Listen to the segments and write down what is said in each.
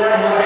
Abraham.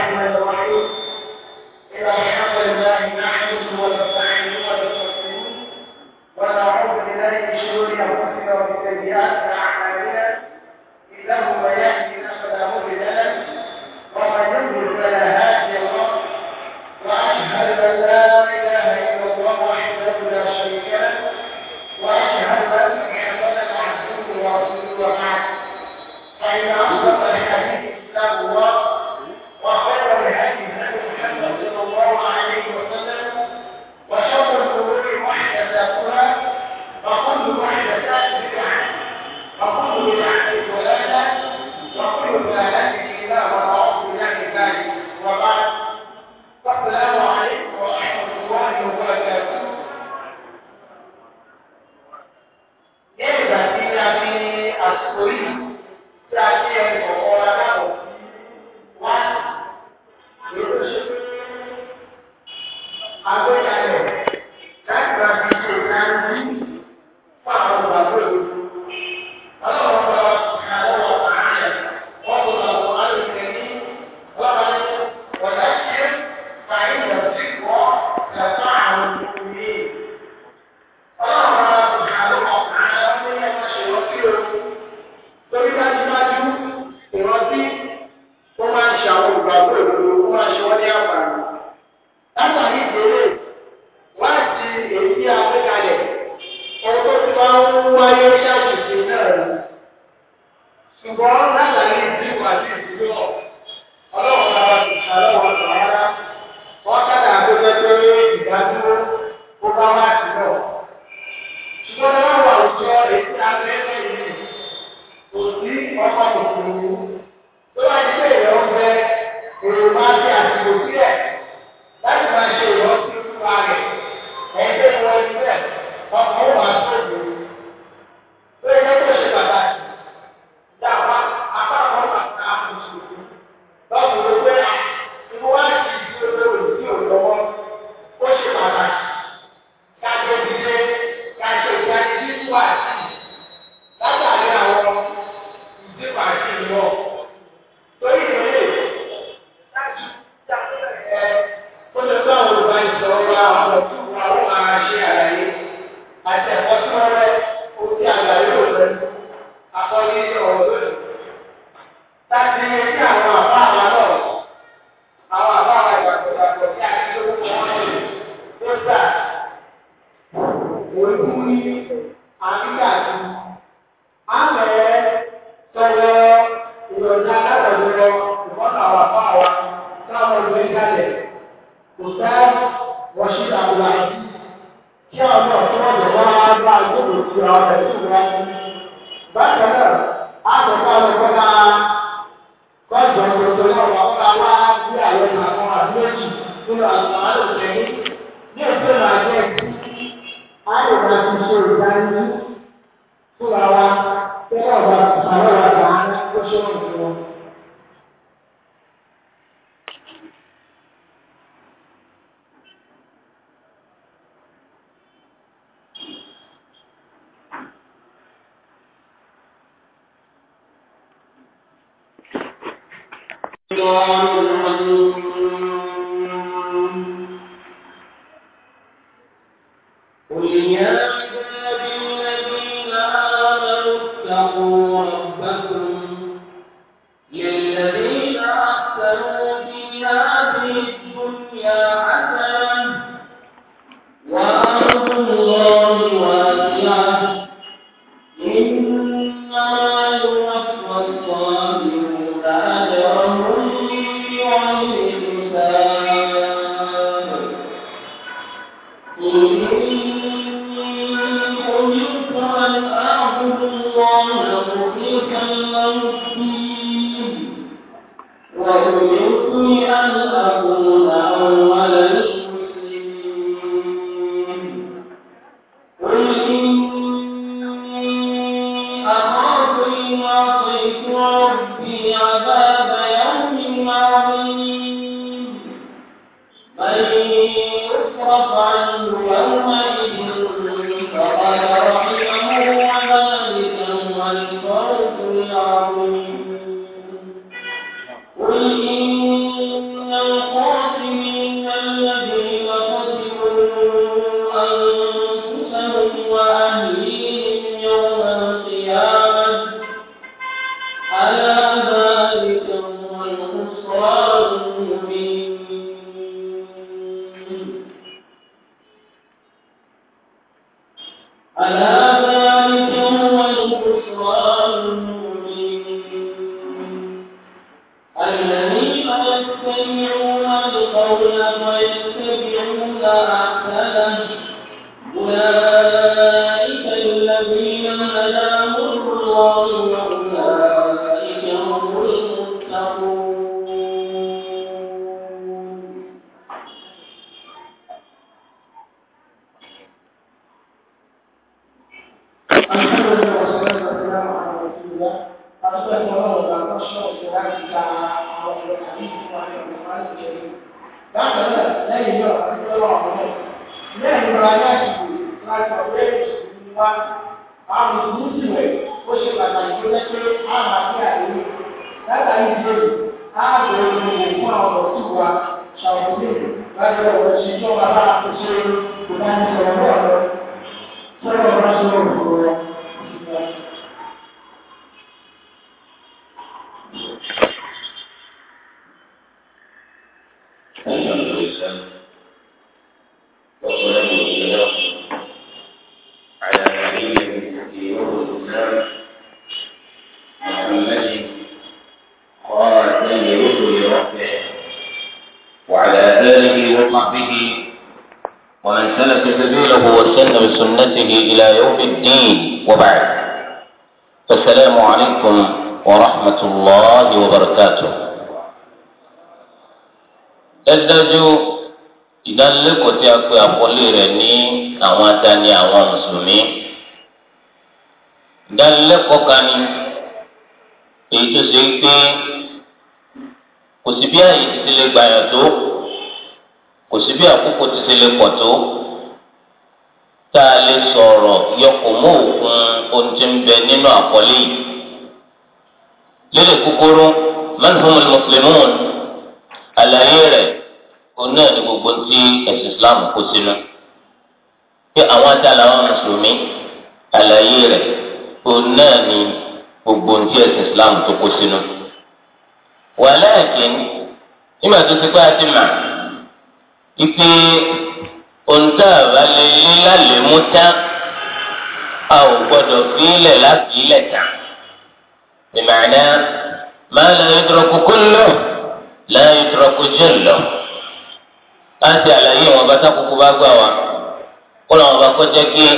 jẹ́ kí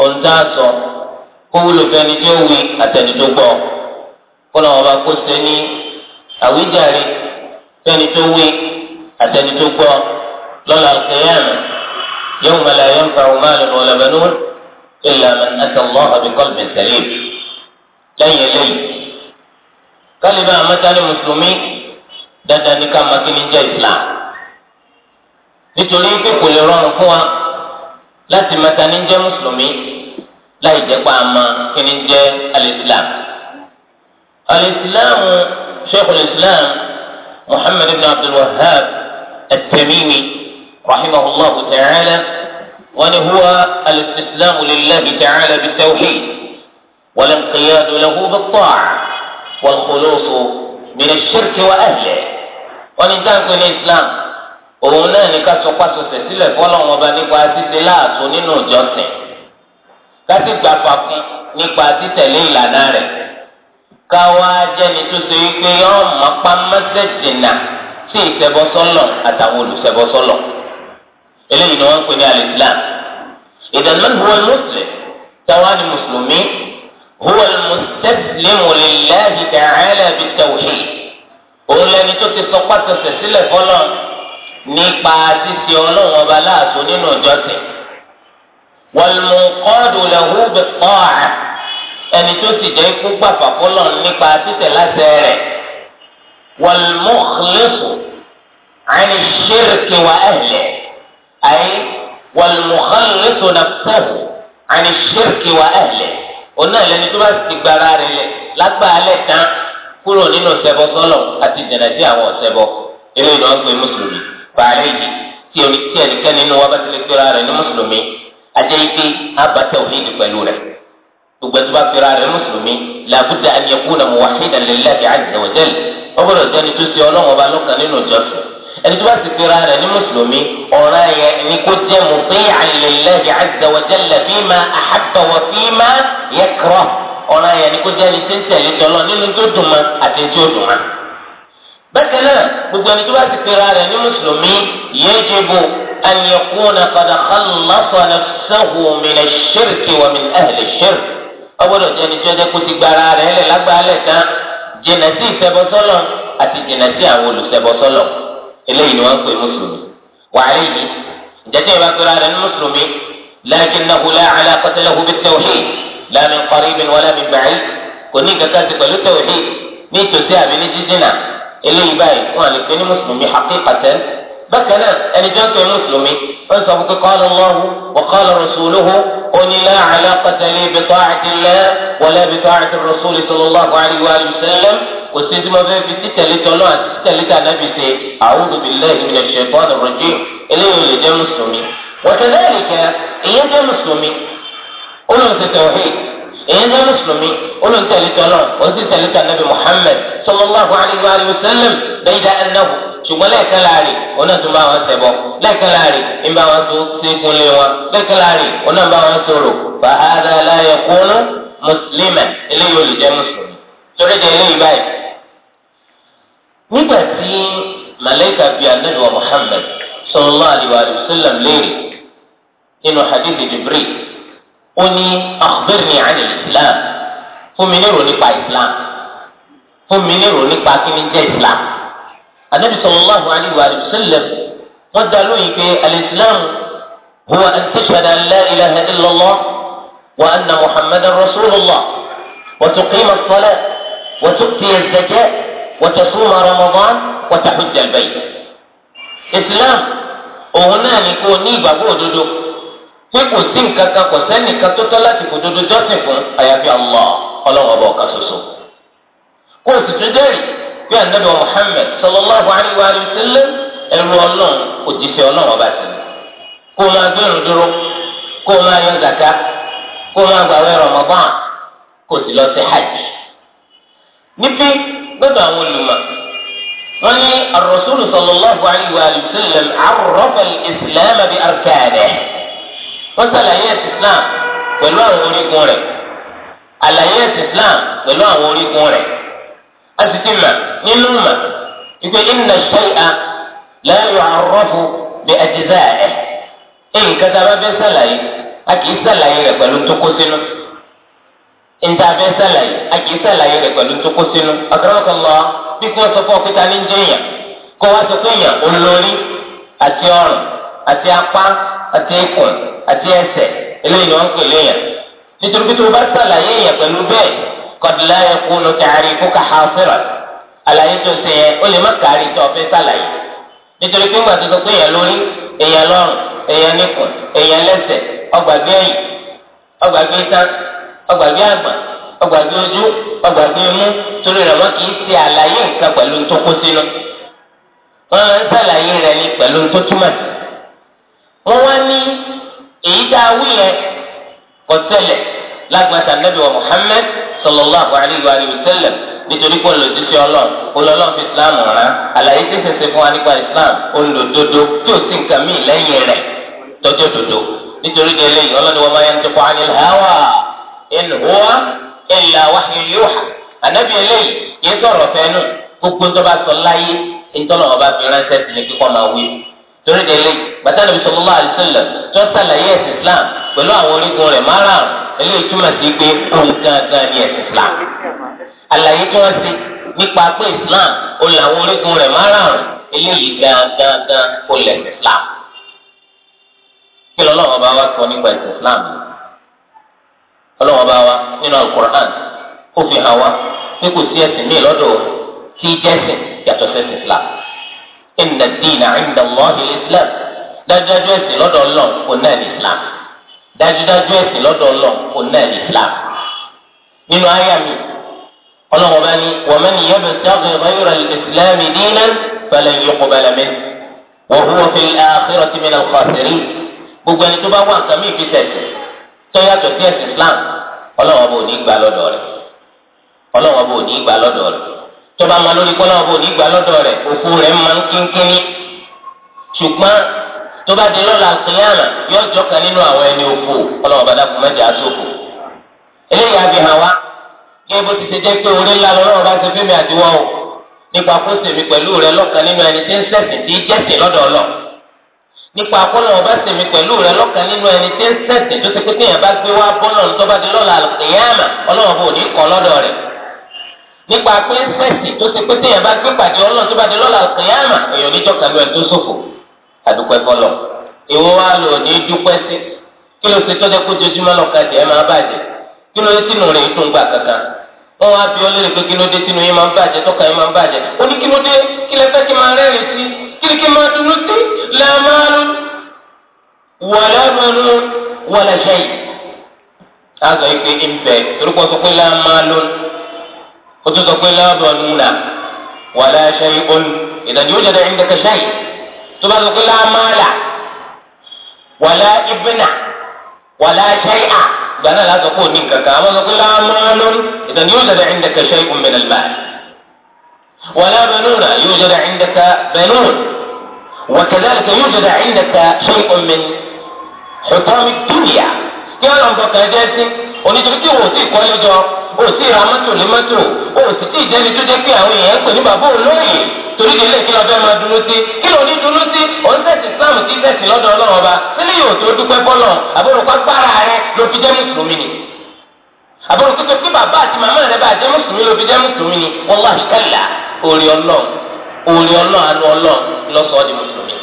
ohun tá a sọ kó wúlò fún ẹni tí ó wí àtẹni tó gbọ́ kó lọ́wọ́ bá kó ṣe ní àwíjàre fẹ́ni tó wí àtẹni tó gbọ́ lọ́la al-qiyamah yawma la yanfa'u malun wala banun illa man ata Allaha bi lẹ́yìn eléyìí kálíbà àmọ́tálí mùsùlùmí dandan ní ká máa kí ni jẹ́ islam nítorí pé kò lè rọrùn fún wa láti mẹta ní jẹ́ mùsùlùmí láì jẹ́ pa àmà kí ni jẹ́ alìsílám alìsílám sheikhul islam muhammad ibn abdul wahhab at-tamimi rahimahullah ta'ala wani huwa alìsílám lillahi ta'ala bitawhid والانقياد له بالطاعة والخلوص من الشرك وأهله ونتاكل الإسلام òun náà ní ká sọpasọsẹ sílẹ̀ fọ́lọ́run ọba nípa títẹ láàtó nínú ìjọsìn ká sì gbà fàkún nípa títẹ̀lé ìlànà rẹ̀ káwá jẹni tó ṣe wípé yọọ mọ pamẹsẹ jìnnà sí ìṣẹbọsọlọ àtàwọn olùṣẹbọsọlọ eléyìí ni wọn ń pè ní alìsílám ìdánimọ́ni huwa muslim táwa ni mùsùlùmí huwa mustaslimu lillahi ta'ala bitawhid òun lẹni tó ti sọpasọsẹ sílẹ̀ fọ́lọ́run nípa ṣíṣe ọlọ́run ọba láàtò nínú ìjọsìn wọlmù kọ́ọ̀dù lẹ́hùn bẹ̀ pọ́ọ̀rẹ́ ẹni tó sì jẹ́ ikú gbàgbà fọlọ́ nípa títẹ̀ láṣẹ rẹ̀ wọlmù xlẹ́fù àní ṣírìkì wà ẹ̀lẹ́ àyè wọlmù xlẹ́fù nàfẹ́fù àní ṣírìkì wà ẹ̀lẹ́ oná ìlẹ́ni tó bá ti gbára rẹ̀ lẹ̀ lágbàálẹ̀ tán kúrò nínú ṣẹbọ sọlọ àti jẹ̀nàjẹ́ àwọn ọ̀ṣẹbọ eléyìí ni wọ́n mùsùlùmí fàárẹ̀jì tí ẹnikẹ́ni nínú wa bá ti lè pera rẹ̀ ní mùsùlùmí ajẹ́ ike abàtà òhìndì pẹ̀lú rẹ̀ gbogbo ẹtù bá pera rẹ̀ mùsùlùmí làbúdà àníyàkúnà muwahidan lillahi azza wa jalla ọgbọ́dọ̀ jẹ́ ni tó ṣe ọlọ́wọ́n bá lọ́kàn nínú ìjọsìn ẹni tó bá ti pera rẹ̀ ní mùsùlùmí ọ̀ràn yẹn ni kó jẹ́ muti'an lillahi bákan náà gbogbo ẹni tó bá ti pera rẹ̀ ní mùsùlùmí yajibu an yakuna qad khallasa nafsahu min ash-shirki wa min ahli ash-shirk ọgbọ́dọ̀ jẹ́ ni jọ́jẹ́ kó ti gbara rẹ̀ lẹ̀ lágbàálẹ̀ kan jìnnà sí ìṣẹbọsọ́lọ̀ àti jìnnà sí àwọn olùṣẹbọsọ́lọ̀ eléyìí ni wọ́n ń pè mùsùlùmí wàhálì yìí jẹ́jẹ́ ìbá pera rẹ̀ ní mùsùlùmí lakinnahu eléyìí báyìí wọn àlè pé ní mùsùlùmí haqiqatan bákan náà ẹni tó ń pè mùsùlùmí ó ń sọ fún qala Allahu wa qala rasuluhu ó ní la alaqata li bi ta'ati Allah wa la bi ta'ati ar-rasul sallallahu alayhi wa sallam kò sí tí mo fẹ́ fi títẹ̀lé tọ́lọ́ àti títẹ̀lé tànàbì ṣe a'udhu billahi minash shaitanir rajim èyí ní mùsùlùmí olùtẹ̀lé tọ́lọ̀ òsì tẹ̀lé tànàbí Muhammad sallallahu alayhi wa sallam bẹ́ẹ̀dá ẹnáwó ṣùgbọ́n lẹ́ẹ̀kan láàrin ọ̀nà tó bá wọn ṣẹbọ lẹ́ẹ̀kan láàrin ìbá wọn tó ṣẹ́kùn lé wọn lẹ́ẹ̀kan láàrin ọ̀nà bá wọn sọ̀rọ̀ fàhádà láyé kúnú mùsùlùmí eléyìí ò lè jẹ́ mùsùlùmí torí de eléyìí báyìí. nígbà tí malayika bíi anabi wa Muhammad sallallahu alayhi wa sallam léèrè ó ní akhbirni ani islam fún mi nírò nípa islam fún mi nírò nípa kí ni jẹ́ islam anabi sallallahu alayhi wa sallam wọ́n dá lóyún pé al-islam huwa an tashhada an la ilaha illallah wa anna muhammadan rasulullah wa tuqima as-salat wa tu'ti az-zakat wa tasuma ramadan wa tahujja al islam òun náà ni kò ní ìgbàgbọ́ òdodo pé kò sí nǹkan kan kò sẹ́nìkan tó tọ́ láti kò dodo jọ́sìn fún àyàfi Allah ọlọ́run ọba ọ̀ka ṣoṣo. kó o sì tún jẹ́rìí bí anabi Muhammad sallallahu alayhi wa sallam ẹrú ọlọ́run òjíṣẹ́ ọlọ́run ọba sí. kó o máa gbẹ̀rù dúró kó o máa yan zaka kó o máa gbàwé Ramadan kó o sì lọ sí hajj. níbi gbọ́dọ̀ àwọn olùmọ̀ wọ́n ní ar sallallahu alayhi wa sallam arrafa al-islam bi wọ́n ṣàlàyé ẹ̀sìn Islam pẹ̀lú àwọn orígun rẹ̀ àlàyé ẹ̀sìn Islam pẹ̀lú àwọn orígun rẹ̀ a sì ti mà nínú mà ìpè inna shay'a la yu'arrafu bi ajza'ihi nǹkan tá a bá fẹ́ ṣàlàyé a kì í ṣàlàyé rẹ̀ pẹ̀lú tó sínú nta fẹ́ ṣàlàyé a kì í ṣàlàyé rẹ̀ pẹ̀lú tó kó sínú akramakallah bí kí sọ fún ọ pé ta ni jẹ́ èèyàn kó wá sọ pé èèyàn olórí àti ọ̀rùn àti apá àti ikùn àti ẹsẹ̀ eléyìí wọn pè léyìn nítorí pé tó o bá sàlàyé yẹn pẹ̀lú bẹ́ẹ̀ kọ̀dùlá yẹn kú ló kàárí kó ká ha fẹ́ràn àlàyé tó ṣe yẹn o fẹ́ sàlàyé nítorí pé ńgbà tó sọ pé èèyàn lórí èèyàn lọ́rùn èèyàn eya èèyàn lẹ́sẹ̀ ọgbàgbé ẹ̀yìn ọgbàgbé tán ọgbàgbé àgbà ọgbàgbé ojú ọgbàgbé imú torí rẹ̀ wọ́n kì í ṣe àlàyé nǹkan pẹ̀lú sínú wọ́n máa ń sàlàyé rẹ̀ ní pẹ̀lú sí wọn wá ní èyí dá awí yẹn ọ̀tẹ̀lẹ̀ lágbàtà nàbí wa Muhammad sallallahu alayhi wa sallam nítorí pé olùdíṣẹ́ ọlọ́run olọ́lọ́run fi islam rán àlàyé tí sèse fún wa nípa islam olùdodo tí ò sí nǹkan míì lẹ́yìn rẹ̀ tọ́jú òdodo nítorí délé yìí ọlọ́ni wa ma yantiqu anil hawa in huwa illa wahyun yuha ànábì eléyìí yẹn sọ̀rọ̀ fẹ́nu gbogbo tó bá sọ láyé ìtọ́lọ́wọ́ bá fi ránṣẹ́ sí ni kíkọ́ máa wí torí délé bàtà nàbì sallallahu alaihi wasallam tó sàlàyé ẹ̀sìn islam pẹ̀lú àwọn orígun rẹ̀ márùn-ún eléyìí túmọ̀ sí pé òun gangan ni ẹ̀sìn islam àlàyé tí wọ́n ṣe nípa pé islam ó làwọn orígun rẹ̀ márùn-ún eléyìí gangan gan ó lẹ̀sìn islam kí lọ́lọ́wọ́ bá wá sọ nípa ẹ̀sìn islam ọlọ́wọ́ bá wá nínú alukur'an ó hàn wá pé kò sí ẹ̀sìn ní ìlọ́dọ̀ kí jẹ́sìn yàtọ̀ sẹ́sìn islam inna ad-dina 'inda Allahi al-islam dájúdájú ẹ̀sìn lọ́dọ̀ Ọlọ́run kò náà ní islam dájúdájú ẹ̀sìn lọ́dọ̀ Ọlọ́run kò náà ní islam nínú àyà mi Ọlọ́run bá ní wa man yabtaghi ghayra al-islam dinan falan yuqbala minhu wa huwa fil akhirati min al-khasirin gbogbo ẹni tó bá wà nǹkan fi tẹ̀sí tó sí ẹ̀sìn islam Ọlọ́run bò ní gbà lọ́dọ̀ rẹ̀ Ọlọ́run bò ní gbà lọ́dọ̀ rẹ̀ tọba ma lórí kọ́lá ọ̀bọ onígbà lọ́dọ̀ rẹ̀ òkú rẹ̀ máa ń kínkínní ṣùgbọ́n tọba di lọ́la àkìlẹ́àmà yóò jọkàn nínú àwọn ẹni òkú kọ́lá ọ̀bá dàkú mẹ́jọ àtòkù. eléyìí àbí hàn wá yẹ bó ti ṣe jẹ́ pé orí ńlá lọ́rọ̀ bá ti fẹ́mi àdìwọ́ o nípa kó sèmi pẹ̀lú rẹ lọ́kàn nínú ẹni tí ń ṣẹ̀sìn tí jẹ́sìn lọ́dọ̀ ọlọ́ nípa kọ́lá ọ̀bá sèmi pẹ̀lú rẹ lọ́kàn nínú ẹni tí ń ṣẹ̀sìn tó ti pé kéèyàn bá gbé wá bọ́lọ̀ ní tọ́ba di lọ́la àkìlẹ́àmà ọlọ́wọ́n bò ní kọ́ lọ́dọ̀ rẹ̀ nípa pé fẹ́ẹ̀sì tó ti pété yẹn bá gbé pàdé ọlọ́run tó bá di lọ́la kìyàmà èèyàn níjọ́ kan lóyún tó ṣòfò àdúpẹ́ fọlọ́ ìwọ wa lò ní dúpẹ́ sí kí ló ṣe tọ́jú kó jojúmọ́ lọ́ka jẹ́ ẹ máa bàjẹ́ kí ló dé tìǹù rẹ̀ dùn gbà kankan wọ́n wá bí ọlọ́run pé kí ló dé tìǹù yẹn máa bàjẹ́ tọ́ka yẹn máa bàjẹ́ ó ní kí ló dé kí lẹ kí máa rẹ́rìn sí kí kí máa dunu sí lẹ́ẹ̀mánu wàlámanu wàlẹ́sẹ̀yìn. ó tún sọ pé láàbọ̀ nùnà wàlá ṣe ń bọ́n ìdájọ́ òjò dẹ̀ ń dẹ̀kẹ́ sẹ́yìn tó bá sọ pé láàmàlà wàlá ìbínà wàlá ṣẹ́yà gbaná láti kó ní kankan àwọn sọ pé láàmàlà ìdájọ́ òjò dẹ̀ ń dẹ̀kẹ́ sẹ́yìn mìíràn báyìí wàlá bẹ̀nùnà yóò jẹ́ dẹ̀ ń dẹ̀kẹ́ bẹ̀nùn وكذلك يوجد عندك شيء من حطام الدنيا يا لهم بقى جاسم onítorí tí wò ó sì kọ́lé jọ ó sì ra mọ́tò ní mọ́tò ó sì tí ìjẹ́ni tó jẹ́ pé àwọn èèyàn ń pè ní bàbá olóyè torí délé kí lọ́dọ̀ máa dúró sí kí ló ní dúró sí òun tẹ̀sí Islam tí tẹ̀sí lọ́dọ̀ ọlọ́run ọba sílẹ̀ yóò tó dúpẹ́ bọ́lọ̀ àbúròkọ gbára rẹ ló fi jẹ́ mùsùlùmí ni àbúròkọ tó kí bàbá àti màmá rẹ bá jẹ́ mùsùlùmí ló fi jẹ́ mùsùlùmí ni wallahi kalla orí ọlọ́run orí ọlọ́run àánú ọlọ́run lọ́sọ̀ọ́ di mùsùlùmí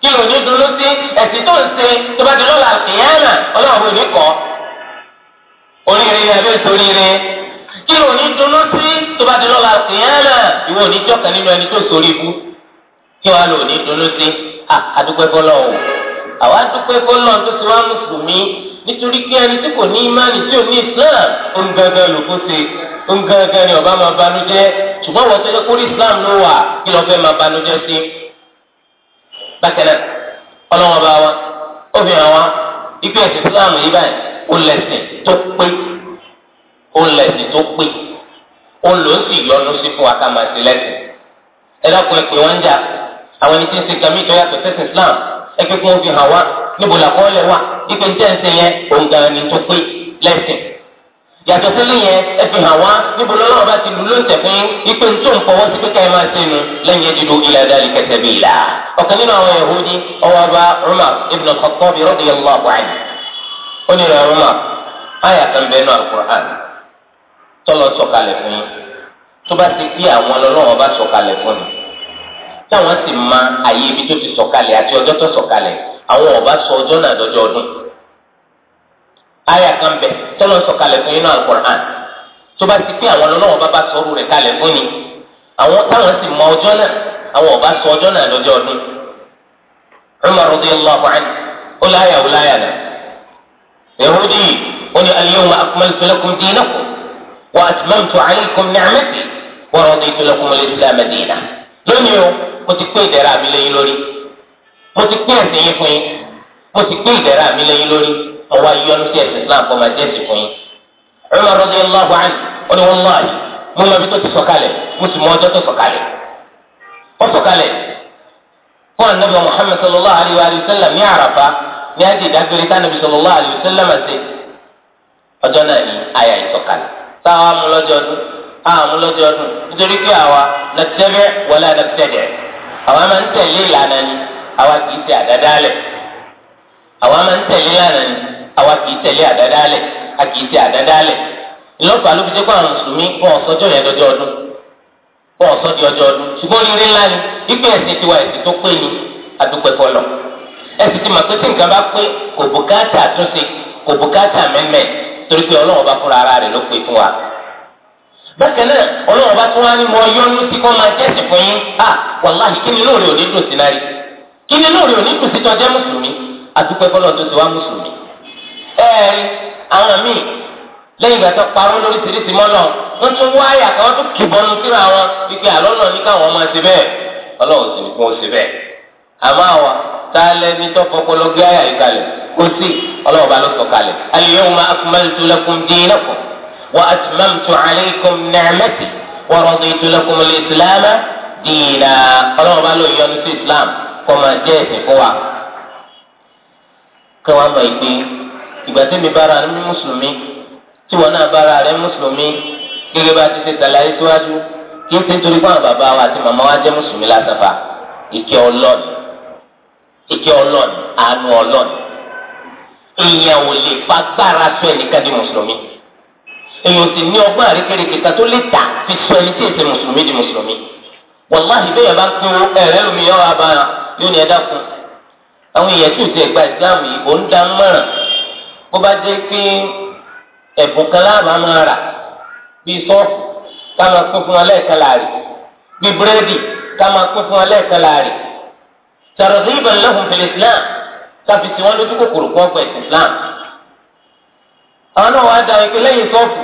kí ló ní dúró sí ẹ̀sìn tó ń ṣe tó bá di lọ́la àfihàn náà ọlọ́run ò ní kọ́ oríire yẹn abẹ́ sóríire kí ló ní dunú sí tó bá di lọ́la ìyáàlà ìwọ ò ní jọ́kàn nínú ẹni tó sórí ibú kí wàá lò ní dunú sí àdúpẹ́ fọlọ́ o àwa dúpẹ́ fọlọ́ tó ti wá mùsùlùmí nítorí kí ẹni tí kò ní imáàlì tí ò ní islam òun gangan ló kó ṣe òun ni ọba máa banújẹ́ ṣùgbọ́n wọ́n tẹ́lẹ̀ kórè islam ló wà kí lọ́ọ́ fẹ́ máa banújẹ́ sí. bákẹ́lẹ́ ọlọ́wọ́n bá wa ó fi hàn wá ikú ẹ̀sìn islam yìí báyìí ó lẹ̀sìn tó pé ó lẹ̀sìn tó pé ó lò ó sì yọnu sí fún akamasi lẹ́sìn ẹ dákun ẹ pé wọ́n ń jà àwọn ẹni tí ń ṣe gami tó yàtọ̀ sẹ́sìn Islam ẹ kí wọ́n fi hàn wá níbo làkọọ́lẹ̀ wà ipe ní tẹ̀sán yẹn òun tó pé lẹ́sìn yàtọ̀ sílẹ̀ yẹn ẹ hàn wá níbo lọ́wọ́ bá ti lù ló fún ipe tó ń sí kíkà ẹ máa ṣe nu lẹ́yìn ẹ̀dínlú ilẹ̀ adáli kẹsẹ̀ bíi là ọ̀kan nínú àwọn Yahudi ọwọ́ bá Umar ibn al-Khattab radiyallahu anhu Onye ní ìrìn àrùn náà àyà kan alukur'an tọ́lọ̀ sọ̀kalẹ̀ fún yín ti pé àwọn bá fún táwọn sì ma àyè ibi tó ti àti ọjọ́ tó àwọn ọba sọ ọjọ́ náà dọ́jọ́ ọdún àyà kan bẹ́ẹ̀ tọ́lọ̀ sọ̀kalẹ̀ fún yín alukur'an tó ti pé àwọn ọlọ́wọ́n bá bá sọ̀rọ̀ rẹ̀ kalẹ̀ fún yín àwọn táwọn sì ọjọ́ ọba sọ ọjọ́ náà ọdún yahudi ó ní al-yawma akmaltu lakum dinakum wa atmamtu alaykum ni'mati wa raditu lakum al-islam dinan lónìí o mo ti mi lé yín lórí mo ti pé ẹ̀sìn yín mi lé yín lórí ní àti ìdágbére tánàbí sallallahu alaihi wasallam ọjọ́ náà ní àyà ìsọ̀kalẹ̀ táwa mú lọ́jọ́ ọdún táwa mú lọ́jọ́ ọdún nítorí pé àwa nàtẹ́bẹ̀ wọlé àdàtẹ́dẹ̀ àwa máa ń tẹ̀lé ìlànà ni àwa kì í tẹ àdádálẹ̀ àwa máa ń tẹ̀lé ìlànà ni àwa kì í tẹ̀lé àdádálẹ̀ a kì í tẹ àdádálẹ̀ ìlọ́pàá ló fi jẹ́ pé àwọn mùsùlùmí kọ́ ọ̀sọ́jọ́ yẹn lọ́jọ́ ọdún kọ́ ọ̀sọ́ di ọjọ́ ọdún ṣùgbọ́n oríire ńlá ni wípé ẹ̀sìn tiwa ẹ̀sìn tó pé ni adúpẹ́ fọlọ́ ẹsì ti mọ̀ pé tí nǹkan bá pé kò bùkátà àtúnṣe kò bùkátà mẹ́mẹ́ torí pé ọlọ́run bá fúnra ara rẹ̀ ló pè fún wa. bákan náà ọlọ́run bá tún wá ní mọ yọ́nú tí kò máa jẹ́sì fún yín à wàláhì kí ni lóore òní dùn sí náà rí kí ni lóore òní dùn sí tọ́jẹ́ mùsùlùmí àdúpẹ́ bọ́lá tó ti wá mùsùlùmí. ẹ ẹ àwọn míì lẹ́yìn ìgbà tó parọ́ lóríṣiríṣi mọ́nà wọ́n tún wá àyà tún kìbọnú taalẹni tó fọpọlọ gbé àyà yìí kalẹ̀ kó sí Ọlọ́run bá ló sọ kalẹ̀. al-yawma akmaltu lakum dinakum wa atmamtu alaykum ni'mati wa raditu lakum al-islama diina Ọlọ́run bá ló yọ́nú sí islam kọ́ máa jẹ́ ẹ̀sìn fún wa. kẹwàá mọ̀ ìpè ìgbà tí mi bára ní mùsùlùmí tí wọn náà bára rẹ mùsùlùmí gẹ́gẹ́ bá ti ṣe tàlàyé síwájú kí n ti nítorí fún àwọn bàbá wa àti màmá wa jẹ́ mùsùlùmí lásàfà ìkẹ́ ọlọ́ọ̀dún ike ọlọ́ọ̀ni àánú ọlọ́ọ̀ni èèyàn ò lè fa gbára sọ ẹnìkan di mùsùlùmí èèyàn sì ní ọgbọ́n kan fi sọ ẹni tí èsè mùsùlùmí di mùsùlùmí wàláhì bẹ́ẹ̀ bá ń ẹ̀rẹ́ lómi yọ yóò ní ẹ̀dá àwọn èèyàn tí ò ti ẹ̀gbà islam yìí ò ń da bá jẹ́ pé ẹ̀bùn kan láàbà máa rà bíi sọ́ọ̀fù ká máa fún wọn láàrin bíi búrẹ́dì ká máa fún targhiban lahum fil islam káfí tí wọ́n lójú kòkòrò kọ́ ọgbà ẹ̀sìn islam. àwọn náà wàá dá ẹgbẹ́ lẹ́yìn sọ́ọ̀fù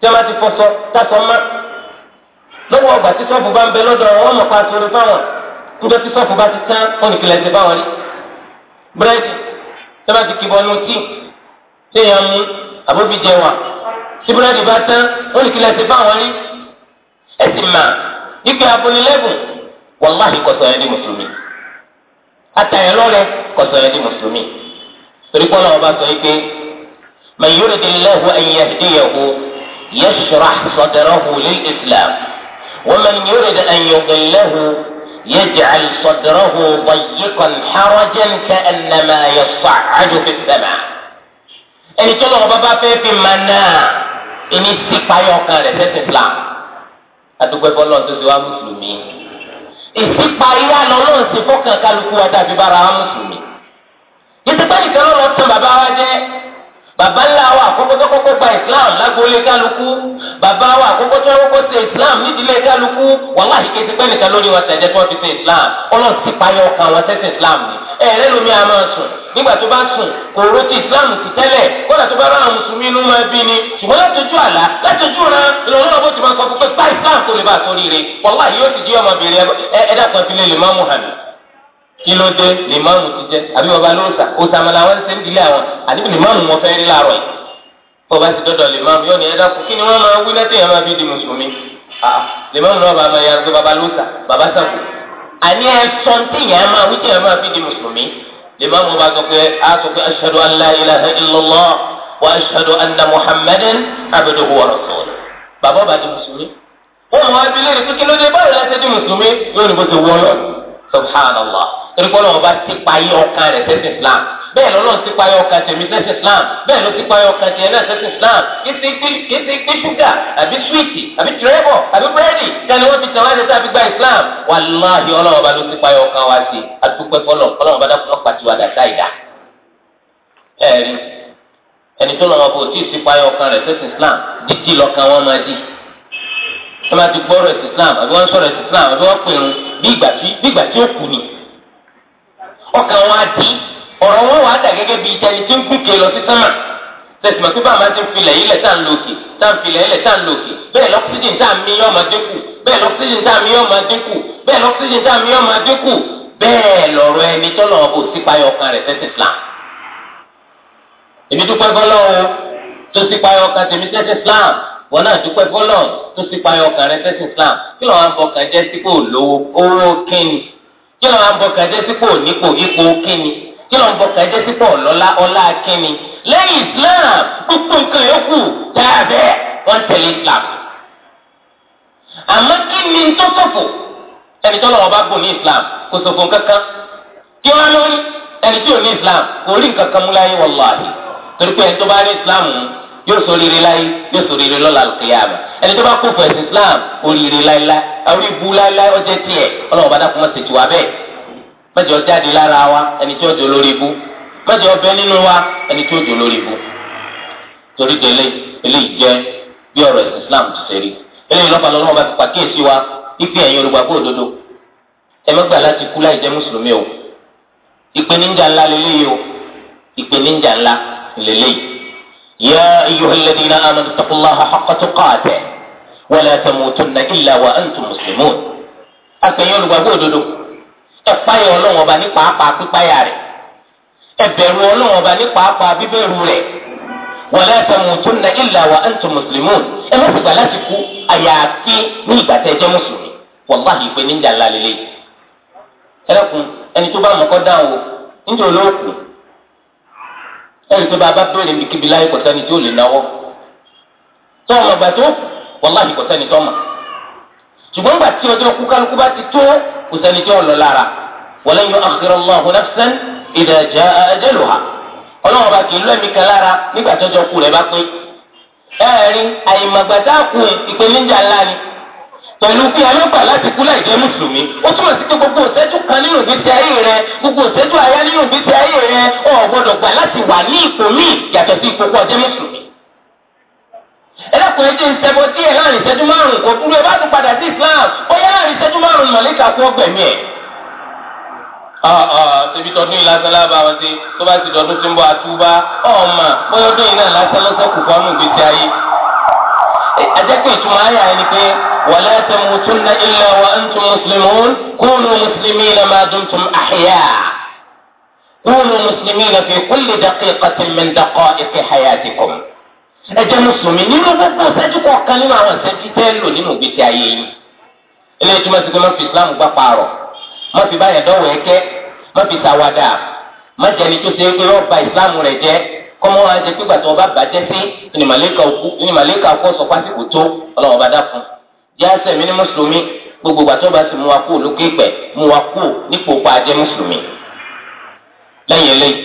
tí wọ́n ti fọṣọ tásọ mọ́. lọ́wọ́ ọgbà tí sọ́ọ̀fù bá ń bẹ lọ́dọ̀ wọn mọ̀ pa aṣọ fáwọn níjọ́ tí sọ́ọ̀fù bá ti tán oníkìlẹ̀ ẹ̀sìn báwọn rí. búrẹ́dì tí wọ́n ti kìbọ̀ ọ̀nù tí téèyàn mú àbóbi jẹ wà tí búrẹ́dì bá tán oníkìlẹ̀ ẹ̀sìn báwọn rí. ẹ̀sìn mà atayẹ lọrẹ kọsọ yẹ di mùsùlùmí torí kpọlọ wọn bá sọ yìí pé man yuridillahu an yahdiyahu yashrah sadrahu lil islam wa man yurid an yudillahu yaj'al sadrahu dayyiqan harajan ka'annama yas'adu fi sama. ẹni tí wọn bá fẹ́ fi máa náà ẹni tí payọ̀ kan rẹ̀ fẹ́ ti fila àdúgbò ẹ̀fọ́ ti wá mùsùlùmí ìsípayé àná náà ti fọkàn kálukú wa tàbí bára wa mùsùlùmí. ìsìpá nìkan lọ́wọ́ tán bàbá wa jẹ́ bàbá ńlá wa àkọ́kọ́ tó gba Islam lágboolé kálukú bàbá wa àkọ́kọ́ tí wọ́n kọ́kọ́ ṣe islam nídìílé kálukú wàláhì kéde pẹ́ nìkan lórí wọn tẹ̀jẹ́ tí wọ́n fi ṣe islam ọlọ́run ti payọ́ kan wọn tẹ́sí islam ni ẹ̀rẹ́ lomi a máa sùn nígbà tó bá sùn kò rotí islam ti tẹ́lẹ̀ kódà tó bá bá àwọn mùsùlùmí inú máa bí ni ṣùgbọ́n láti ojú àlá láti ojú ra ìrànlọ́wọ́ bó ti máa sọ fún pé islam kó lè bá a sórí rẹ wàláhì yóò ti jí ọmọbìnrin ẹ̀ẹ́dà kan fi lè lè má mú hàn kí ló dé lè má mú ti jẹ àbí baba lóòsà òsàmọ̀lá wọn ṣe ń dilé àwọn àdébìlì má mú wọn fẹ́ rí bọ́ba ti dọ́dọ̀ lè máa yọ ní ẹ̀dá kù kí ni wọ́n máa wí lẹ́tẹ̀yìn máa fi di mùsùlùmí lè máa nù ọba máa yàgbé baba lóòtà baba sàkó àní ẹ̀sọ́ tíyàn máa wí tíyàn máa fi di mùsùlùmí lè máa sọ pé a sọ pé ashhadu an la ilaha illallah wa ashhadu anna muhammadan abduhu wa rasuluhu baba ọba di mùsùlùmí wọ́n mú abilé rẹ̀ kíkí lóde báyìí láti di mùsùlùmí yóò ní bó ti wọ́ lọ́nà subhanallah torí pé ọlọ́run bá ti payé ọkàn rẹ̀ sẹ́sìn islam bẹ́ẹ̀ lọ́lọ́run ti payé ọkàn tèmi sẹ́sìn islam bẹ́ẹ̀ ló ti payé ọkàn tèmi náà sẹ́sìn islam kìí ti pé ṣúgà àbí súwìtì àbí tìrẹ́bọ̀ àbí búrẹ́dì kẹ́ni wọ́n ti tẹ̀ wáyé tẹ́tẹ́ àbí gba islam wàláhi ọlọ́run bá ló ti payé ọkàn wá sí àdúpẹ́ fọlọ́ ọlọ́run bá dákun ọ̀pá ti ìdá ẹni tó lọ́wọ́ bó tí ì ti payé ọkàn rẹ̀ sẹ́sìn islam dídí lọ́kàn wọn máa dì wọ́n máa ti gbọ́rọ̀ ẹ̀sìn Islam àbí wọ́n sọ̀rọ̀ ẹ̀sìn Islam àbí wọ́n pè ń bí ìgbà tí bí ìgbà tí ó kù ni. ọkàn wọn á di ọ̀rọ̀ wọn wàá dà gẹ́gẹ́ bí ìjà ẹni tí ń gbìkè lọ sí sánmà tẹ̀sìmọ̀ pé báwa ti ń filẹ̀ ilẹ̀ tá à ń lò kè tá à ń filẹ̀ ilẹ̀ tá à ń lò kè bẹ́ẹ̀ lọ́kísíjìn tá à ń mí yọ́ máa dínkù bẹ́ẹ̀ lọ́kísíjìn tá à ń mí yọ́ máa dínkù bẹ́ẹ̀ lọ́kísíjìn tá à ń mí yọ́ máa dínkù bẹ́ẹ̀ lọ̀rọ̀ ẹni tọ́lọ̀ ò sí payọ̀ kan rẹ̀ tẹ́sí Islam. èmi dúpẹ́ bọ́lá o tó sí payọ̀ kan tèmi tẹ́sí Islam wọn náà dúpẹ́ fọlọ́n tó ti payọ ọkàn rẹ sẹ́sìn Islam kí lọ́wọ́ àbọ̀kàn jẹ́ sípò lówó owó kínni kí lọ́wọ́ àbọ̀kàn jẹ́ sípò nípò ipò kínni kí lọ́wọ́ àbọ̀kàn jẹ́ sípò ọlọ́lá ọlá kínni lẹ́yìn Islam gbogbo nǹkan yòókù dáadẹ́ wọ́n tẹ̀lé Islam. àmọ́ kí ni tó sọ̀fò ẹni tó lọ́wọ́ bá gbò ní Islam kò sọ̀fò kankan kí wọ́n lórí ẹni tí ní Islam kò rí nǹkan kan mú láyé yóò ṣoríire láyé yóò ṣoríire lọ́la kìyàmù ẹni tó bá kó fún ẹ̀sìn Islam oríire láéláé àwọn ibú láéláé ọjọ́ tiẹ̀ ọlọ́run bá dákun mọ́tò tiwa bẹ́ẹ̀ mẹ́jọ jáde lára wa ẹni tí ó jò lórí ibú mẹ́jọ bẹ nínú wa ẹni tí ó jò lórí ibú torí délé eléyìí jẹ́ bí ọ̀rọ̀ ẹ̀sìn Islam ti ṣe rí eléyìí lọ́ba lọ́wọ́ bá ti pàkíyèsí wa ipe ẹ̀yin olùgbàgbọ́ òdodo ẹ̀mẹ́gbà láti kú láì يا أيها الذين آمنوا اتقوا الله حق تقاته ولا تموتن إلا وأنتم مسلمون akẹyìn olùgbàgbọ́ òdodo ẹpáyà Ọlọ́run ọba ní pàápàá pípáyà rẹ̀ ẹbẹ̀rù Ọlọ́run ọba ní pàápàá bíbẹ̀rù rẹ̀ wala tamutunna illa wa antum muslimun ẹ má sì gbà láti kú àyàfi ní ìgbà tẹ́ jẹ́ mùsùlùmí wàláhì ìpè níjà ńlá lélẹ̀ ẹlẹkùn ẹni tó bá mọkọ dáhùn o níjọ olóòkùn ẹ̀rí pé bàbá bẹ̀rẹ̀ ní kíbi láyé kọ̀sẹ́ni tí ó lè náwó tó ọmọ ìgbà tó wàláhì kọ̀sẹ́ni tó mọ̀ ṣùgbọ́n gbà tí ọjọ́ kú kálukú bá ti tó kọ̀sẹ́ni tí ó lọ lára walan yu'akhkhira Allahu nafsan idha jaa ajaluha ọlọ́wọ́n bá kì í lọ́ kan lára nígbà tọ́jọ́ kú rẹ̀ bá pé ẹ̀rín àyèmàgbàtà pẹ̀lú bí ọlọ́pàá láti kú láì mùsùlùmí ó túmọ̀ sí pé gbogbo òṣẹ́jú kan nínú ìgbésí ayé rẹ gbogbo òṣẹ́jú àyá nínú ìgbésí ayé rẹ ọ̀ gbọ́dọ̀ gbà láti wà ní ipò míì yàtọ̀ sí ipò ọjọ́ mùsùlùmí. ẹlẹ́kùnrin ti ń sẹ́bọ̀ díẹ̀ láàrin ìṣẹ́jú márùn-ún kò dúró ẹ bá tún padà sí Islam ó yẹ láàrin ìṣẹ́jú márùn-ún mọ̀lẹ́kà kú ọgbẹ̀mí ẹ̀. Ah, ah, ṣebí tọdún yìí lásán lábàá wọn tó bá ti dọdún tí ń bọ àtúbá ọmọ bóyá ọdún yìí náà lásán lọ́sọ̀kù fọ́nù ìgbésí ayé. ẹ jẹ́ pé ìtumọ̀ ayé àyẹ̀ ni pé ولا تموتن إلا وأنتم مسلمون كونوا مسلمين ما دمتم أحياء كونوا مسلمين في كل دقيقة من دقائق حياتكم ẹjẹ mùsùlùmí nínú gbogbo ṣẹ́jú kọ̀ọ̀kan nínú àwọn ṣẹ́jú tẹ́ ń lò nínú ìgbésí ayé yìí ilé ìtumọ̀ sí pé má fi islam gbà pààrọ̀ má fi báyà dánwò ẹ̀kẹ́ má fi ṣàwàdà má jẹni tó ṣe é pé ọba islam rẹ̀ jẹ́ kọ́mọ́ wa jẹ́ pé gbàtọ́ ọba bàjẹ́ sí ni màlẹ́kà kó sọ pásìkò tó ọlọ́wọ́ bá dá fún un yá sẹ̀mí ní mùsùlùmí gbogbo gbàtọ́ bá ti mú wa kú lókè pẹ̀ mú wa kú nípò pa ajẹ́ mùsùlùmí. lẹ́yìn eléyìí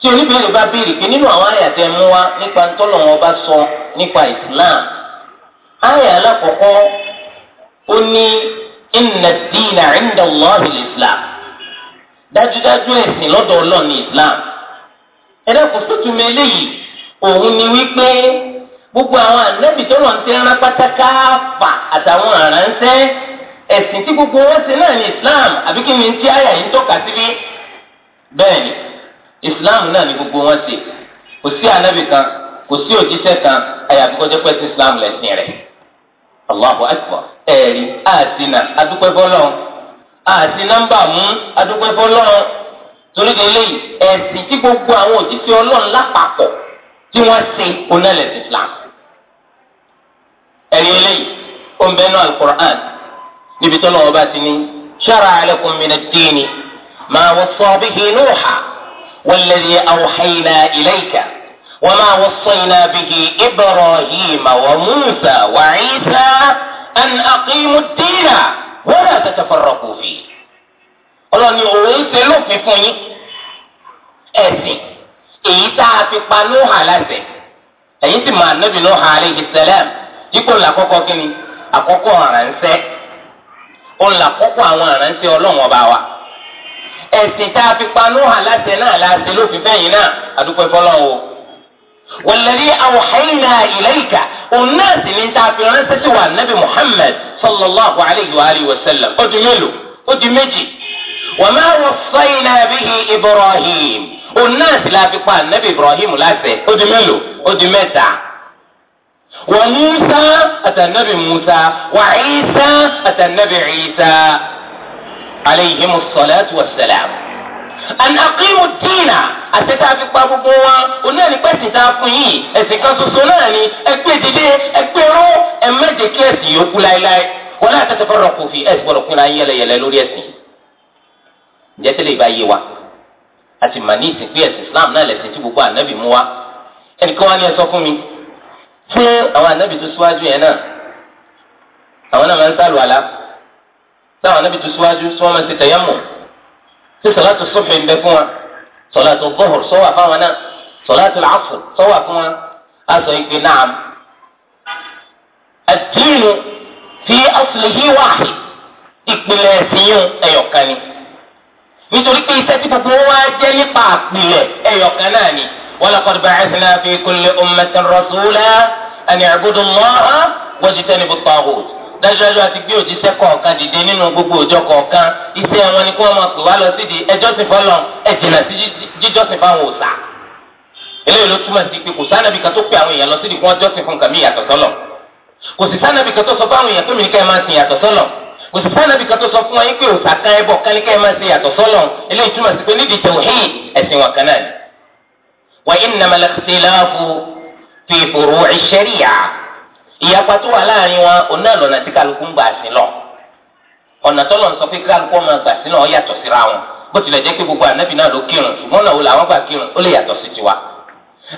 tí oníbèrè bá béèrè pé nínú àwọn àyà tẹ mú wa nípa ntọ́nà wọn bá sọ nípa Islam àyà alákọ̀ọ́kọ́ ó ní inna ad-dina 'inda Allahi al-Islam dájúdájú ẹ̀sìn lọ́dọ̀ Ọlọ́run ní Islam ẹ̀dá kò sótùmí eléyìí òun ni wípé gbogbo àwọn ànábì tó lọ ń tẹ ẹran pátákà fà àtàwọn àránṣẹ́ ẹ̀sìn tí gbogbo wọn ṣe náà ní islam àbí kí ni tí àyà yìí ń tọ́ka síbí bẹ́ẹ̀ ni islam náà ni gbogbo wọn ṣe kò sí ànábì kan kò sí òjíṣẹ́ kan àyàfi pẹ́ sí islam lẹ́sìn rẹ̀ allahu akbar ẹ̀rí àtinà adúpẹ́ bọ́lọ́ àti nọ́mbà mú adúpẹ́ bọ́lọ́ torí délé ẹ̀sìn tí gbogbo àwọn òjíṣẹ́ ọlọ́run lápapọ̀ tí wọ́n ṣe onílẹ̀ islam. ẹ̀rí eléyìí ó ń bẹ́ẹ̀ náà alukur'an níbi tó lọ́wọ́ ti ní shara'a lakum mina ad-dini ma wassa bihi Nuha walladhi awhayna ilayka wa ma wassayna bihi Ibrahima wa Musa wa Isa an aqimu ad-dina wa la tatafarraqu fihi ọlọ́ni òun ṣe lófin fún yín ẹ̀sìn èyí tá a fi pa Nuha láṣẹ èyí sì máa Nabi Nuha alayhi salam. jípò làkọ́kọ́ kí ni àkọ́kọ́ àránṣẹ́ ó làkọ́kọ́ àwọn àránṣẹ́ ọlọ́run ọba wa ẹ̀sìn tá a fi panú hàn láti náà láti lófin bẹ́yìn náà àdúpẹ́ fọlọ́run o wàlẹ́rí àwòhánná ìlẹ́yìká òun náà sì ní tá a fi ránṣẹ́ sí wa nabi muhammed sallallahu alayhi wa alihi wa sallam ó di mélòó ó di méjì ibrahim òun náà sì pa nabi ibrahim ó di mélòó wa Musa àtànàbì Musa wa Isa àtànàbì Isa alayhimu salatu wa salam. an aqimu diina àti tá a fi pa gbogbo wa oní ẹnìpẹ́ sì tá a fún yìí ẹ̀sìn kan ṣoṣo náà ni ẹgbẹ́ ìdílé ẹgbẹ́ ró ẹ̀mẹ́jẹ kí ẹ̀sìn yòókù láéláé wọn náà tẹ́tẹ́ fọ́nrán kò fi ẹ̀sìn gbọ́dọ̀ kúnra yẹlẹyẹlẹ lórí ẹ̀sìn. ǹjẹ́ tẹ́lẹ̀ ìbá yé wa àti màní ìsìn pé ẹ̀sìn Islam náà lẹ̀sìn tí gbogbo ànábì mú wa ẹnìkan wá ní ẹ sọ fún mi fún àwọn anábì tó síwájú yẹn náà àwọn náà máa ń sálù àlá táwọn anábì tó síwájú tí wọ́n máa ń ṣe tẹ̀yẹ́mù tí sọ̀látù sọ́fì ń bẹ fún wa sọ̀látù bọ́hùr sọ́wà fáwọn náà sọ̀látù làásù sọ́wà fún wa á sọ ìpè náà. àdínú fi aslihi wahid ìpìlẹ̀ ẹ̀sìn ẹ̀yọ̀kan ni nítorí pé iṣẹ́ tí gbogbo wa jẹ́ nípa àpìlẹ̀ ẹ̀yọ̀kan náà ni. ولقد بعثنا في كل أمة رسولا أن يعبدوا الله واجتنبوا الطاغوت dájúdájú àti gbé òjíṣẹ́ kọ̀ọ̀kan dìde nínú gbogbo òjọ kọ̀ọ̀kan iṣẹ́ wọn ni kí wọ́n máa pè wá lọ sídìí ẹjọ́sìn fọlọ́ ẹ̀jìnà sí jíjọ́sìn fáwọn òòṣà eléyìí ló túmọ̀ sí pé kò sánàbì kan tó pe àwọn èèyàn lọ sídìí kí wọ́n jọ́sìn fún kàmí ìyàtọ̀ sọ́lọ̀ kò sì sánàbì kan tó sọ fáwọn èèyàn pé mi ẹ máa sin ìyàtọ̀ sọ́lọ̀ kò sì sánàbì kan tó sọ fún wọn yín pé òòṣà kan ẹ máa sin وإنما الاختلاف في فروع الشريعة ìyapa tó wà láàrin wọn ọ̀nà lọ́nà tí kálukú ń gbà sí lọ ọ̀nà tó lọ́n sọ pé kálukú ọmọ gbà sí náà ó yàtọ̀ síra wọn bó tilẹ̀ jẹ́ pé gbogbo ànábì náà ló kírun ṣùgbọ́n náà wò làwọn gbà kírun ó lè yàtọ̀ sí tiwa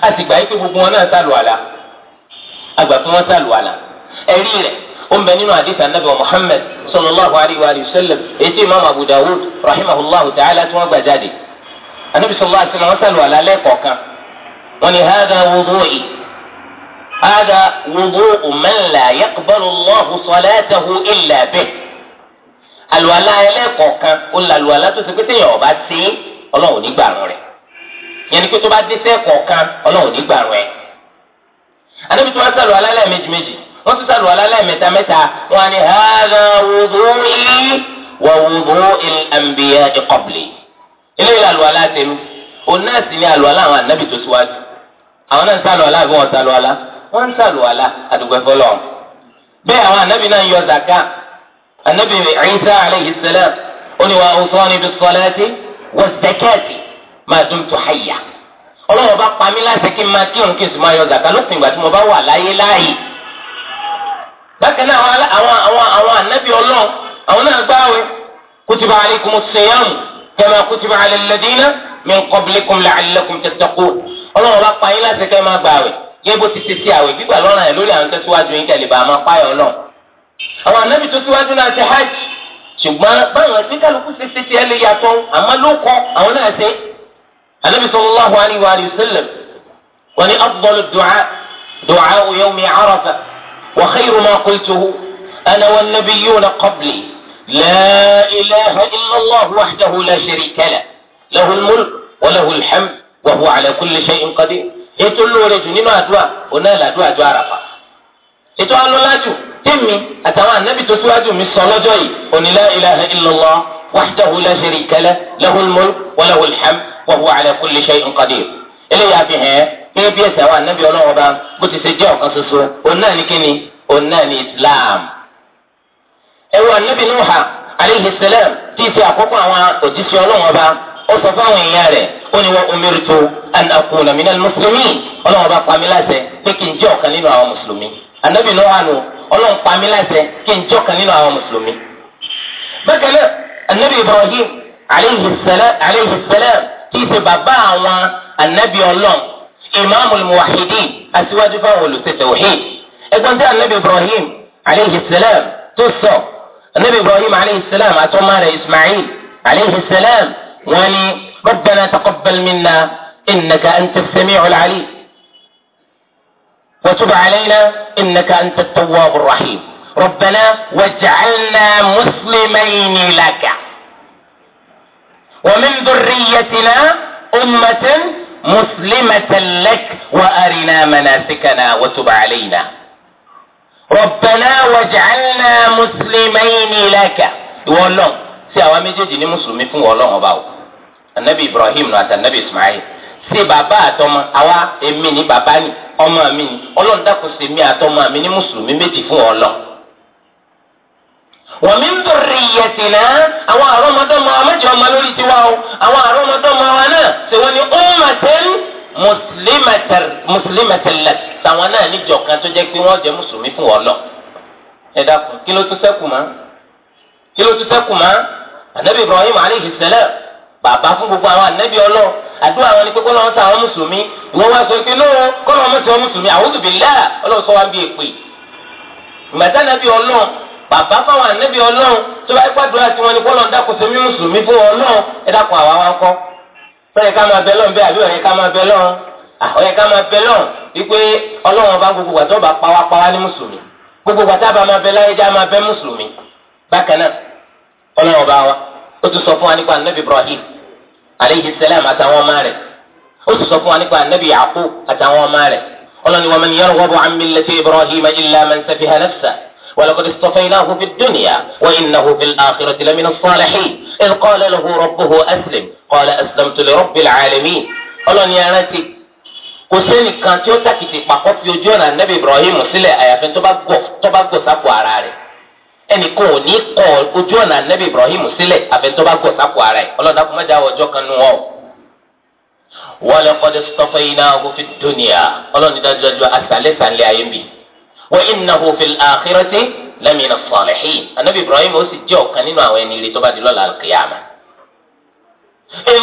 a sì gbà yí pé gbogbo wọn náà sàlù àlà àgbà pé wọ́n sàlù àlà ẹ̀rí rẹ̀ ó ń bẹ nínú àdìsá ànábì wa Muhammad sallallahu alayhi wa sallam ètò imam Abu Dawud rahimahullahu ta'ala tí wọ́n gbà jáde ànábì sallallahu alayhi wa sallam wọ́n sàlù àlà lẹ́ẹ̀kọ̀ọ̀kan wọ́n ní hada wudu'i hada wudu'u man la yaqbalu Allahu salatahu illa bih àlùwàlá ẹlẹ́kọ̀ọ̀kan ó la àlùwàlá tó ti pété yàn ọba sí ọlọ́run nígbà rẹ̀ yẹn ni pé tó bá dé sẹ́kọ̀ọ̀kan ọlọ́run nígbà rẹ̀ anabi tí wọn sàlù alálẹ méjìméjì wọn tún sàlù alálẹ mẹ́tamẹ́ta wọn ni hàdà wùdúì wà wùdúì àmbìyà ìkọbìlì ilé ìlú àlùwàlá tẹlu òun náà sì ni àlùwàlá àwọn anabi tó síwájú àwọn náà ń sàlù àlá àbí wọn sàlù àlá wọn ń sàlù àlá àdùgbò ẹ̀fọ́ lọ. bẹ́ẹ̀ àwọn ànábì náà ń yọ zaka ànábì Ìsá alayhi salam ó ní wa awsani bis salati waz zakati ma dumtu hayya. ọlọ́wọ́ bá pa mí láti kí n máa kírun kí n sì máa yọ zaka lópin ìgbà tí mo bá wà láyé láàyè. bákan náà àwọn àwọn àwọn ànábì ọlọ́run àwọn náà gbáwé kutiba alaykumus siyam kama kutiba ala alladina min qablikum la'allakum tattaqun ọlọ́run bá pa yín láti kẹ́ máa gbà àwẹ̀ yẹ bó ti ṣe sí àwẹ̀ gbígbà lọ́rùn ẹ̀ lórí àwọn tẹ̀síwájú yín kẹ́lẹ́ bá a máa páyọ̀ náà. àwọn anábì tó síwájú náà ṣe hajj ṣùgbọ́n báwọn tí kálukú ṣe ṣe tiẹ̀ lè yàtọ̀ àmọ́ ló kọ́ àwọn náà ṣe. anábì sallallahu alaihi wa sallam wa ni afdalu du'a du'a yawmi arafa wa wa huwa ala kulli shay'in qadir ètò lóore jù nínú àdúrà òun náà làdúrà jọ àràfà ètò alọ́lájù tèmi àtàwọn ànábì tó síwájú mi sọ lọ́jọ́ yìí òní la ilaha illallah wahdahu la sharika lahu lahul mulk wa lahul hamd wa huwa ala kulli shay'in qadir eléyà fi hàn ẹ́ bí ẹsẹ̀ àwọn ànábì ọlọ́wọ́ bá bó ti ṣe jẹ́ ọ̀kan ṣoṣo òun ní kíni ó sọ fáwọn èèyàn rẹ̀ ó ní wa umirtu an akuna minal muslimin ọlọ́run bá pa mí láṣẹ pé kí n jẹ́ ọ̀kan nínú àwọn mùsùlùmí anabi ló wà nù ọlọ́run pa mí láṣẹ kí n jẹ́ ọ̀kan nínú àwọn mùsùlùmí. bákan náà anabi ibrahim aleyhi salam aleyhi salam kì í ṣe bàbá àwọn anabi ọlọ́run imaamul muwahidi aṣíwájú fáwọn olùsètò wahid ẹgbọn tí anabi ibrahim aleyhi salam tó sọ anabi ibrahim aleyhi salam àtọ́mọ́ rẹ̀ ismail aleyhi salam يعني ربنا تقبل منا إنك أنت السميع العليم وتب علينا إنك أنت التواب الرحيم ربنا واجعلنا مسلمين لك ومن ذريتنا أمة مسلمة لك وأرنا مناسكنا وتب علينا ربنا واجعلنا مسلمين لك يقول لهم tí àwa نمسلمي ní mùsùlùmí anabi ibrahim àti anabi ismail ṣe bàbá àtọmọ àwa èmi ní bàbá ni ọmọ mi ni ọlọ́run dákun ṣe mí àtọmọ mi ní mùsùlùmí méjì fún ọ lọ. wa min dhurriyyatina àwọn àrọ́mọdọ́mọ amẹ́jọ ọmọ lórí tiwa o àwọn àrọ́mọdọ́mọ wa náà ṣe wọ́n ní ummatan muslimatan lak tàwọn náà níjọ kan tó jẹ́ pé wọ́n jẹ́ mùsùlùmí fún ọ lọ. ẹ dákun kí ló tún sẹ́kù mọ́ kí ló tún sẹ́kù mọ́ anabi ibrahim alayhi salam bàbá fún gbogbo àwọn ànábì ọlọ àdúrà wọn ni pé kọlọ ń sa àwọn mùsùlùmí wọn wá sọ pé lóò kọlọ ń sọ mùsùlùmí a'udhu billah Ọlọ́run sọ wá bí èpè ìgbàdá ànábì Ọlọ́run bàbá fáwọn ànábì Ọlọ́run tó bá ipá dúrà tiwọn ni kọlọ ń dákun sẹmí mùsùlùmí fún Ọlọ́run ẹ dákun àwa wa ń kọ fẹyẹ ká máa bẹ lọ bẹ àbí ọyẹ ká máa bẹ lọ ọyẹ ká máa bẹ lọ ó tún sọ fún wa nípa anabi ibrahim aleyhi salam àtàwọn ọmọ rẹ̀ ó tún sọ fún wa nípa anabi yaaku àtàwọn ọmọ rẹ̀ ọlọ́ni wa man yarghabu an millati ibrahim sọfẹ̀ illa man safiha nafsa ولقد اصطفيناه في الدنيا وإنه في الآخرة لمن الصالحين إذ قال له ربه أسلم قال أسلمت لرب العالمين ọlọ́ni ara ti kò sẹ́ni kan tí ó tàkìtì pàkọ́ fi ojú ọ̀nà nẹ́bí ibrahim sílẹ̀ àyàfẹ́ tó bá gbọ̀ sápò ara rẹ̀ ẹnìkan ò ní kọ ojú ọ̀nà anabi ibrahim sílẹ̀ àfẹnutọ́ bá gbọ̀ sápò ara ẹ̀ ọlọ́dà kò má dá ọjọ́ kan nù ọ́ wa laqad istafaynahu fid dunya ọlọ́ni dájúdájú asàlẹ̀ sàlẹ̀ ayé bì wa innahu fil akhirati lamina salihin anabi ibrahim ó sì jẹ́ ọ̀kan nínú àwọn ẹni rí tó bá di lọ́la alkiyama. إذ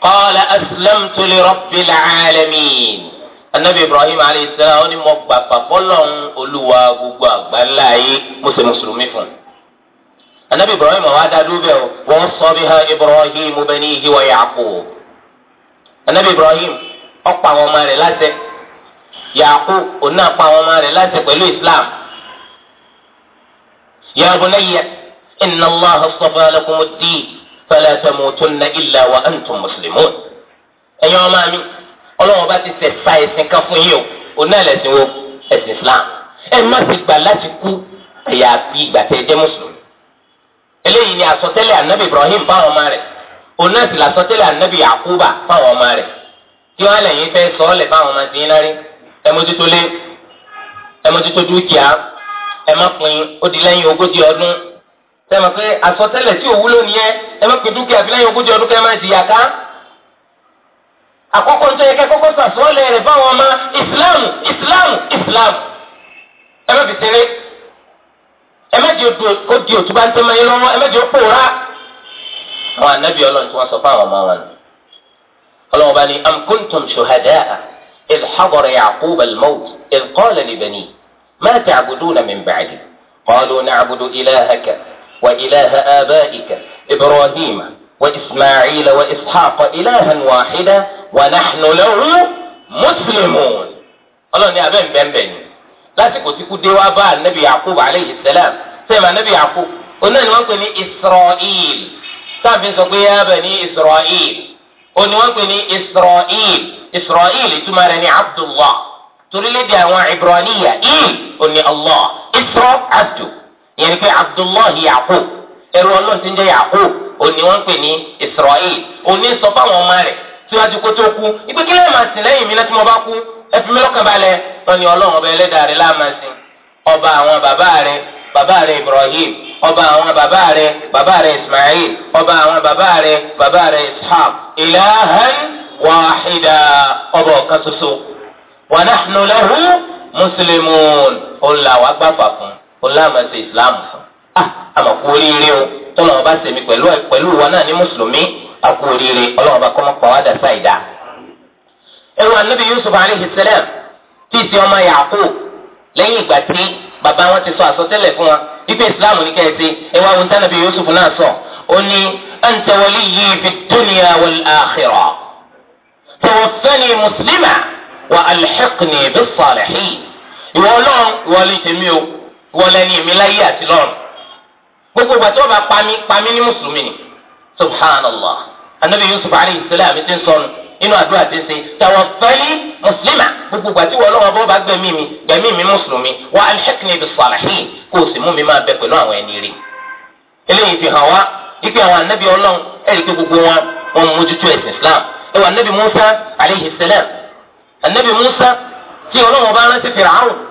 qala aslamtu li rabbil alamin anabi ibrahim alayhi salam ó ní mo gbà papọ̀ lọ́hùn olúwa gbogbo àgbáńlá ayé mo ṣe mùsùlùmí fún un. anabi ibrahim wa dá dúbẹ̀ o wọ́n sọ bí ha ibrahim banihi wa yaqub. anabi ibrahim ó àwọn ọmọ rẹ̀ láṣẹ yaqub òun náà àwọn ọmọ rẹ̀ láṣẹ pẹ̀lú islam. ya bunayya inna allaha istafa lakumud din fala tamutunna illa wa antum muslimun. ẹ̀yin ọmọ mi ọlọ́run bá ti tẹ̀ fa ẹ̀sìn kan fún yín o òun náà lẹ̀sìn wo ẹ̀sìn islam ẹ má ti gbà láti kú ẹ̀yà àti ìgbà tẹ̀ jẹ́ mùsùlùmí. eléyìí ni àsọtẹ́lẹ̀ anabi ibrahim fáwọn ọmọ rẹ̀ òun náà sì làsọtẹ́lẹ̀ anabi yakuba fáwọn ọmọ rẹ̀ tí wọ́n lẹ́yìn fẹ́ sọ ọ́ lẹ̀ fáwọn ọmọ ti lárí ẹ lé ẹ dúkìá ẹ ó di lẹ́yìn ogójì ọdún sẹ́mi pé àsọtẹ́lẹ̀ tí òwúlò nìyẹn ẹ má pè dúkìá fi lẹ́yìn ogójì ọdún kẹ́ má jìyà ká. àkọ́kọ́ nítorí kẹ́ kọ́kọ́ sàsọ́ọ̀lẹ̀ rẹ̀ fáwọn ọmọ islam islam islam ẹ má fi ṣeré ẹ má jẹ́ odi òtúbá ń tẹ́mọ yín lọ́wọ́ ẹ má jẹ́ pòórá. àwọn anábì ọlọ́run tí wọ́n sọ fáwọn ọmọ wọn ọlọ́run bá ní am kuntum shuhadaa idh hadara ya'qub al-mawt idh qala li banihi ma ta'buduna min ba'di qalu na'budu ilahaka وإله آبائك إبراهيم وإسماعيل وإسحاق إلها واحدا ونحن له مسلمون ọlọ́run ní abẹ́ nbẹ́nbẹ́ ni lásìkò tí kú dé wá bá anabi yakub aleyhi salam sẹ́yìn anabi yakub onáà ni wọ́n pè ní israel sáfin sọ pé yáa bẹ̀ ní israel òní wọ́n pè ní israel israel ìtumọ̀ rẹ̀ ní abdullah torílẹ̀dẹ̀ àwọn ibraniya il òní allah isra abdul yẹn pé abdullahi yakub ẹrú ọlọ́sìn jẹ́ yakub òní wọ́n pè ní israel òní sọ fáwọn ọmọ rẹ̀ síwájú kó tó kú ibi kí lẹ́yìn máa sìn lẹ́yìn mi láti mo bá kú ẹ fi mi lọ́kàn balẹ̀ wọn ni ọlọ́run ọba ẹlẹ́dàá rẹ̀ láàmà sìn ọba àwọn bàbá rẹ̀ bàbá rẹ̀ ibrahim ọba àwọn bàbá rẹ̀ bàbá rẹ̀ ismail ọba àwọn bàbá rẹ̀ bàbá rẹ̀ ishaq ilahan wàhídà ọba ọ̀kan ṣoṣo wa nahnu lahu muslimun ó là wá fún un oláàmà ṣe islam fún àmọ́ ah, kú oríire o tọ́lọ̀ wọn bá ṣèmi pẹ̀lú pẹ̀lú wa náà ní mùsùlùmí àkú oríire ọlọ́wọ́n bá kọ́mọ́ pọ̀ wá dà sáìdá. ẹrù anabi yusuf alayhi salam tí ìsìn ọmọ yàkó lẹ́yìn ìgbà tí bàbá wọn ti sọ àsọtẹ́lẹ̀ fún wa ipe islam ní kẹ́hẹ́sì ẹ wọn tánàbí yusuf náà sọ ó ní anta waliyyi fi dunya wal akhirah tawaffani muslima wa alhiqni bis salihin ìwọ náà wọlé tèmi o wọlé ní èmi láyé àti lọ́run gbogbo ìgbà tí wọ́n bá pami pami ní mùsùlùmí ni subhanallah anabi yusuf alayhi salam ti ń sọnù inú àdúrà ti ń ṣe tawaffani mùsùlùmá gbogbo ìgbà tí wọ́n lọ́wọ́ bọ́ bá gbẹ̀mí mi gbẹ̀mí mi mùsùlùmí wa alhaqni bis salihin kó o sì mú mi máa bẹ pẹ̀lú àwọn ẹni rí eléyìí fi hàn wá ipe àwọn anabi ọlọ́run ẹ̀rí pé gbogbo wọn wọn mójútó ẹ̀sìn islam ẹ̀wọ̀n anabi musa alayhi salam anabi musa tí ọlọ́run ọba rántí fìràwọ̀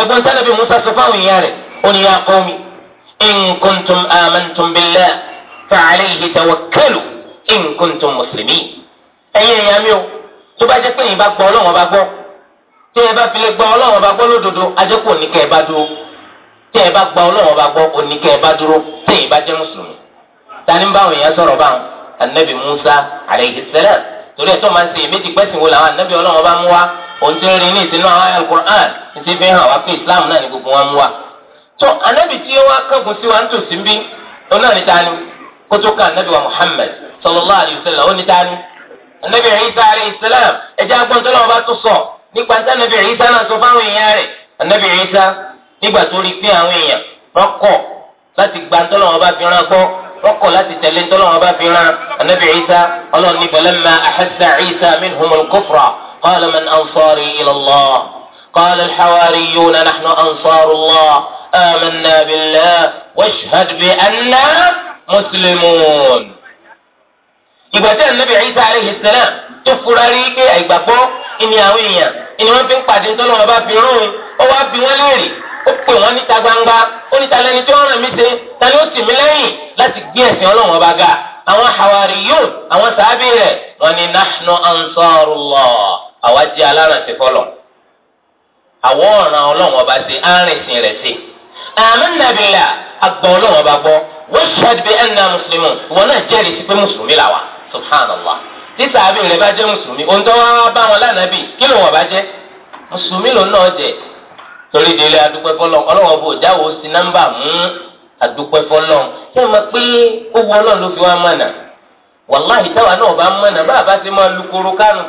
ẹ̀gbọ́n sálẹbi musa sọ fáwọn èèyàn rẹ̀ ó ní yà kọ́ mi in kuntum amantum billah fa alayhi tawakkalu in kuntum muslimin ẹ̀yin èèyàn mi o tó bá jẹ́ pé yìí bá gbọ́ Ọlọ́run bá gbọ́ tí ẹ bá file gbọ́ Ọlọ́run bá gbọ́ lódodo ajẹkù oníkẹ ẹ bá dúró tí ẹ bá gbọ́ Ọlọ́run bá gbọ́ oníkẹ ẹ bá dúró tí ẹ bá mùsùlùmí tani báwọn èèyàn sọ̀rọ̀ báwọn anabi musa alayhi salam torí ẹ máa ń ṣe èméjì pẹ́sìn wo làwọn anabi Ọlọ́run bá mú wa òun ti ń rí ní ìsinú àwọn ayé alukur'an ti fi hàn wá pé islam náà ni gbogbo wọn mú wa. tó anabi tí ó wá kẹ́kùn sí wa ń tòsí bí ó náà ní tani kó tó ka anabi wa muhammad sallallahu alayhi wa sallam ó ní tani. anabi isa alayhi salam ẹja agbọ́ntọ́ náà bá tó sọ nípa tí anabi isa náà sọ fáwọn èèyàn rẹ̀ anabi isa nígbà tó rí pé àwọn èèyàn rọ́kọ̀ láti gba ntọ́lọ́ wọn bá fi rán gbọ́ rọ́kọ̀ láti tẹ̀lé ntọ́lọ́ wọn bá fi rán anabi isa قال من أنصاري إلى الله قال الحواريون نحن أنصار الله آمنا بالله واشهد بأننا مسلمون ìgbà tí ànábì Ìsá alayhi salam tó fura rí pé àìgbàgbọ́ ìní àwọn èèyàn ìní wọ́n fi ń pàdé nítorí wọn bá fi rún ó wá bi wọ́n léèrè ó pè wọ́n níta gbangba ó níta lẹni tí wọ́n ràn mí ṣe ta ni ó tì mí lẹ́yìn láti gbé ẹ̀sìn Ọlọ́run ọba ga àwọn hawariyun àwọn sàábì rẹ̀ wọ́n ní nahnu ansarullah àwa jẹ́ alárànṣe fọlọ̀ àwọ̀ ọ̀ràn ọlọ́run ọba ṣe arìnsìn rẹ̀ ṣe àmín billah agbọ̀ ọlọ́run ọba gbọ́ washhad bi anna muslimun wọn náà jẹ́rìí sí pé mùsùlùmí làwà subhanallah títà àbí rẹ̀ bá jẹ́ mùsùlùmí ohun tó wá bá wọn lánàá bì kí ló wọn bá jẹ́ mùsùlùmí lòun náà jẹ́ torí délé adúpẹ́ fọlọ́ ọlọ́run ọba ò jáwọ́ sí nọ́mbà mú adúpẹ́ fọlọ́ ṣé ẹ mọ̀ pé owó ọlọ́run ló fi wá mọ̀nà wàláhì táwa náà bá mọ̀nà bá a bá ti máa lu koro kánú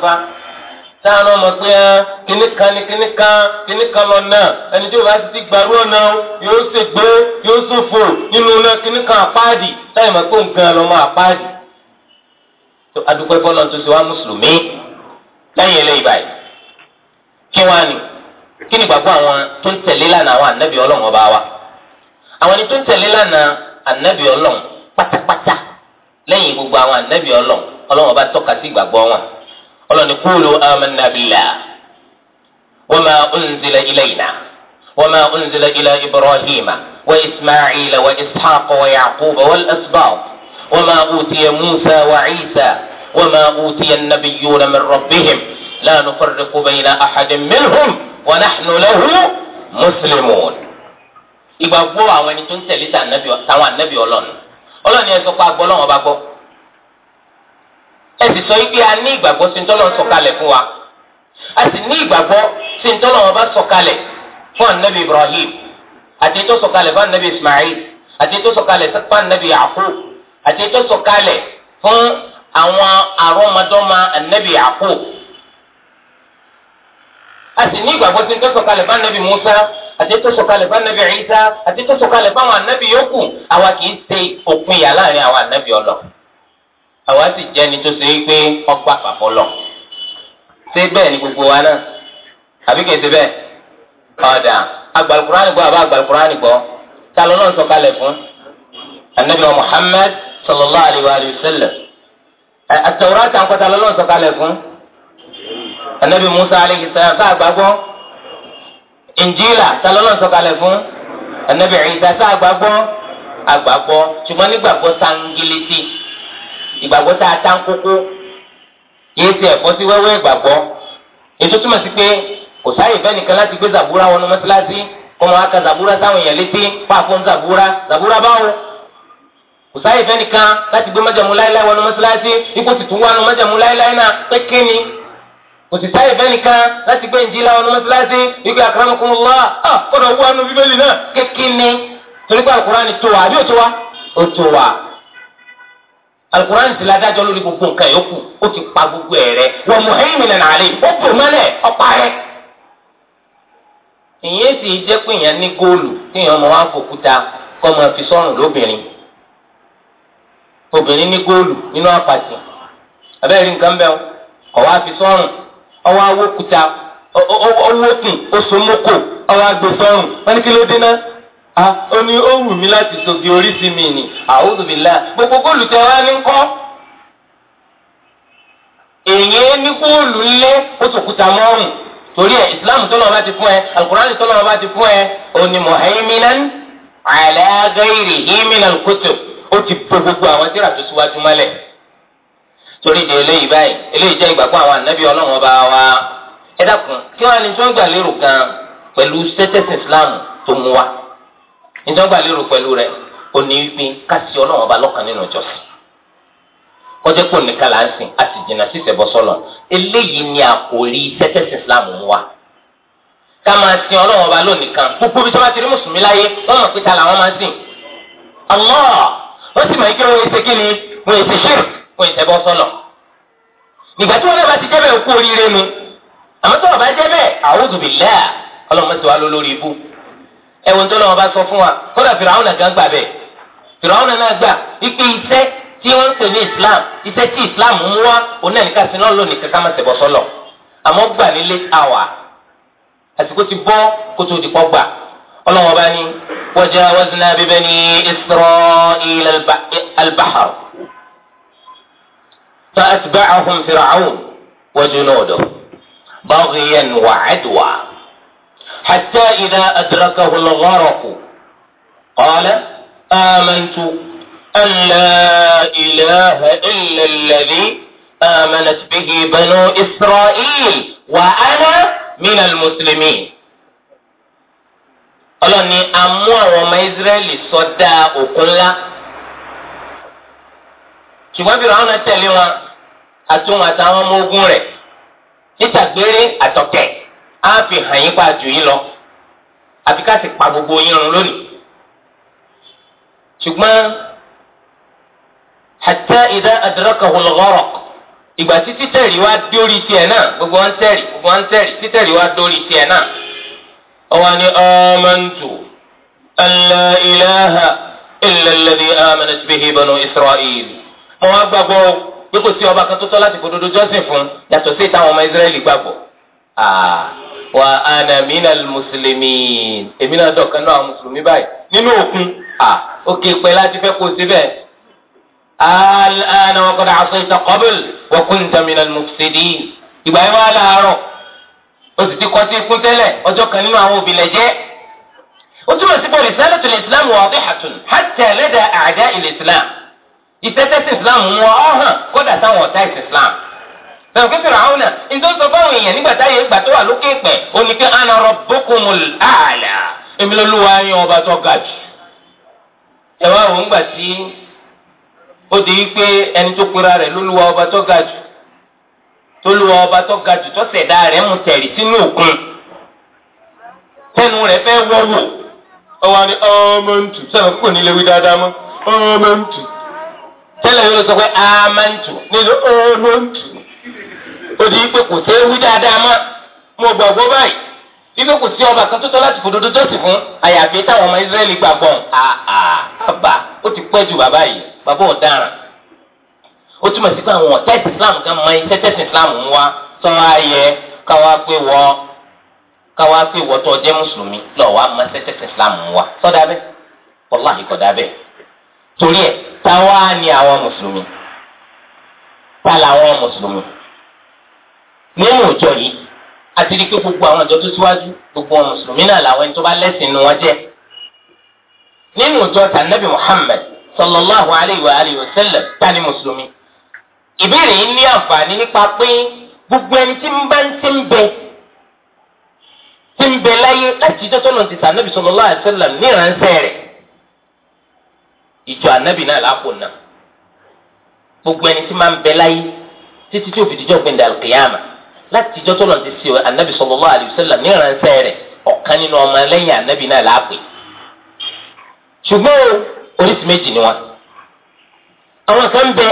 táwọn ọmọ pé ẹ ah, kìnnìkan ni kìnnìkan kìnnìkan lọ náà ẹni tí o bá ti gbàrú ọ̀nà yóò ṣègbé yóò ṣòfò nínú náà kìnnìkan àpáàdì táyì máa tó nǹkan lọ́mọ àpáàdì. tó adúpẹ́ bọ́lá tó ṣe wá mùsùlùmí eléyìí báyìí kí kí ni gbàgbọ́ àwọn tó ń tẹ̀lé lánàá àwọn ànábì ọlọ́run ọba wa àwọn ẹni tó ń tẹ̀lé lánàá ànábì ọlọ́run pátápátá lẹ́yìn gbogbo àwọn ànábì ọlọ́ni kúlù amanna billah wa ma unzila ilayna wa ma unzila ila ibrahima wa isma'ila wa ishaqa wa yaquba wal asbaq wa ma utiya musa wa isa wa ma utiya nabiyuna min rabbihim la nufarriqu bayna ahadin minhum wa nahnu lahu muslimun ìgbàgbọ́ àwọn ẹni tó ń tẹ̀lé tàwọn ànábì ọlọ́run ọlọ́run yẹn sọ pé lọ́wọ́ bá gbọ́ ẹ sì sọ wípé a ní ìgbàgbọ́ sí ntọ́lọ́ sọ̀kalẹ̀ fún wa a sì ní ìgbàgbọ́ sí ntọ́lọ́ wọn bá sọ̀kalẹ̀ fún anabi Ibrahim àti ètò sọ̀kalẹ̀ fún anabi Ismail àti ètò sọ̀kalẹ̀ fún anabi Yaqub àti ètò sọ̀kalẹ̀ fún àwọn àrọ́mọdọ́mọ anabi Yaqub a sì ní ìgbàgbọ́ sí ntọ́lọ́ sọ̀kalẹ̀ fún anabi Musa àti tó sọ̀kalẹ̀ fún anabi Isa àti tó sọ̀kalẹ̀ fún àwọn anabi yòókù àwa kì í ṣe òpin yà láàrin àwọn anabi ọlọ àwa sì jẹ́ ẹni tó ṣe é pé ọgbà àpapọ̀lọ̀ ṣé bẹ́ẹ̀ ni gbogbo wa náà àbí kìí ṣe bẹ́ẹ̀ ọ̀dà agbàlùkùránì gbọ́ àbá agbàlùkùránì gbọ́ ta ló náà sọ̀kalẹ̀ fún anabi muhammad sallallahu alayhi wa sallam àtàwùrọ̀ àtàǹkọ̀tà ló náà sọ̀kalẹ̀ fún anabi musa alayhi sallam sáà gbàgbọ́ injila ta ló náà sọ̀kalẹ̀ fún anabi isa sáà gbàgbọ́ àgbàgbọ́ ṣùgbọ́n nígbàgbọ́ sáà ń gilisi ìgbàgbọ́ tá a tán kókó yéé ti ẹ̀kọ́ sí wẹ́wẹ́ ìgbàgbọ́ ètò túmọ̀ sí pé kò sáyè fẹ́ nìkan láti gbé zàbúrà wọnú mọ́sálásí kọ́ máa ka zàbúrà sáwọn èèyàn létí pàfọ́n zàbúrà zàbúrà báwo kò sáyè fẹ́ nìkan láti gbé májàmú láéláé wọnú mọ́sálásí ipò sì tún wọnú májàmú láéláé náà pé kéènì kò sì sáyè fẹ́ nìkan láti gbé ìjìlá wọnú mọ́sálásí ìgbé akramakumullah ọ̀dọ̀ wọnú bíbélì alukuraan ti la dájọ́ gbogbo nke a ó ti pa gbogbo ẹ̀ rẹ wọ́n mú ẹ̀yìn mi nàná àlè ó bò mọ́lẹ̀ ọ̀pá rẹ̀. ìyẹn sì jẹ́ pé ní góòlù tí ń fòkúta fi sọ́rùn lóbìnrin obìnrin ní góòlù nínú àpàtì abẹ́rẹ́ nǹkan bẹ́ẹ̀ kọ̀ wá fi ọ ọ awókuta ọwọ́ tì ó so mọ́kò ọwọ́ agbè sọ́rùn ó ní ó wù mí láti sogi orí sí mi nì a'udhu billah gbogbo góòlù tẹ wá ní torí ẹ islam tó bá ti fún ẹ alukurani tó bá ti fún ẹ òní muhaiminan ala ghairihi minal kutub torí de eléyìí báyìí eléyìí ìgbàgbọ́ àwọn wa ẹ dákun kí gan pẹ̀lú sẹ́tẹ̀sì islam tó mú ìjọba lérò pẹ̀lú rẹ̀ òní wípé kásì ọlọ́wọ́n ọba lọ́kàn nínú ìjọsìn kọjá pò nìkan là ń sìn a sì jìnnà sí ìṣẹ̀bọ sọ́lọ̀ eléyìí ni àkòrí sẹ́tẹ̀sì Islam mú wa ká máa sin ọlọ́wọ́n ọba lónìí kan gbogbo ibi tí wọ́n ti rí mùsùlùmí láyé wọ́n mọ̀ pé ta làwọn máa sìn Allah wọ́n sì mọ̀ ike wọ́n ṣe kíni wọ́n ṣe ṣírk wọ́n ìṣẹ̀bọ sọ́lọ̀ nígbà tí wọ́n náà bá ti jẹ́ bẹ́ẹ̀ kú oríire nu àmọ́ tí wọ́n bá jẹ́ bẹ́ẹ̀ a'udhu ọlọ́mọ ẹ̀wọ̀n tó lọ́wọ́ bá sọ fún wa kódà fìràwọn nàgán gbà bẹ́ẹ̀ fìràwọn nàgán gbà ipe iṣẹ́ tí wọ́n ń pè ní islam iṣẹ́ tí islam mú wá òun náà nìkan sí náà lónìí kankan máa ṣẹ̀bọ̀ sọ́lọ̀ àmọ́ gbà ní late hour àsìkò ti bọ́ kó tó di pọ́ gbà ọlọ́wọ́n bá ní wajawazna bi bani isra'il al-bahr فأتبعهم فرعون وجنوده بغيا وعدوى حتى إذا أدركه الغرق قال آمنت أن لا إله إلا الذي آمنت به بنو إسرائيل وأنا من المسلمين قال أني أموى وما إسرائيل صدى أقول شو ما بيرعون أتلوى أتوم أتوم أتوم أتوم أتوم أتوم أتوم á fi hàn yín pa jù yín lọ àfi ká sì pa gbogbo yín run lónìí. ṣùgbọ́n hatta idha adrakahu al-gharaq ìgbà tí títẹ̀rí wá dórí tiẹ̀ náà gbogbo wọn tẹ̀rí gbogbo wọn tẹ̀rí títẹ̀rí wá dórí tiẹ̀ náà. ọwọ́ ni amantu an la ilaha illa alladhi amanat bihi banu isra'il. mo wá gbàgbọ́ pé sí ọba kan tó tọ́ láti fòdodo jọ́sìn fún yàtọ̀ sí ìtàwọn ọmọ israẹli gbàgbọ́ wà ana minal muslimin èmi náà dọ̀kan náà àwọn mùsùlùmí báyìí nínú òkun à ó ké pẹ́ láti fẹ́ kó síbẹ̀ al'ana wa qad asayta qabl wa kunta minal mufsidin ìgbà yẹn wà láàárọ̀ o sì ti kọ́ sí ikú tẹ́lẹ̀ ọjọ́ kan nínú àwọn òbí lẹ́jẹ́ ó túmọ̀ sí pé risalatu al-islam wadihatun hatta lada a'da al-islam ìtẹ́tẹ́sí islam wọn ọ̀hàn kódà táwọn ọ̀tá ìsìn islam ẹnu pé Fir'auna nítorí sọ fáwọn èèyàn nígbà táyé ìgbà tó wà lókè pẹ̀ ó ní pé ana rabbukumul a'la èmi lolúwa yín ọba tó ga jù. ẹ wá wò ń gbà tí ó di pé ẹni tó pera rẹ̀ lolúwa ọba tó ga jù tó lúwa ọba tó ga jù tó ṣẹ̀dá rẹ̀ mú tẹ̀rì sínú òkun tẹnu rẹ̀ fẹ́ wọ́wọ́ ọwọ́ ni ọmọ ntù sọ̀rọ̀ kúkò nílé wí dáadáa mọ́ ọmọ ntù tẹ́lẹ̀ yóò sọ pé àmọ́ ntù nílò ọmọ ntù. ó di pé kò sí wí dáadáa mo gbàgbọ́ báyìí ife kò sí ọba kan tó tọ́ láti fòdodo jọ́sìn fún àyàfi táwọn ọmọ Ísírẹ́lì gbàgbọ́ ó ti pẹ́ ju bàbá yìí bàbá ọ̀daràn ó túmọ̀ sí pé àwọn Islam kan mọ iṣẹ́ tẹ̀sìn Islam ń wá tọ́ ayẹ káwá pé wọ́ káwá pé wọ́ tó jẹ́ mùsùlùmí nínú ìjọ yìí àti rí pé gbogbo àwọn ìjọ tó síwájú gbogbo àwọn mùsùlùmí náà làwọn ẹni tó bá lẹ́sìn inú wọn jẹ́ nínú ìjọ tànàbì Muhammad sallallahu alayhi wa alayhi wa sallam tani mùsùlùmí ìbéèrè yìí ní àǹfààní nípa pé gbogbo ẹni tí ń bá ń ti ń bẹ ti ń bẹ láyé láti ìjọ tọ́lọ̀ ti tànàbì sallallahu alayhi wa sallam ní ìránṣẹ́ rẹ̀ ìjọ ànàbì náà lápò náà gbogbo ẹni tí máa ń bẹ láyé títí tí òfìdíjọ́ gbẹ̀ndà al láti jọ́ tó lọ ti sí anabi sallallahu alaihi wasallam níranṣẹ́ rẹ̀ nínú ọmọ anabi náà oríṣi méjì ni wọn àwọn kan bẹ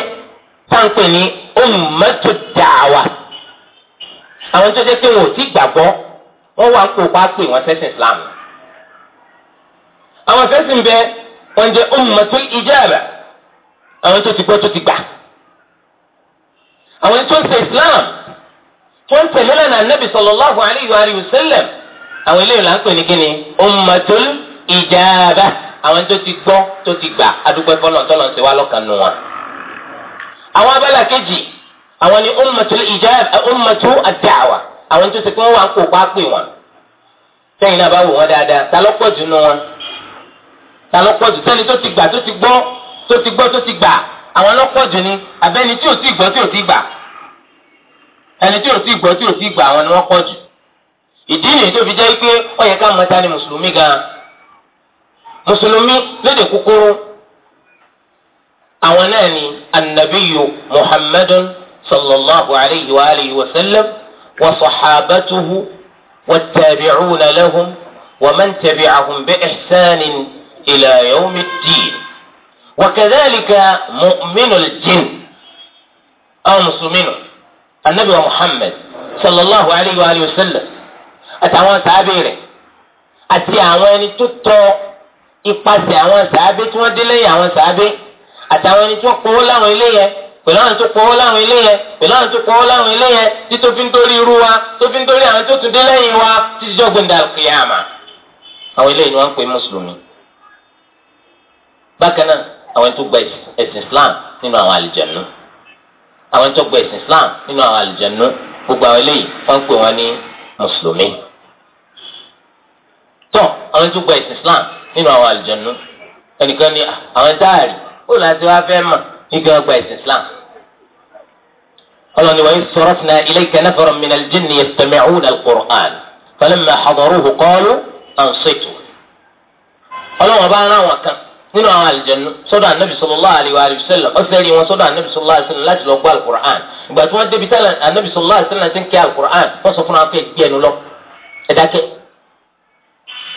táǹpẹ̀ ní ummatu da'wa àwọn wọn ò tí kó pa pé Islam àwọn bẹ àwọn tó ti tó ti gbà àwọn Islam. tó ń tẹ̀lé lẹ́nu anabi sallallahu alayhi wa sallam àwọn eléyìí là ń pè ní kíni àwọn tó ti gbọ́ tó ti gbà adúgbò ẹ̀fọ́ náà wá lọ́kàn nù wọn. àwọn kejì àwọn ni ummatul ijaba ummatul ad àwọn tó ti pé wọn wà ń kó pè wọn. sẹ́yìn náà bá wò wọ́n dáadáa ta ló pọ̀ jù nù wọn ta ló pọ̀ ti gbà tó ti gbọ́ ẹni tí ò tí gbọ́ tí ò tí gbà àwọn ni wọ́n pọ̀ jù ìdí nìyí tó fi jẹ́ pé ó yẹ ká mọ ta ni mùsùlùmí gan mùsùlùmí lédè kúkúrú àwọn náà ni anabiyu muhammadun sallallahu alayhi wa alayhi wa sallam wa sahabatuhu wa tabi'una lahum wa man tabi'ahum bi ihsanin ila yawmi ddin wa kadhalika mu'minul jinn aw musliminu anabi muhammed sallallahu alayhi wa sallam àtàwọn sàábì rẹ̀ àti àwọn ẹni tó tọ́ ipasẹ̀ àwọn sàábì tí wọ́n dé lẹ́yìn àwọn sàábì àtàwọn ẹni tí wọ́n kówó láwọn ilé yẹn pẹ̀lú àwọn tó kówó láwọn ilé yẹn pẹ̀lú àwọn tó kówó láwọn ilé yẹn tí tó fi ń torí irú wa tó fi ń torí àwọn tó tún dé lẹ́yìn wa títí jọ́gbìn dàkìyàmà àwọn ilé yìí ni wọ́n ń pè mùsùlùmí bákan náà àwọn ẹni tó gba ẹ̀sìn islam nínú àwọn àlìjẹ̀nu àwọn tó gba ẹ̀sìn islam nínú àwọn àlùjànnú gbogbo àwọn eléyìí wọ́n ń pè wọ́n ní mùsùlùmí. tó àwọn tó gba ẹ̀sìn islam nínú àwọn àlùjànnú ẹnìkan ní ah, àwọn táàrí ó láti wá fẹ́ mọ̀ nígbà gba ẹ̀sìn islam. قالوا وإذ صرفنا إليك نفرا من الجن يستمعون القرآن فلما حضروه قالوا أنصتوا قالوا وبانا وكان nínú àwọn àlìjẹnu sọ́dọ̀ anabi sallallahu alaihi wa sallam ọsẹ rí wọn sọ́dọ̀ anabi sallallahu alaihi wa sallam láti lọ gbọ́ alukur'an ìgbà tí wọn débi tẹlẹ anabi sallallahu alaihi wa sallam ti ń kẹ alukur'an wọn sọ fún wọn pé gbẹnu lọ ẹ dákẹ́.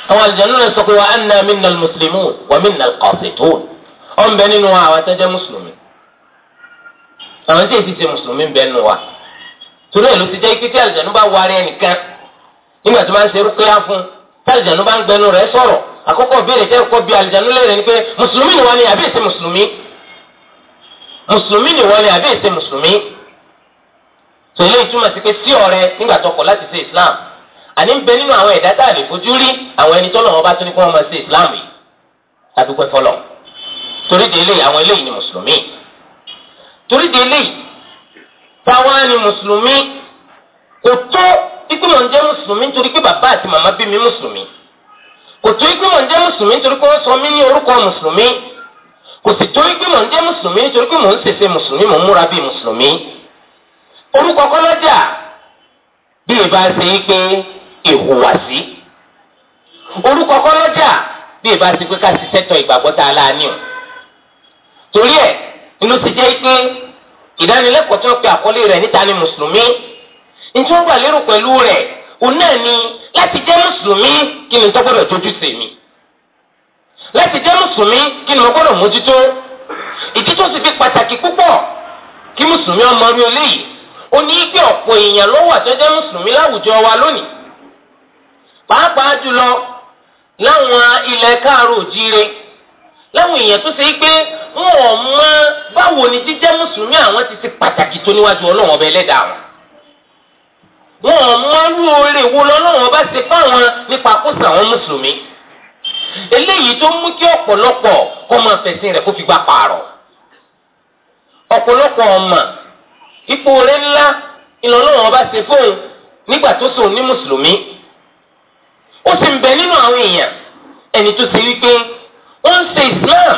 àwọn àlìjẹnu rẹ sọ pé wa anna minna al-muslimun wa minna al-qasitun ọ̀n bẹ nínú wa àwọn atẹ́jẹ́ mùsùlùmí àwọn tí èsì mùsùlùmí bẹ nínú wa torí àkọ́kọ́ béèrè jẹ́ kó bí alìjánu lẹ́rẹ̀ ni pé mùsùlùmí ni wọ́n ní àbí èsè mùsùlùmí mùsùlùmí ni wọ́n ní àbí èsè mùsùlùmí tòlẹ́ ìtumọ̀ sí pé sí ọ̀rẹ́ nígbà tó kọ̀ láti ṣe islam àní ń bẹ nínú àwọn ẹ̀dá tá a lè fojú rí àwọn ẹni tọ́lọ̀ wọn bá tún ní kí wọ́n máa ṣe islam yìí adúpẹ́ fọlọ̀ torí de eléyìí àwọn eléyìí ni mùsùlùmí torí de eléyìí táwa ni mùsùlùmí kò tó ikú mọ̀ ń jẹ́ mùsùlùmí nítorí pé bàbá àti màmá bí mi mùsùlùmí kò tó ikú mò ń jẹ́ mùsùlùmí torí pé wọ́n sọ mí ní orúkọ mùsùlùmí kò sì tó ikú mò ń jẹ́ mùsùlùmí torí pé mò ń ṣèṣe mùsùlùmí mò ń múra bíi mùsùlùmí orúkọ kọ́lọ́jà bí ìbá ṣe yí pé ìhùwàsí orúkọ kọ́lọ́jà bí ìbá ṣe pé ká ṣiṣẹ́ tọ ìgbàgbọ́ tá a láàánú torí ẹ̀ inú ti jẹ́ pé ìdánilẹ́kọ̀ọ́ tó ń pe àkọlé rẹ̀ níta ni mùsùlùmí ní tí wọ́n gbà lérò pẹ̀lú rẹ̀ òun náà ni láti jẹ́ mùsùlùmí kí ni tó tójú sí mi láti jẹ́ mùsùlùmí kí ni mo gbọ́dọ̀ mójútó ìdí tó sì fi pàtàkì púpọ̀ kí mùsùlùmí ọmọ rí eléyìí ó ní pé ọ̀pọ̀ èèyàn ló wà tó jẹ́ mùsùlùmí láwùjọ wa lónìí pàápàá jùlọ láwọn ilẹ̀ káàró òjíire láwọn èèyàn tó ṣe é pé wọn ò mọ báwo ni jíjẹ́ mùsùlùmí àwọn ti ti pàtàkì tó níwájú ọlọ́run ọba ẹlẹ́dàá wọn wọn ò mọrú oore wo lọ́lọ́run bá ṣe fáwọn nípa kóso àwọn mùsùlùmí eléyìí tó mú kí ọ̀pọ̀lọpọ̀ kó máa fẹ̀sìn rẹ̀ kó fi gbà pààrọ̀ ọ̀pọ̀lọpọ̀ ọmọ ipò rẹ̀ ńlá ìlọ́lọ́run bá ṣe fóun nígbà tó sòun ní mùsùlùmí ó sì ń bẹ nínú àwọn èèyàn ẹni tó ṣe wípé ó ń ṣe Islam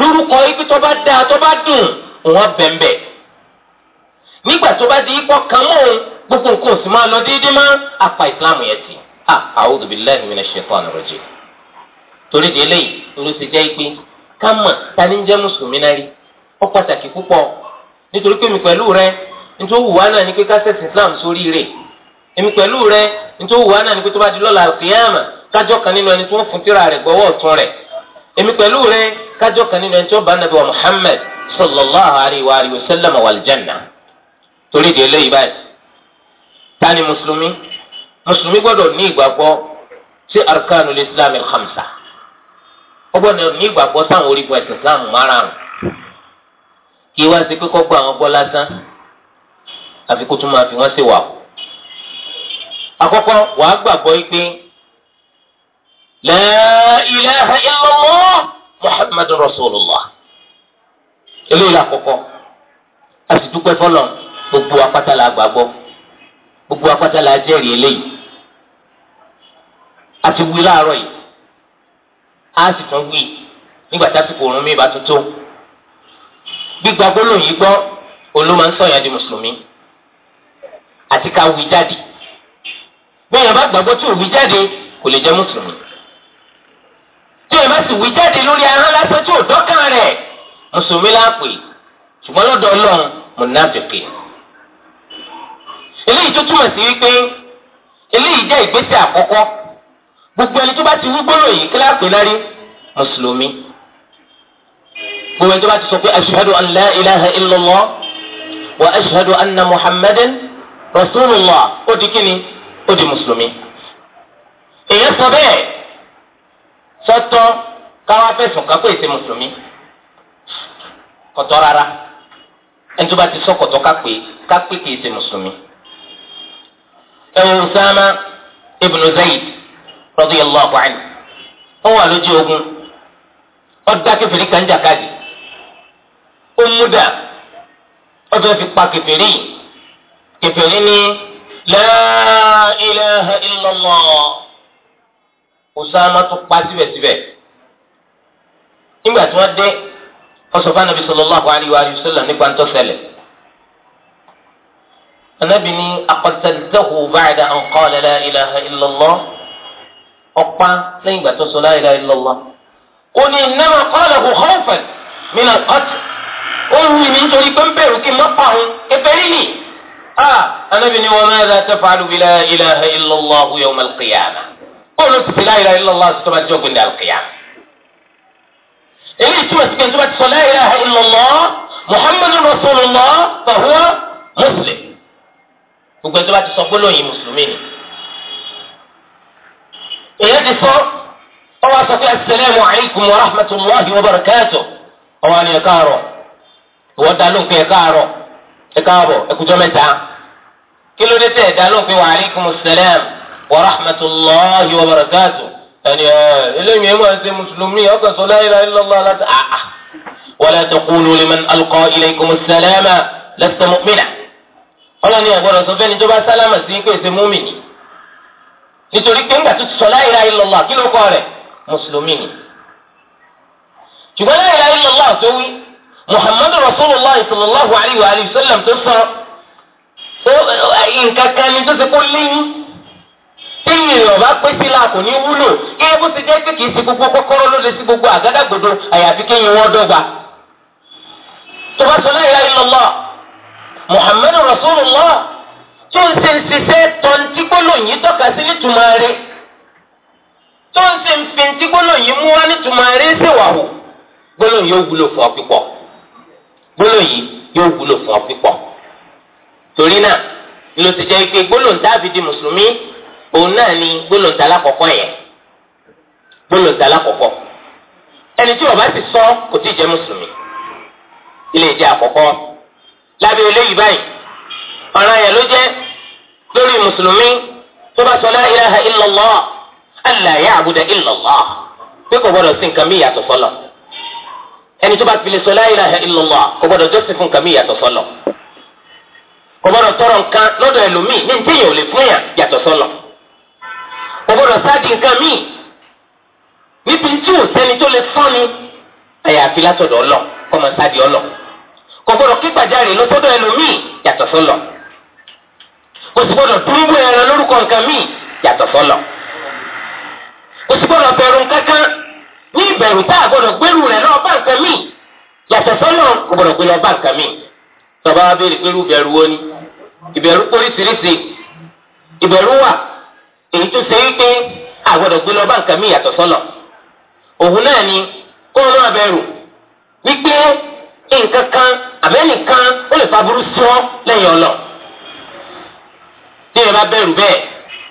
lórúkọ ibi tó bá dáa tó bá dùn òun á bẹ̀m̀bẹ̀ nígbà tó bá di ipò kan mọ́ òun gbogbo nǹkan ò sì máa lọ déédéé má apá islam yẹn ti a a'udhu billahi minash shaitani rajim torí di eléyìí ló ti jẹ́ pé ká mọ̀ tani ń jẹ́ mùsùlùmí náà rí ó pàtàkì púpọ̀ nítorí pé mi pẹ̀lú rẹ nítorí wù wá náà ni pé ká ṣẹ̀sìn islam sórí rẹ̀ èmi pẹ̀lú rẹ nítorí wù wá náà ni pé tó bá di lọ́la al-qiyama kájọ́ kan nínú ẹni tó ń fún tírà rẹ̀ gbọ́wọ́ ọ̀tún rẹ̀ èmi pẹ̀lú rẹ kájọ́ kan nínú ẹni tó bá nàbẹ̀ wa Muhammad sallallahu alayhi wa sallam wal janna torí di eléyìí báyìí tani mùsùlùmí mùsùlùmí gbọ́dọ̀ ní ìgbàgbọ́ sí arkanul islam al-khamsa ó gbọ́dọ̀ ní ìgbàgbọ́ sáwọn orígun ẹ̀sìn islam márùn-ún kí wá sí kíkọ́ gbọ́ àwọn gbọ́ lásán àfi kó tún máa fi wọ́n sí wà. àkọ́kọ́ wàá gbàgbọ́ yìí pé la ilaha illallah muhammadun eléyìí làkọ́kọ́ a sì dúpẹ́ fọlọ́ gbogbo apátá la gbàgbọ́ gbogbo apáta la jẹ́rìí eléyìí a ti wí láàárọ̀ yìí a sì tún wí nígbà tásìkò òrùn mi bá tuntun gbígba gbólóhùn yìí gbọ́ òun ń sọ̀yàn di mùsùlùmí àti ká wí jáde bẹ́ẹ̀ yẹn bá gbàgbọ́ tí ò wí jáde kò lè jẹ́ mùsùlùmí tí èèyàn bá sì wí jáde lórí ahọ́n lásán tí ò dọ́kàn rẹ̀ mùsùlùmí láàpè ṣùgbọ́n lọ́dọ̀ ọlọ́run mùnáfíkí eléyìí tó túmọ̀ sí wípé eléyìí jẹ́ ìgbésẹ̀ àkọ́kọ́ gbogbo ẹni tó bá ti wí gbólóhùn yìí kílá pè lárí mùsùlùmí gbogbo ẹni tó bá ti sọ pé ashhadu an la ilaha illallah wa ashhadu anna muhammadan rasulullah ó di kíni ó di mùsùlùmí. èèyàn sọ bẹ́ẹ̀ sọ́tọ́ káwá fẹ̀sùn kápẹ́ ìṣe mùsùlùmí kọ̀tọ́ rárá ẹni tó bá ti sọ kọ̀tọ́ kápẹ́ kápẹ́ kì í ṣe mùsùlùmí ẹ̀wọ̀n sáàmà ibn Zayd radiyallahu anhu ó wà lójú ogun ó dá kẹfìrí kan jàkadì ó múdà ó fẹ́ fi pa kẹfìrí kẹfìrí ní la ilaha illallah Usama tó pa síbẹ̀síbẹ̀ nígbà tí wọ́n dé ó sọ fún Ànábì sallallahu alayhi wa sallam nípa ń tọ́ ṣẹlẹ̀. anabi ni akọtẹlẹtẹhu báyìí an qala la ilaha illallah ọpa lẹ́yìn ìgbà tó sọ la ilaha illallah ó ní innama qalahu khawfan min al-qatl ó wù mí nítorí pé ń bẹ̀rù kí n má pa òun ebèrè ni anabi ni wa madha taf'alu bi la ilaha illallah yawm al-qiyamah ó ló ti fi la ilaha illallah sọ ma jọ gbẹndẹ al-qiyamah èyí túmọ̀ sí pé n tó bá ti sọ la ilaha illallah muhammadun rasulullah fa huwa muslim. gbogbo ẹni tó bá ti sọ gbólóyìn mùsùlùmí ni. èyí ti sọ ọwọ́ sọ pé asalaamu alaykum wa rahmatulahi wa barakatuh ọwọ́ ni ẹ káàárọ̀ ìwọ dá lóhùn pé ẹ káàárọ̀ ẹ káàbọ̀ ẹ kújọ́ mẹ́ta kí ló dé tẹ̀ dá lóhùn pé wa alaykum salaam wa rahmatulahi wa barakatuh ẹni ẹ eléyìí ẹ máa ṣe mùsùlùmí ọkàn sọ la ilaha illallah láti àà ah, ah. wala taqulu liman alqa ilaykum salaama lasta mu'mina ọlọ́ni ọ̀gbọ́dọ̀ sọ fẹ́ni tó bá sálámà sí pé ṣe múmi ni nítorí pé ńgbà tó ti sọ la ilaha illallah kí ló kọ rẹ̀ mùsùlùmí ni ṣùgbọ́n la ilaha illallah tó wí muhammadu rasulillah sallallahu alayhi wa sallam tó sọ nǹkan kan ni tó ti kó léyìn tíyìn ọba pé sí la kò ní wúlò kí ẹ bó ti jẹ́ pé kì gbogbo kọ́kọ́rọ́ ló sí gbogbo àgádágodo àyàfi kéyìn wọ́n dọ́gba tó bá sọ la ilaha illallah muhammadu rasulullah tó ń ṣe ṣiṣẹ́ tọ́ntí gbólóyìn tọ́ka sí nítumọ̀ rẹ̀ tó ń ṣe fi ti gbólóyìn mú wá nítumọ̀ rẹ̀ ṣèwàwò gbólóyìn yóò wúlò fún ọ pípọ̀ gbólóyìn yóò wúlò fún ọ pípọ̀ torí náà ló ti jẹ́ pé gbólóhùn táàbì di mùsùlùmí òun náà ni gbólóhùn tàlá kọ̀kọ́ yẹn gbólóhùn tàlá kọ̀kọ́ ẹni tí ó bá ti sọ kò tí jẹ́ mùsùlùmí ilé ìjẹ́ àkọ́kọ́ lábẹ́ eléyìí báyìí ọ̀ràn yẹn ló jẹ́ lórí mùsùlùmí tó bá sọ la ilaha illallah alla ya'buda illallah pé kò gbọdọ̀ sí nǹkan mí yàtọ̀ fọlọ̀ ẹni tó bá fi lè sọ la ilaha illallah kò gbọdọ̀ jọ́sìn fún nǹkan mí yàtọ̀ fọlọ̀ kò gbọdọ̀ tọrọ nǹkan lọ́dọ̀ ẹlòmíì ní ntẹ́yìn ò lè fún yà yàtọ̀ sọlọ̀ kò gbọdọ̀ sáàdì nǹkan míì níbi tí ò sẹ́ni tó lè fọ́ni àyàfi látọ̀dọ̀ ọlọ́ kọ́mọ kò gbọdọ̀ kí gbàjarè lọ sọ́dọ̀ ẹlòmíì yàtọ̀ sọ́lọ̀ kò sì gbọdọ̀ dúró ẹran lórúkọ nǹkan míì yàtọ̀ sọ́lọ̀ kò sì gbọdọ̀ bẹ̀rù kankan ní ìbẹ̀rù tá a gbọdọ̀ gbẹrù rẹ̀ lọ bá nǹkan míì yàtọ̀ sọ́lọ̀ kò gbọdọ̀ gbé lọ bá nǹkan míì tọba wa béèrè pé irú ìbẹ̀rù wo ni ìbẹ̀rù póríṣiríṣi ìbẹ̀rù wà èyí tó ṣe wípé a gbọdọ̀ gbé bá nǹkan míì yàtọ̀ sọ́lọ̀ òun náà ni kó o náà bẹ̀rù wípé nǹkan kan àbẹ́nìkan ó lè faburú sí ọ lẹ́yìn ọlọ. tí èèyàn bá bẹ̀rù bẹ́ẹ̀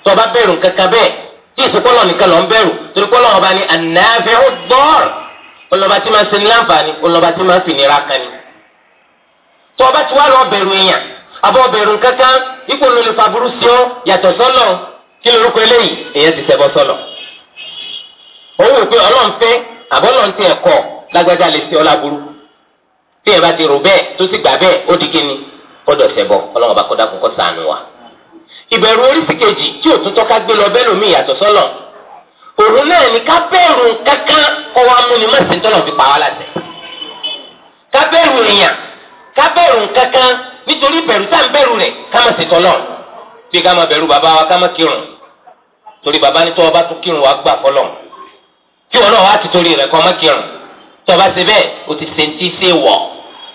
tí ọba bẹ̀rù kankan bẹ́ẹ̀ tí ìsopọ̀lọ̀ nìkan lọ́n bẹ̀rù torí pọ́lọ̀ ọba ni ànáfẹ́ ó dọ́ọ̀rù ọlọ́ba tí máa ń ṣeni láǹfààní ọlọ́ba tí máa ń fìnira kan ni. tí ọba ti wá lọ bẹ̀rù èèyàn àbọ̀ bẹ̀rù kankan ipò ló lè faburú sí ọ yàtọ̀ sọ́lọ̀ kí lorúkọ eléyìí èèyàn ti ṣẹbọ sọ́lọ̀. òun wò pé ọlọ́run fẹ́ àbọ̀lọ́run ti ẹ̀kọ́ lágbájá lè ṣe ọ láburú tí ẹ bá ti rò bẹ́ẹ̀ tó sì gbà bẹ́ẹ̀ ó di kíni kọ́dọ̀ ṣẹbọ ọlọ́run bá kọ́dà kún kọ́ sànù wa. ìbẹ̀rù oríṣi kejì tí ò tún tọ́ka gbé lọ bẹ́ẹ̀ lómi ìyàtọ̀ sọ́lọ̀ òun náà ni ká bẹ̀rù kankan kọ́ wa mú ni mọ̀sí tọ́lọ̀ fi pa wá láṣẹ. ká bẹ̀rù èèyàn ká bẹ̀rù kankan nítorí bẹ̀rù tá à ń bẹ̀rù rẹ̀ ká má ṣe tọ́lọ̀ bí ká má bẹ̀rù bàbá wa ká má kírun torí bàbá ní tọ́wọ́ bá tún kírun wa gbà fọlọ́ kí wọn náà ti torí rẹ̀ kọ́ má kírun tọ́ba ṣe bẹ́ẹ̀ o ti ṣe ti ṣe wọ̀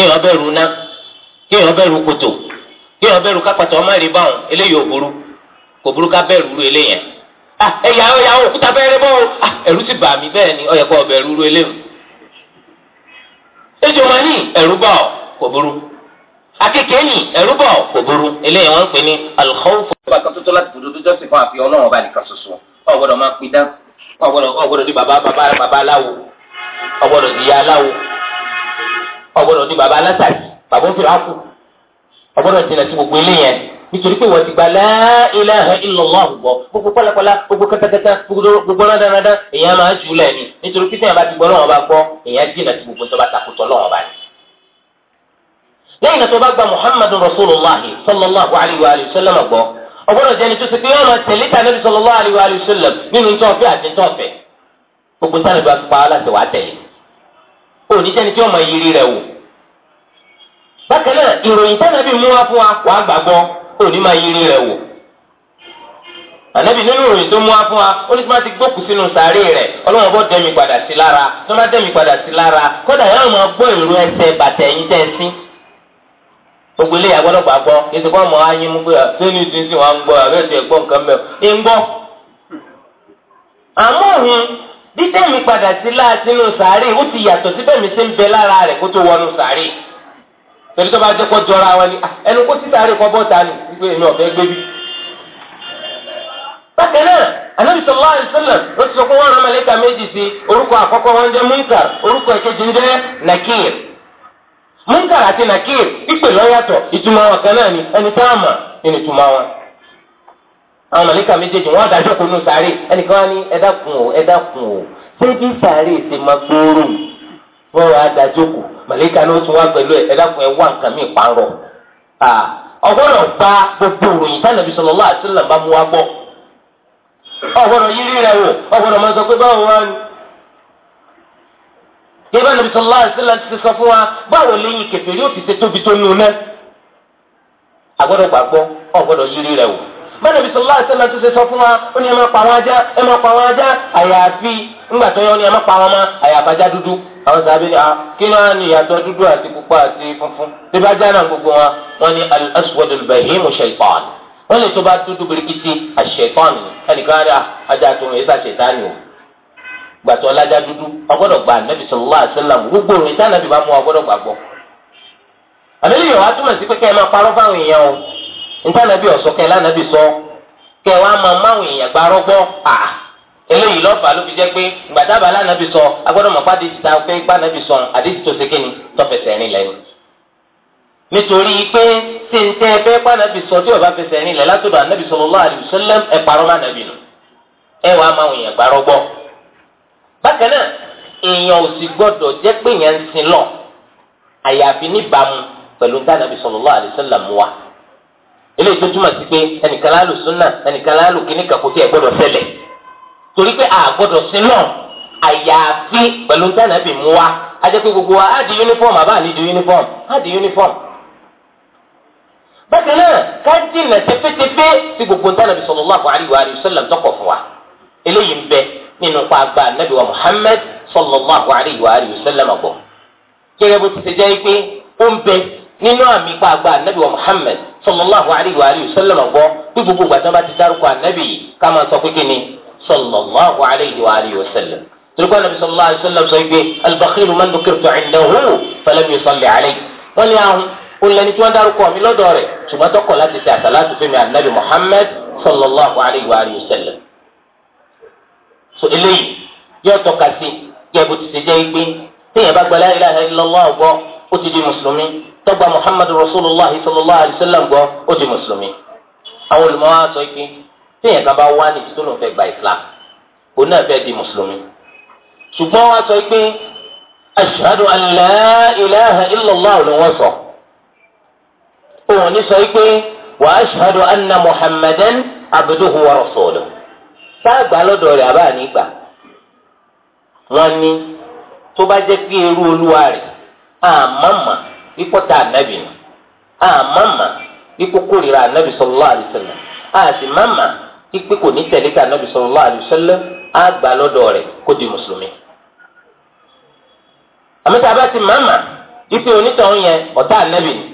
kéèyàn bẹ̀rù ná kéèyàn bẹ̀rù kòtò kéèyàn bẹ̀rù kápẹtọ ọmọ rẹ báwọn eléyìí ò burú kò burú ká bẹ̀rù rú eléyẹn ah, ẹyà ọyà òkúta bẹ̀rẹ̀ bọ ah, ẹ̀rù ti bà mí bẹ́ẹ̀ ni ọyẹ kọ bẹ̀rù rú eléyìí ejò wọn ní ẹ̀rù bà ọ kò burú akeke ni ẹ̀rù bà ọ kò burú eléyìí wọn ń pè ní alkhawfu. ọba kan tó tó láti dúdú tó jọ́sìn fún àfihàn ọlọ́run ọba nìkan ṣoṣo ọgbọ́dọ̀ máa pidán ọgbọ́dọ̀ ọgbọ́dọ̀ di bàbá bàbá bàbá aláwo ọgbọ́dọ̀ di ìyá aláwo ọgbọ́dọ̀ di baba alásàjì baba òfìràkù ọgbọ́dọ̀ jìnnà sí gbogbo eléyẹn nítorí pé wọ́n ti gba la ilaha illallah àwùgbọ́ gbogbo pálapàla gbogbo kẹtẹkẹtẹ gbogbo rádaràdá èèyàn máa jù lẹ̀ ni nítorí pé sẹ́yìn bá ti gbọ́ lọ́wọ́ bá gbọ́ èèyàn jìnnà sí gbogbo sọ́ba takùtọ̀ lọ́wọ́ bá ní. lẹ́yìn tó bá gba muhammadu rasulillah sallallahu alayhi wa sallam gbọ́ ọgbọ́dọ̀ jẹ́ni tó ti pé wọ́n máa tàbí sallallahu alayhi wa sallam nínú tọ́fẹ́ àti tọ́fẹ́ gbogbo sáré bá pa á láti wàá tẹ̀lé. oníjẹni tí ma yiri rẹ wò bákan náà ìròyìn tánàbí mú wá fún wa wàá gbàgbọ́ òní máa yiri rẹ wò ànábì nínú ìròyìn tó mú wá fún wa ó ní tí wọ́n ti gbókùú sínú sàárè rẹ̀ ọlọ́wọ́n bọ́ dẹ́mi padà sí lára tí wọ́n bá dẹ́mi padà sí lára kódà yóò máa gbọ́ ìró ẹsẹ̀ bàtẹ̀ yín tẹ́ ẹ sí gbogbo ilé àgbọ̀dọ̀ gbàgbọ́ bísẹ̀ mi padà sí láàtínú sàárè ó ti yàtọ̀ síbẹ̀ mi ṣe ń bẹ lára rẹ̀ kó tó wọnú tó bá jẹ́ kó jọra wọn ni ah, ẹnu kó sí sàárè kọ́ bọ́ta ni wípé èmi ọ̀fẹ́ gbé bákan náà anabi sallallahu alaihi wasallam ló ti sọ pé wọ́n rán mẹ́lẹ́ka méjì sí orúkọ àkọ́kọ́ wọn jẹ́ munkar orúkọ ìkejì ń jẹ́ nakir munkar àti ni ẹni àwọn màlíkà méjèèjì wọn àdájọ́ kò nù sàárè ẹnìkan wá ní ẹ̀dá kùn ó ẹ̀dá ṣé bí sàárè ṣe máa gbòòrò wọn wà àdájọ́ kù màlíkà ní ó tún wá pẹ̀lú ẹ̀dá kùn wá nǹkan mí ọgbọ́dọ̀ gba gbogbo ìròyìn tánàbí bá mú wa gbọ́ ọgbọ́dọ̀ yírí wò ọgbọ́dọ̀ máa bẹ́ẹ̀ bisu Allah ìṣẹ́lá tó ṣe sọ fún wa ó ní ẹ máa pa àwọn ajá ẹ máa pa àwọn ajá àyàfi ńgbà tó yọ ó ní ẹ máa pa àwọn ọmọ àyàfi ajá dúdú àwọn sábẹ́ ni kí ló ń yàtọ̀ dúdú àti pupa àti funfun tí bá já náà gbogbo wa wọn ni aswad al-bahim shaitan wọn lè tó bá dúdú birikiti àṣetán ni ẹnìkan rẹ o ọlájà dúdú gba gbogbo bá mú ọgbọdọ àbẹlẹ túmọ̀ sí pé kẹ́ ẹ máa nta nabi ọ̀sọ́ kẹ́ lánàbí sọ kẹ́ wàá máa máwìn èèyàn gba rọ́gbọ́ à eléyìí lọ́fà ló fi jẹ́ pé sọ agbọ́dọ̀ mọ̀ pàdé ti ta sọ àdéhùn tó ṣe kéni tọ́fẹsẹ̀ rìn lẹ́nu nítorí pé tí n tẹ́ sọ tí o bá fẹsẹ̀ rìn lẹ́ látọ̀dọ̀ ànàbí sallallahu alaihi wasallam nù èèyàn ò sì pé ń sin lọ àyàfi níbàámu wa. eléyìí tó túmọ̀ sí pé ẹnìkan lálù súnà ẹnìkan lálù kíní kan kò gbọ́dọ̀ ṣẹlẹ̀ torí pé a gbọ́dọ̀ sí náà àyàfi pẹ̀lú tànàbì mú wa a gbogbo wa á di uniform àbá ní di uniform á di uniform. bákan náà ká dìnnà tẹfẹtẹfẹ sí gbogbo tànàbì sallallahu alaihi wa sallam tọkọ fún wa eléyìí ń bẹ nínú pa àgbà wa Muhammad sallallahu alaihi wa sallam àgbọ̀ kí ẹ bó nínú àmì pàgbà anabi wa muhammed sallallahu alayhi wa sallam gbọ́ pé gbogbo gbàtà bá ti dárúkọ anabi yìí ká máa sọ pé kíni sallallahu alayhi wa sallam tolukọ anabi sallallahu alayhi wa sallam sọ pé albakhiru man dhukirtu indahu falam yusalli alayhi wọn ni ahun olùlẹni tí wọn dárúkọ mi lọ́dọ̀ rẹ̀ ṣùgbọ́n tọkọ láti ṣe àtàlátù fún mi anabi muhammed sallallahu alayhi wa sallam so eléyìí yóò tọ́ka sí yẹ bó ti ṣe jẹ́ pé téèyàn bá gba la ilaha illallah gbọ́ ó ti di mùsùlùmí tọgbà muhammadu rasulillah sallallahu alayhi wa sallam gbọ́ ó di mùsùlùmí àwọn olùmọ̀ wa sọ pé tíyẹn kan bá wá ní títún lòun fẹ́ gba islam òun náà fẹ́ di mùsùlùmí ṣùgbọ́n wa sọ pé ashhadu an la ilaha illallah ni wọ́n sọ òun ní sọ pé wa ashhadu anna muhammadan abduhu wa rasuluhu sáà lọ́dọ̀ rẹ̀ àbá nígbà wọ́n ní tó bá jẹ́ pé irú olúwa rẹ̀ àmàmà ikpọta anabi ni a mama ikpokorira anabi sallallahu alaihi wasallam a sì mama ikpe kò ní tẹ̀lé ta anabi sallallahu alaihi wasallam a gbà lọ́dọ̀ rẹ̀ kó di mùsùlùmí. àmọ́tà bá ti mama ikpe onítọ̀hún yẹn ọ̀tá anabi ni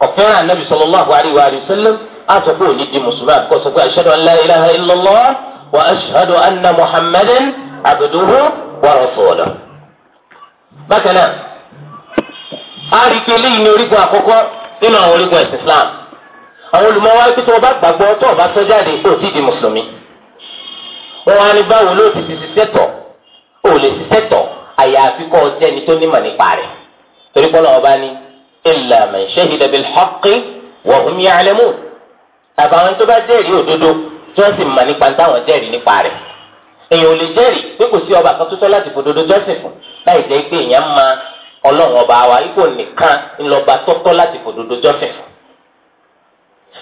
ọ̀fẹ́ràn anabi sallallahu alaihi wasallam a sọ pé òní di mùsùlùmí àbíkọ́ sọ pé ashhadu an la ilaha wa ashhadu anna muhammadan abduhu wa rasuluhu. bákan náà a rí i pé eléyìí ní orígun àkọ́kọ́ nínú àwọn orígun ẹ̀sìn Islam àwọn olùmọ̀wá pé tó o bá gbàgbọ́ tó o bá sọ jáde o ti di mùsùlùmí wọn á ní báwo ló ti ti ṣiṣẹ́ tọ̀ o lè ṣiṣẹ́ tọ̀ àyàfi kọ́ ọ jẹ́ni tó nímọ̀ nípa rẹ̀ torí pọ́nà ọba ní illa man shahida bil haqqi wa hum ya'lamun àbáwọn tó bá jẹ́rìí òdodo tí wọ́n sì mọ̀ nípa táwọn jẹ́rìí nípa rẹ̀ èèyàn ò lè jẹ́rìí pé kò sí ọba kan tó tọ́ láti fòdodo jọ́sìn fún láì jẹ́ pé èèyàn máa ọlọ́run ọba wa ipò nìkan ńlọba tọ́tọ́ láti fòdodo jọ́sìn fún.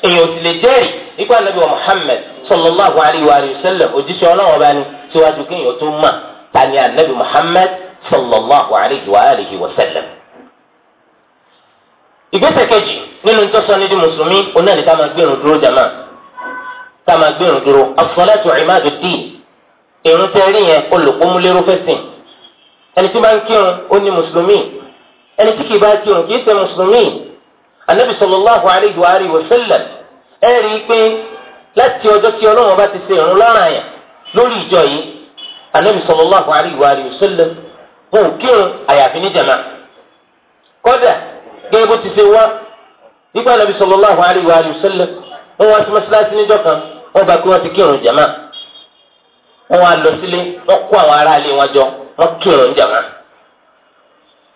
èèyàn ò sì lè jẹ́rìí ipò ànábì wa Muhammad sallallahu alayhi wa sallam òjíṣẹ́ ọlọ́run ọba ni síwájú kéèyàn tó mà tani ànábì Muhammad sallallahu alayhi wa alihi wa sallam. ìgbésẹ̀ kejì nínú ìtọ́sọ́ ní di mùsùlùmí oní àná ká máa gbẹ̀rún dúró jàmá ká máa gbẹ̀rún dúró as ẹni tí bá ń kírun ó ní mùsùlùmí ẹni tí kìí bá kírun kìí ṣe mùsùlùmí anabi sallallahu alayhi wa alihi wa sallam ẹ rí i pé láti ọjọ́ tí ọlọ́run bá ti ṣe ìrun lọ́rùn àyà lórí ìjọ yìí anabi sallallahu alayhi wa alihi wa sallam wọn ò kírun àyàfi ní jàmá kódà gẹ́gẹ́ bó ti ṣe wá nígbà anabi sallallahu alayhi wa alihi wọn wá sí mọ́ṣáláṣí níjọ́ kan wọn bá kí wọ́n ti kírun jàmá wọn wá lọ sílé wọn kó àwọn aráalé wọn jọ wọ́n kírun jàmá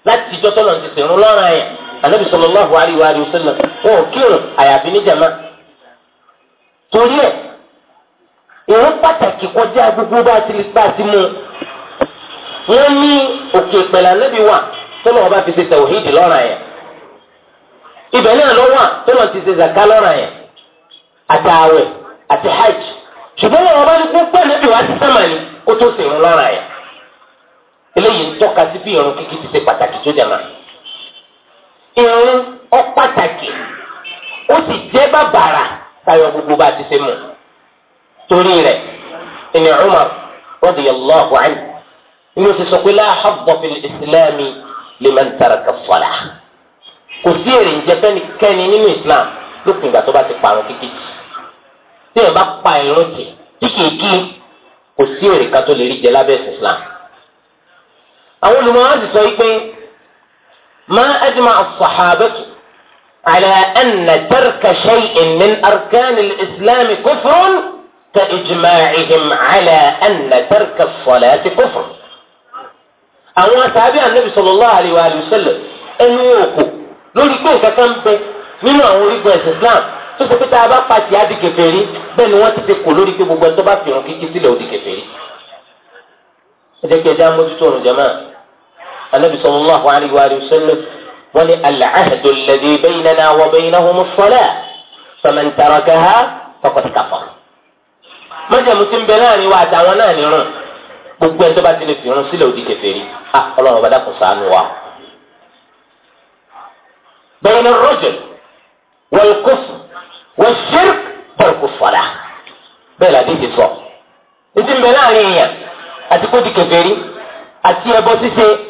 láti ìjọ sọlọ ti sèrún lọ́rùn ayẹ anabi sallallahu alaihi wa alihi wasallam wọn ò kírun àyàfi ní torí ẹ ìrún pàtàkì kọjá gbogbo bá ti bá ti mú wọn ní òkè wà tọ́lọ̀ ọba fi ṣe tẹ̀wọ̀hídì lọ́rùn ayẹ ibẹ̀ náà tọ́lọ̀ ti ṣe zaka lọ́rùn ayẹ àtàwẹ̀ àti hajj ṣùgbọ́n eléyìí ń tọ́ka sí bí irun kíkí ti ṣe pàtàkì tó jẹ́ máa. irun ó pàtàkì ó sì jẹ́ bàbàrà tayọ gbogbo bá a ti ṣe mọ̀. torí rẹ̀ ìní Umar radiyallahu anhu inú ti sọ pé la habba fil islami liman taraka as-salah. kò sí èrè ń jẹ fẹ́nikẹ́ni nínú islam lópin ìgbà tó bá ti parun kíkí tí èèyàn bá pa irun tì kíkì kò sí èrè kan tó lè rí jẹ lábẹ́ islam àwọn olùmọ̀ràn ti sọ pé má ajma as-sahabatu ala anna tarka shay'in min arkani al-islam kufrun ka ijma'ihim ala anna tarka as-salati kufr. àwọn sàbí ànábì sallallahu alayhi wa sallam ẹnu òkò lórí pé nǹkan kan bẹ nínú àwọn orígun ẹ̀sìn islam tó ṣe pé tá a bá pàṣẹ á di kèfèrí bẹ́ẹ̀ ni wọ́n ti ti kò lórí pé gbogbo ẹ̀ tó bá fi hàn kíkí sílẹ̀ ó di kèfèrí. ẹ jẹ́ kí ẹ jẹ́ amójútó ọ̀run jẹ́ máa. النبي صلى الله عليه sallam wọ́n ní al-ahdu alladhi baynana wa baynahumu as-salah faman tarakaha faqad kafara. májàmú ti ń gbogbo ẹni bá ti lè fi rún òdì kèfèrí ah ọlọ́run ọba dákun ṣàánú wa. bayna ar-rajul wal-kufr wash-shirk tarku as-salah bẹ́ẹ̀ làdé ti sọ. ìdí ń bẹ láàrin èèyàn àti kó di kèfèrí àti ẹbọ ṣíṣe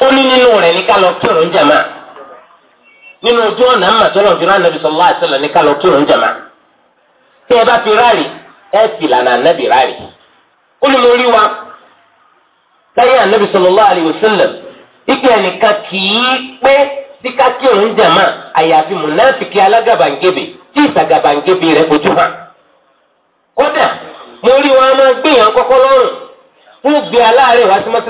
ó ní nínú rẹ̀ ní ká lọ kírun jàmá nínú ojú ọ̀nà màtọ́lọ̀ jùlọ ànábì sallallahu alaihi ní ká lọ ẹ bá fi ráàlì ẹ sì lànà ànábì ráàlì ó ní mo rí wa lẹ́yìn ike ẹnìkan kì í pé sí àyàfi mùnáfìkì tí rẹ̀ kojú hàn kódà mo rí wa máa kọ́kọ́ lọ́rùn fún gbé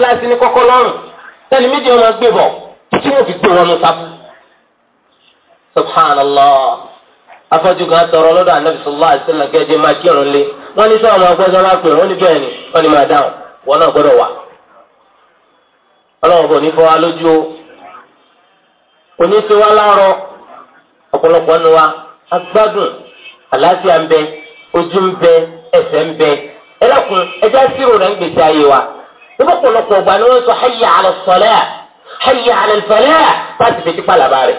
wá sí tẹ́lẹ̀ méjì wọn máa gbé bọ̀ títí wọn fi gbé wọn nù sáfù. subhanallah afọ́jú kan tọrọ lọ́dọ̀ anabi sallallahu máa lé ní ní bẹ́ẹ̀ ni ní máa dáhùn náà gbọ́dọ̀ wà. ọlọ́run kò ní fọ́ wa lójú o kò ní láàárọ̀ ọ̀pọ̀lọpọ̀ wa agbádùn àlàáfíà ń bẹ ojú ń bẹ ẹsẹ̀ ń bẹ ẹlẹ́kùn ẹjẹ́ wa. ìbọ̀pọ̀lọpọ̀ ọgbà ni wọ́n sọ hayya ala salah hayya ala falah láti fi tipa làbá rẹ̀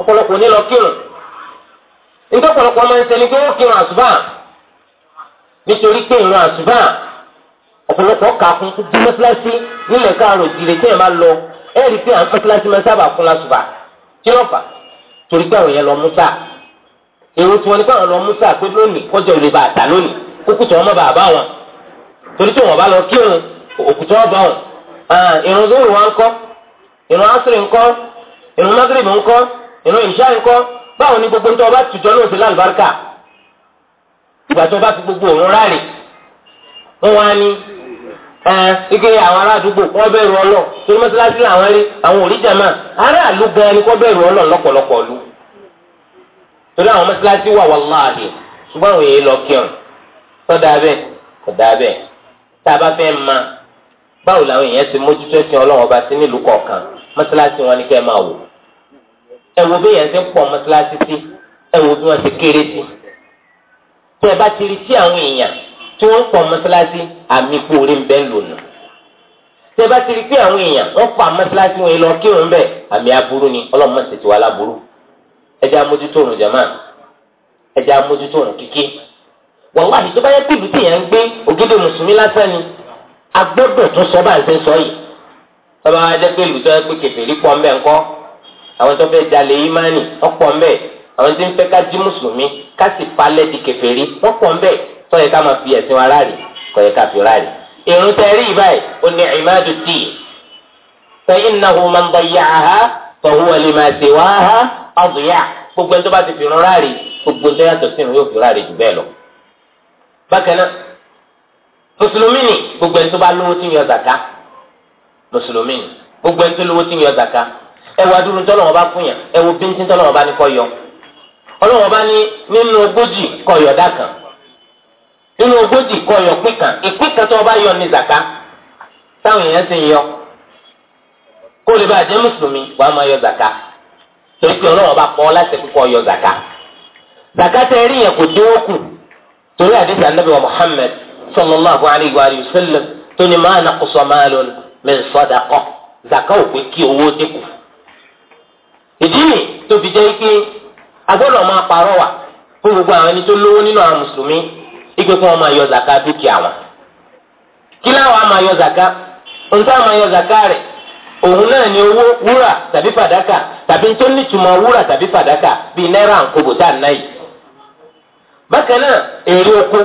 ọ̀pọ̀lọpọ̀ nílọ kírun ìbọ̀pọ̀lọpọ̀ máa ń sẹni pé ó kírun àṣùbà nítorí pé ìrun àṣùbà ọ̀pọ̀lọpọ̀ kà fún bí mọ́sálásí nílẹ̀ káàrọ̀ ìdílé tí ẹ̀ máa lọ ẹ̀ rí pé àwọn mọ́sálásí máa sábà fún lásùbà kí ló fà torí pé àwọn yẹn lọ mùsà èrò tiwọn ni pé àwọn lọ mùsà pé lónìí kọjọ ìrèbà torí tí wọn bá lọ kí òun òkùtọ́ ọba òun ìrun zoro wa ńkọ́ ìrun asiri ńkọ́ ìrun magrib ńkọ́ ìrun ìṣá ńkọ́ báwo ni gbogbo ntọ́ ọba tùjọ́ náà sí lálùbáríkà ìgbà tí wọn bá fi gbogbo òun ráàlì wọn wá ní ike àwọn ará àdúgbò kọ́ bẹ̀rù torí mọ́sálásí làwọn rí àwọn òrìjàmá aráàlú gan ni kọ́ bẹ̀rù ọlọ́ lọ́pọ̀lọpọ̀ lu torí àwọn mọ́sálásí wà wàláhì ṣùgbọ́n àwọn èèyàn lọ kírun tọ́ da bẹ́ẹ̀ kọ́ da tá a bá fẹ́ ma báwo làwọn èèyàn ti mójútó ẹ̀sìn ọlọ́wọ́n ọba sí nílùú kọ̀ọ̀kan mọ́sálásí wọn ni kẹ́ ẹ máa wò ẹ wo bí èèyàn ti pọ̀ mọ́sálásí ẹ wo bí wọ́n ti kéré sí tí ẹ bá ti rí sí àwọn èèyàn tí wọ́n ń pọ̀ mọ́sálásí àmì ń bẹ́ tí ẹ bá ti rí pé àwọn èèyàn wọ́n pa mọ́sálásí wọn lọ ni ọlọ́mọ amójútó ẹ amójútó kíkí wàhálà tó bá yẹ pé ìlú tìyẹn ń gbé ògidì mùsùlùmí lásán ni agbọ́dọ̀ tún sọ bá ń ṣe sọ yìí tọ́ba wa jẹ́ pé ìlú tó yẹ pé kèfèrí pọ̀ ńbẹ̀ ńkọ́ àwọn tó fẹ́ jalè ìmánì wọ́n pọ̀ ńbẹ̀ àwọn tí ń fẹ́ ká jí mùsùlùmí ká sì falẹ̀ di kèfèrí wọ́n pọ̀ ńbẹ̀ tó ká máa fi ẹ̀sìn wa ráàlì kò ká fi ráàlì. ìrun tẹ rí ibà ó ní ìmáàdù tì gbogbo ẹni bá ti fi rún ráàlì gbogbo ẹni yàtọ̀ sí yóò fi ráàlì jù bẹ́ẹ̀ lọ. Bakana, náà mùsùlùmí ni gbogbo ẹni tó bá lówó tí zaka mùsùlùmí gbogbo ẹni tó lówó tí ń yọ zaka ẹ wo adúrú ọba bá fún yàn yọ ọlọ́wọ́n bá ní nínú ogójì kọ́ yọ dá nínú ogójì kọ́ yọ pín kan ìpín kan bá yọ ní táwọn yọ zaka torí pé ọlọ́wọ́n bá láti zaka torí àdìsí anabi wa muhammed sallallahu alayhi wa sallam tó ní máa nàkóso máa lò min zaka ò kí owó dínkù. ìdí mi tó jẹ́ pé agbọ́dọ̀ máa parọ́ wà fún gbogbo àwọn ẹni tó lówó nínú àwọn mùsùlùmí ìgbé zaka dúkìá wọn. kí láwọn zaka a máa yọ zaka rẹ̀ òun náà ni owó wúrà tàbí fàdákà tàbí tó nítumọ̀ wúrà tàbí fàdákà bíi náírà tá a ná yìí. bákan náà èrè oko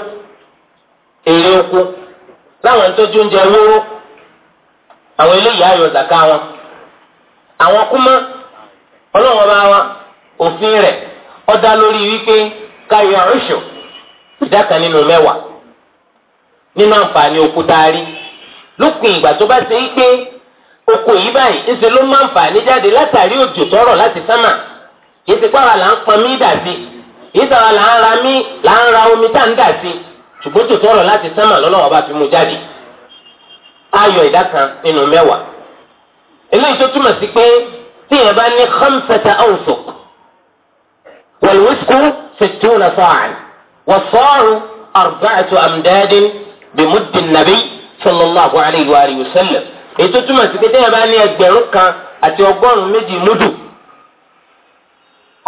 èrè oko láwọn tójú oúnjẹ wóró àwọn eléyìí ayọ̀ zàká wọn àwọn kúmọ́ ọlọ́wọ́n bá wa òfin rẹ̀ ó dá lórí wípé káyọ̀ àrùṣọ̀ ìdá kan nínú mẹ́wàá nínú àǹfààní oko dárí lópin ìgbà tó bá ṣe é pé oko yìí báyìí ńṣe ló máa ń fà ní jáde látàrí òjò tọrọ láti sánmà kì í ṣe pàrọ̀ ń pọn mí dà sí i ìsàrà là ń ra mí là ń ra omi tá à ń dà sí ṣùgbọ́n tòótọ́ ọ̀rọ̀ láti sánmà lọ́lọ́wọ́ bá fi mú jáde ayọ̀ ìdá kan nínú mẹ́wàá eléyìí tó túmọ̀ sí pé tíyẹn bá ní khamsata awsuq wal wusku sittuna sa'an was-sa'u arba'atu amdadin bimuddi nabi sallallahu alayhi wa sallam èyí tó túmọ̀ sí pé tíyẹn bá ní ẹgbẹ̀rún kan àti ọgọ́rùn-ún méjì múdù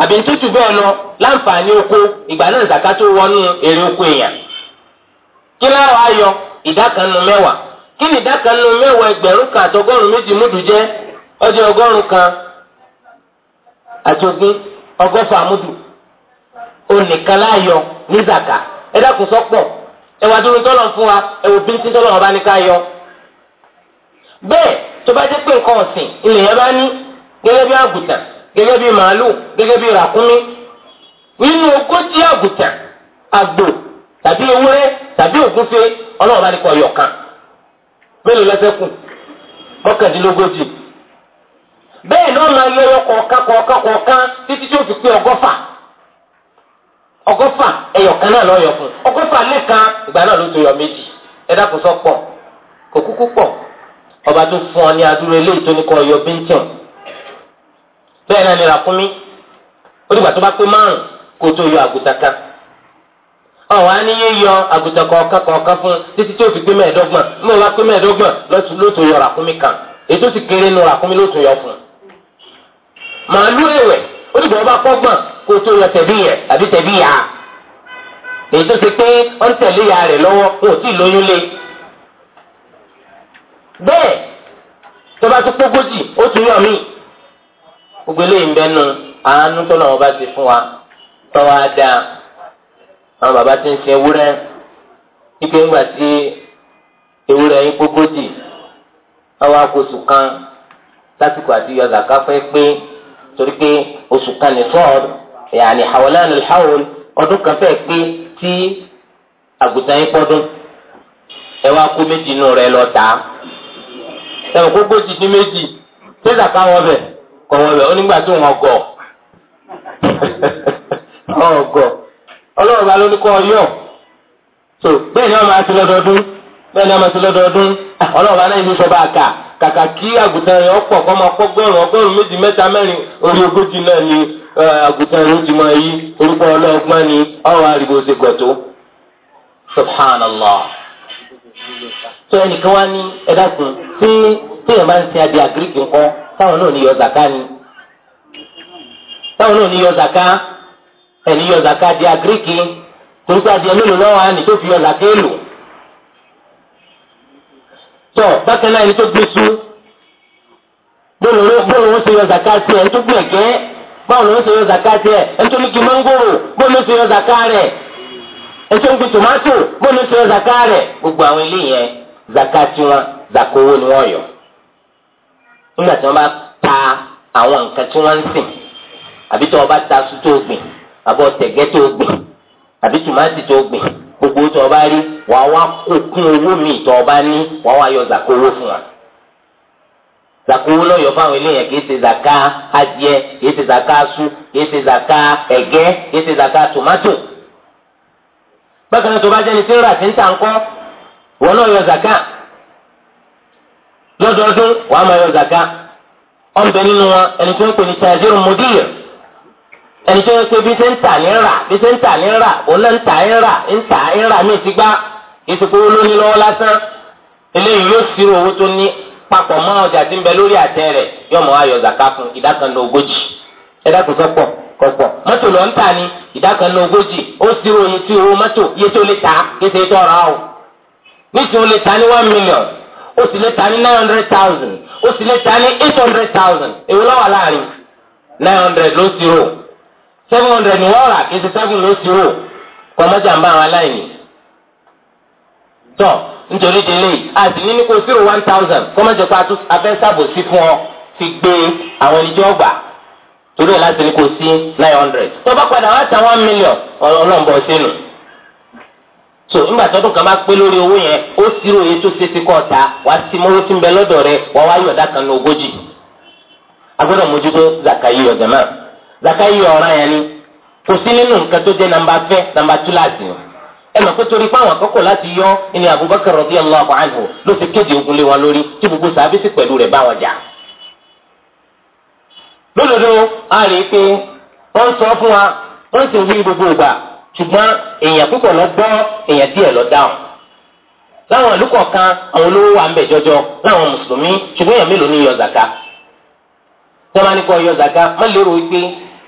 àbí ń tútù bẹ́ẹ̀ lọ láǹfààní oko ìgbà náà zaka tó wọnú èrè oko èèyàn kí lára ayọ ìdá kan nu mẹ́wàá kí ni ìdá kan nu mẹ́wàá ẹgbẹ̀rún kan àtọgọ́rùn méjì múdù jẹ́ ọjọ́ ọgọ́rùn kan àjogún ọgọ́fà múdù onìkan láyọ ní zaka ẹ dákun sọ́pọ̀ ẹ wá dúró tọ́lọ̀ fún wa ẹ wò bí yọ bẹ́ẹ̀ tó bá jẹ́ pé nǹkan ọ̀sìn ilẹ̀ yẹn bá ní gẹ́gẹ́ bí màálù gẹ́gẹ́ bí ràkúnmí nínú ogójì àgùntàn àgbò tàbí ewúrẹ́ tàbí ògúnfe ọlọ́run bá ní kọ́ yọ̀kan mélòó lọ́sẹ̀kù mọ́kàndínlógójì bẹ́ẹ̀ náà máa yọ ọyọ kọ̀ọ̀kan kọ̀ọ̀kan kọ̀ọ̀kan títí tí ó fi pé ọgọ́fà ọgọ́fà ẹ̀yọ̀kan náà lọ́yọ̀ fún ọgọ́fà lẹ́ẹ̀kan ìgbà náà ló tó yọ méjì pọ̀ kò kúkú pọ̀ ọba tó fún ọ ní bẹ́ẹ̀ náà ni ràkúnmí ó dìgbà tó bá pé márùn kó tó yọ àgùtà kan ọ̀hún á ní yé yọ àgùtà kọ̀ọ̀kan kọ̀ọ̀kan fún títí tí ó fi gbé mẹ́ẹ̀ẹ́dọ́gbọ̀n mọ́ ìwá pé mẹ́ẹ̀ẹ́dọ́gbọ̀n ló tó yọ ràkúnmí kan Ètò ti kéré nu ràkúnmí ló yọ fún un. màálù èwẹ̀ ó dìgbà ó bá kọ́gbọ̀n kó tó yọ tẹ̀bí àbí tẹ̀bí yà á gbogbo eléyìí ń bẹ́nu àánú tó náà wọ́n bá ti fún wa tọ́wọ́ á dáa àwọn bàbá ti ń sin ewúrẹ́ ipe ńgbà tí ewúrẹ́ yín gbógójì àwọn akóso kan lásìkò àti yọ zàká fẹ́ pé torí pé oṣù kan ní fọ́ọ̀d yàní hawalan alhawl ọdún kan fẹ́ pé tí àgùntàn yín pọ́dún ẹ kó méjì nù rẹ lọ tà á ẹ̀wọ̀n gbógójì ní méjì ṣé zàká wọn bẹ̀. kọ́ wọn bẹ̀ ó nígbà wọn gọ̀ ọ̀ gọ̀ ọlọ́run bá ló yọ̀ so bẹ́ẹ̀ ni wọ́n máa ti lọ́dọọdún bẹ́ẹ̀ ni wọ́n máa ti lọ́dọọdún ọlọ́run bá náà ní sọ bá a kà kàkà kí àgùntàn rẹ̀ ọ̀pọ̀ kọ́ máa kọ́ gbọ́rùn ọgọ́rùn táwọn náà ní yọ zaka ni táwọn náà ní yọ zaka ẹni yọ zaka di agiriki torí pé adìẹ mélòó náà wà ní tó fi yọ zaka èlò tọ bákan náà ẹni tó gbé sú bóòlù bóòlù wọn ṣe yọ zaka tiẹ ẹni tó gbé ẹ̀gẹ́ báwọn ló ń ṣe yọ zaka tiẹ ẹni tó ní kí mọ́ngòrò bóòlù ló ṣe yọ zaka rẹ̀ ẹni tó ń gbé tòmátò bóòlù ló ṣe yọ zaka rẹ̀ gbogbo àwọn ilé yẹn zaka tiwọn zakowó ni wọ́n yọ nígbà tí wọ́n bá ta àwọn nǹkan tí wọ́n ń sìn àbí tí wọ́n bá ta aṣọ tó gbìn àbọ̀ tẹ̀gẹ́ tó gbìn àbí tòmátì tó gbìn gbogbo tó o bá rí wàá wá kún owó mi tó o bá ní wàá wá yọ zàkówó fún wa zakowó lọ́yọ̀ fáwọn eléyàn kìí ṣe zaka adìẹ kìí ṣe zaka asu kìí ṣe zaka ẹ̀gẹ́ kìí ṣe zaka tomato bákan náà tó bá jẹ́ni tí ń rà tí ń tà ń kọ́ náà yọ zaka. lọ́dọọdún wàá máa yọ zaka ọ̀nbẹ nínú wọn ẹni tó ń pè ní tajiru mudir ẹni tó ń pè bí ṣe ń tà ní rà bí ṣe ń tà ní rà òun náà ń tà ń rà ń tà ń rà ní ìsìgbá ìsìnkúrú lóní lọ́wọ́ lásán eléyìí yóò owó tó ní papọ̀ mọ́ ọjà tí ń bẹ lórí àtẹ rẹ̀ yóò mọ̀ fún ní ogójì sọ́pọ̀ kọ̀pọ̀ mọ́tò ń tà ní ó sì lè ta ní nine hundred thousand ó sì lè ta ní eight hundred thousand èwo ló wà láàrin nine hundred ló ti rò seven hundred ni wọ́n rà kí ṣe seven ló ti rò kọ́mọ́jà ń bá àwọn aláìní. tọ́ nítorí délé àti níní kó zero one thousand kọ́mọ́jà pa abẹ́ sábòsí fún ọ fi gbé àwọn oníjọ́ gbà torí ẹ̀ láti ní kó sí nine hundred. tọ́ bá padà wá ta one million sínú. so ńgbà tọdún kan bá pé lórí owó yẹn ó ṣírò yẹn tó ṣeéṣe kọ́ ọ̀tá wá sí mọ́wó tí ń bẹ lọ́dọ̀ rẹ wá wá yọ̀dá kan ní ogójì agbọ́dọ̀ mójútó ọ̀ràn yẹn ni kò sí nínú nǹkan tó jẹ́ nàmbà fẹ́ nàmbà túláàsì ẹ mọ̀ pé torí pé àwọn àkọ́kọ́ láti yọ ẹni Abubakar ló ti kéde ogun lé wọn lórí tí gbogbo pẹ̀lú rẹ̀ bá wọn a rí i pé wọ́n sọ fún wa wọ́n sì ṣùgbọ́n èèyàn púpọ̀ lọ gbọ́ èèyàn díẹ̀ lọ dáhùn láwọn ìlú kan àwọn olówó wà ń bẹ̀ jọjọ láwọn mùsùlùmí ṣùgbọ́n èèyàn mélòó ní yọ zaka tọ́ba ní kò yọ zaka má lérò wípé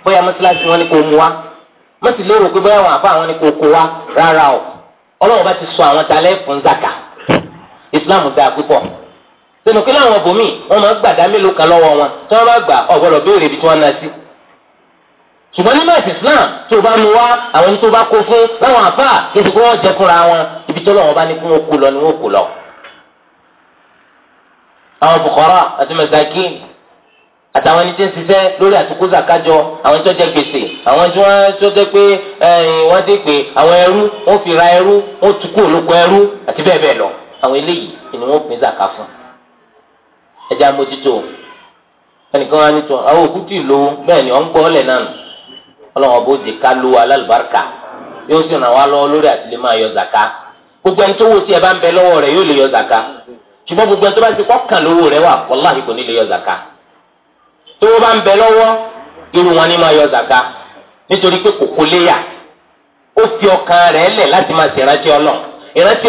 bóyá mọ́sálásí wọn ni kò mú wa má sì lérò pé bóyá àwọn ni kò wa rárá o ọlọ́run bá ti sọ àwọn talẹ́ tí wọ́n bá ṣùgbọ́n nínú ẹ̀sìn Islam tó o bá mu wá àwọn ẹni tó o bá kó fún láwọn àfà kéde kó wọ́n jẹ fúnra wọn ibi tó lọ́wọ́ bá ní kó wọ́n kó lọ ni wọ́n kó lọ. àwọn bùkọ́rà àti mẹ̀sákì àtàwọn ẹni tí ń ṣiṣẹ́ lórí àtúkú sàkájọ àwọn ẹni tó jẹ gbèsè àwọn ẹni tó jẹ pé eh, wọ́n ti pè àwọn ẹrú wọ́n fi ra ẹrú wọ́n tukú olóko ẹrú àti bẹ́ẹ̀ bẹ́ẹ̀ lọ àwọn eléyìí ni wọ́n pín zàká fún ẹja mójútó ẹnìkan wá ní tó àwọn òkú tì lówó bẹ́ẹ̀ ni ọ̀ ń gbọ́ ọ̀lẹ̀ náà ọlọ́wọ́n bó di luwa alálùbáríkà yóò sì ràn wá lọ́wọ́ lórí àti lè máa yọ gbogbo ẹni tó wò sí ẹ bá ń bẹ lọ́wọ́ rẹ̀ yóò lè yọ ṣùgbọ́n gbogbo ẹni tó bá ti kọ́ kàn rẹ̀ wà kò ní lè yọ tó lọ́wọ́ wọn ni máa yọ nítorí pé léyà ó fi ọkàn lẹ̀ láti máa ṣèrántí ọlọ́ ìrántí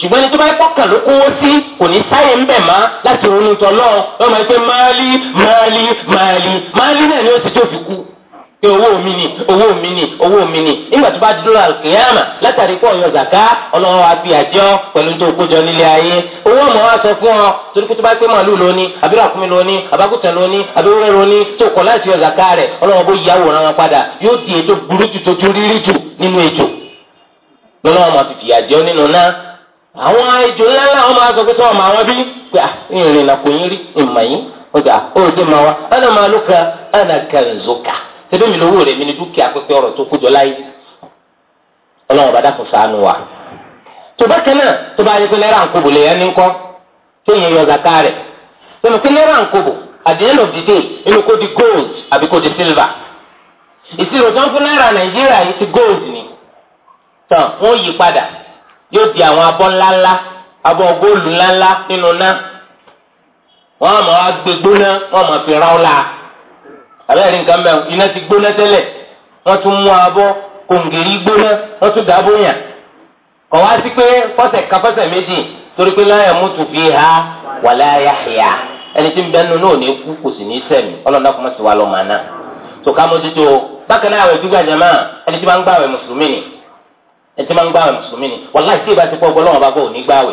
ṣùgbọ́n ẹni tó bá yẹ kọ́kàn ló kówó sí kò ní sáyè ń bẹ̀ má láti ronú tọ́ náà wọ́n máa ń máàlí máàlí máàlí máàlí náà ni ó ti tó fi kú pé owó mi ni owó mi ni owó mi ni nígbà tó bá dúró àlùkìyàmà látàrí pé ọ̀yọ́ zàká ọlọ́wọ́ wa fi àjọ pẹ̀lú tó kójọ nílé ayé owó ọmọ wa sọ fún ọ torí pé tó bá pé màálù lóní abirà kúmi lóní abákùtà lóní abirúrẹ́ lóní tó kọ̀ láti yọ zàká rẹ̀ ọlọ́wọ́ bó yàwó ràn wọn padà yóò di ètò burú tó tún rírí jù nínú ètò lọ́wọ́ máa fi fìyà jẹ́ nínú náà àwọn ejò ńlá ọmọ wọn pé sọ́wọ́n máa wọ́n bí gbà ìrìn nà kò yín rí ìmọ̀ yín ọjà ah, òde máa wá ẹnà máa ló ka ẹnà kẹrìnzókà tẹbí mi lówó rẹ mi ni dúkìá pípẹ́ ọ̀rọ̀ tó kójọ láyé ọlọ́run bá dákun ṣàánú wa tó bá tó bá yẹ pé náírà at the end of the day inú kó di gold àbí kó di silver tó ń fún yóò di àwọn abọ́ ńláńlá abọ́ góòlù ńláńlá nínú náà wọ́n àmọ́ agbe gbóná wọ́n àmọ́ fi ráwọ́ la àbẹ́rẹ́ nǹkan mẹ́wọ́ iná ti gbóná tẹ́lẹ̀ wọ́n tún mú abọ́ kòǹgèrí gbóná wọ́n tún dàbò yàn kọ̀ wá sí pé fọ́sẹ̀ kan fọ́sẹ̀ méjì torí pé láyà fi ha wà láyà hìyà ẹni tí ń bẹ́nu náà ní kú kò sì ní sẹ́mi ọlọ́dà kọ́mọ́sí wa lọ́ọ́ máa ẹtí máa ń gbàwé mùsùlùmí ni wàláì tí ìbá ti pọ̀ ọgbọ́n lọ́wọ́ bá gbọ́ gbàwé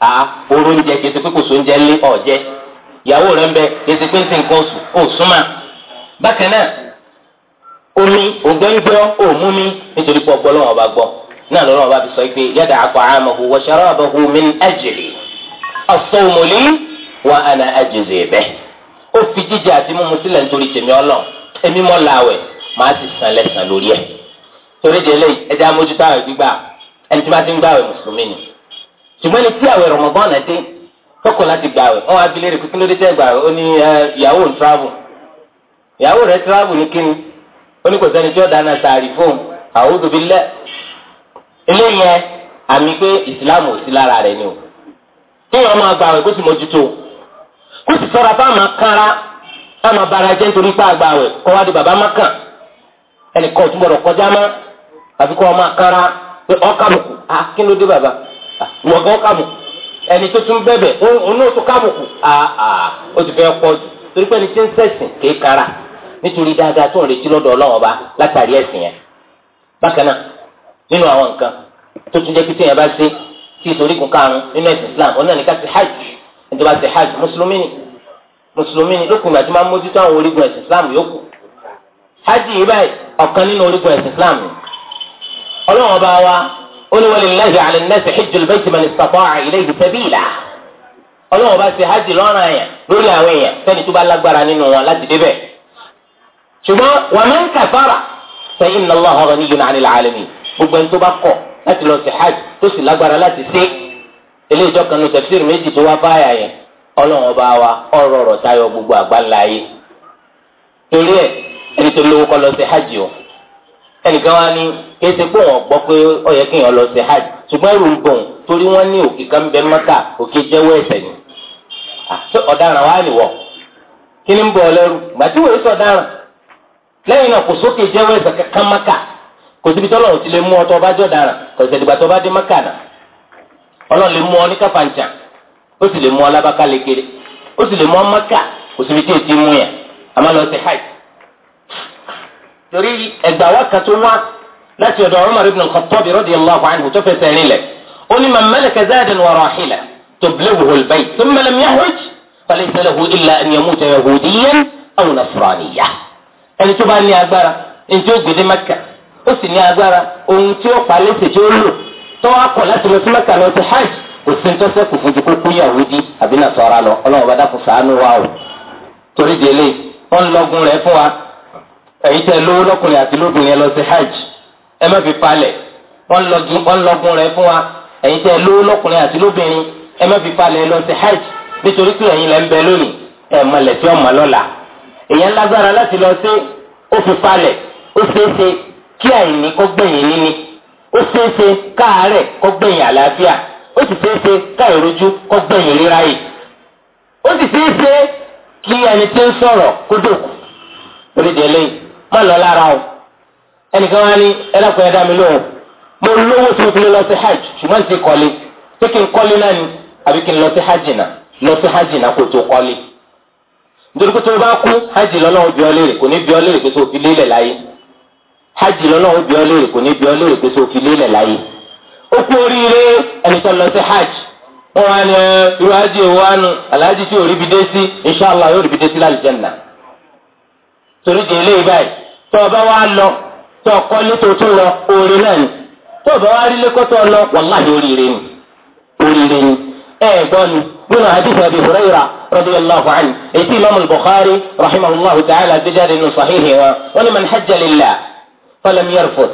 a oró oúnjẹ kìí ṣe pé kò sí oúnjẹ lé ọ̀jẹ́ ìyàwó ń bẹ omi ògbẹ́ngbẹ́ òmú nítorí pọ̀ ọgbọ́n ọba gbọ́ náà ọba fi sọ pé yàtọ̀ àmọ̀hù wa ana torí délé ẹja mójútó àwẹ̀ gbígbà ẹni tí bá ti ń gbà àwẹ̀ mùsùlùmí ni ṣùgbọ́n ní tí lati Ramadan náà dé kókò láti gbà àwẹ̀ ọ̀ abilé rẹ̀ tẹ́ gbà ó ní ìyàwó ń travel ìyàwó rẹ̀ travel ní kíni ó ní kò sẹ́ni tí ó dáná sàárì fóun yẹn àmì pé ìsìláàmù ò sí lára rẹ̀ ni o kí máa gbà kó sì mójútó kó sì afikọ ọma ọmọ akara pé ọkàbùkù kí bàbá wọ́n gan ẹni tó tún bẹ̀bẹ̀ òun náà kàbùkù àà ó ti fẹ pọ̀ jù torí pé ẹni tí ń sẹsìn kéé kara nítorí dáadáa tó ń retí lọ́dọ̀ látàrí yẹn bákan náà nínú àwọn nǹkan tó tún pé téèyàn bá ṣe tí hajj hajj mùsùlùmí ni mùsùlùmí ni lókùnrin àti máa ọlọ́run ọba wa ó ní wọlé lẹ́yìn alẹ́ nẹ́sẹ̀ hijjul bayti man istata'a ilayhi sabila ọlọ́run ọba ṣe hajj lọ́rùn àyàn lórí àwọn èèyàn sẹ́ni tó bá lágbára nínú wọn láti débẹ̀ ṣùgbọ́n wa man kafara fa inna Allaha ghaniyyun 'anil 'alamin gbogbo ẹni tó bá kọ̀ láti lọ sí hajj tó sì lágbára láti ṣe eléyìí jọ́kan ní tafsir tó lówó kọ́ lọ sí hajj o ẹnìkan wá ní kéésì pé wọn gbọ́ pé ó yẹ kéèyàn lọ sí hajj ẹrù ń torí wọn ní òkè kan bẹ òkè jẹ́wọ́ ẹsẹ ni. àti ọ̀daràn wa nìwọ̀ kí ni ń bọ̀ gbàtí sọ ọ̀daràn lẹ́yìn náà kò sókè jẹ́wọ́ kankan kò síbi tí ti lè mú ọ tó kò sì dìgbà tó bá dé náà láti ọ̀dọ̀ Umar ibn al-Khattab radiyallahu anhu tó fẹsẹ̀ rìn lẹ̀ ó ní man malaka zadan wa rahila tublighuhu al-bayt thumma lam yahruj falaysa lahu illa an yamuta yahudiyan aw nasraniyyan ẹni tó bá ní agbára ẹni tó gbèdé Mẹ́kà ó sì ní agbára ohun tí ó pa lẹ́sẹ̀ tí ó lò tó wá kọ̀ láti lọ sí Mẹ́kà lọ sí hajj kò sí ní tọ́sẹ̀ fojú kó kú yahudi àbí nasara lọ ọlọ́run bá dákun ṣàánú wa o torí délé wọn lọgun fún wa èyí tẹ lówó lọkùnrin àti lóbìnrin lọ sí hajj ẹ má fi palẹ̀ wọ́n lọ́gùn rẹ̀ fún wa ẹ̀yin tẹ́ lówó lọ́kùnrin àti lóbìnrin ẹ má fi palẹ̀ ẹ lọ sí hajj nítorí pé ẹ̀yin lẹ́ ń bẹ lónìí ẹ̀ mọ̀lẹ̀ tí ọmọ lọ́la èèyàn lágbára láti lọ sí ó fi palẹ̀ ó ṣeéṣe kí àìní kó gbẹ̀yìn níní ó ṣeéṣe káàárẹ̀ kó gbẹ̀yìn àlàáfíà ó sì ṣeéṣe káìrojú kó gbẹ̀yìn ríra yìí ó sì ṣeéṣe kí ẹni tí ń sọ̀rọ̀ kó dòkù onídìí eléyìí má lọ lára o ẹnìkan wá ní ẹlẹ́kọ̀ọ́ ẹ̀dá mi lóhùn mo lówó tí mo fi lọ sí hajj ṣùgbọ́n ti kọ́lé ṣé kí n kọ́lé náà ni àbí kí n lọ sí hajj náà lọ sí hajj náà kó tó kọ́lé nítorí pé tí o bá kú hajj lọ́lọ́run bí ọ léèrè kò ní bí ọ léèrè pé tó fi lélẹ̀ láyé hajj lọ́lọ́run bí ọ léèrè kò ní bí ọ léèrè pé tó fi lélẹ̀ láyé ó kú oríire ẹni tó lọ sí hajj wọn wá ní irú hajj ìwánu alhaji tí òrí bi dé sí inshàlá yóò rí bi dé sí lálùjẹ́nà torí di eléyìí báyìí tó o bá wá lọ tó ọkọ létò tó lọ oore náà ni tó o bá wá rí lẹ́kọ́tọ̀ lọ wàláhì oríire ni oríire ni ẹ gbọ́ ni gbọ́dọ̀ hadith Abi Hurairah radiyallahu anhu èyí imaamu Bukhari rahimahullahu ta'ala gbẹjáde nù sahihi wa wọn ni man hajja lillah falam yarfud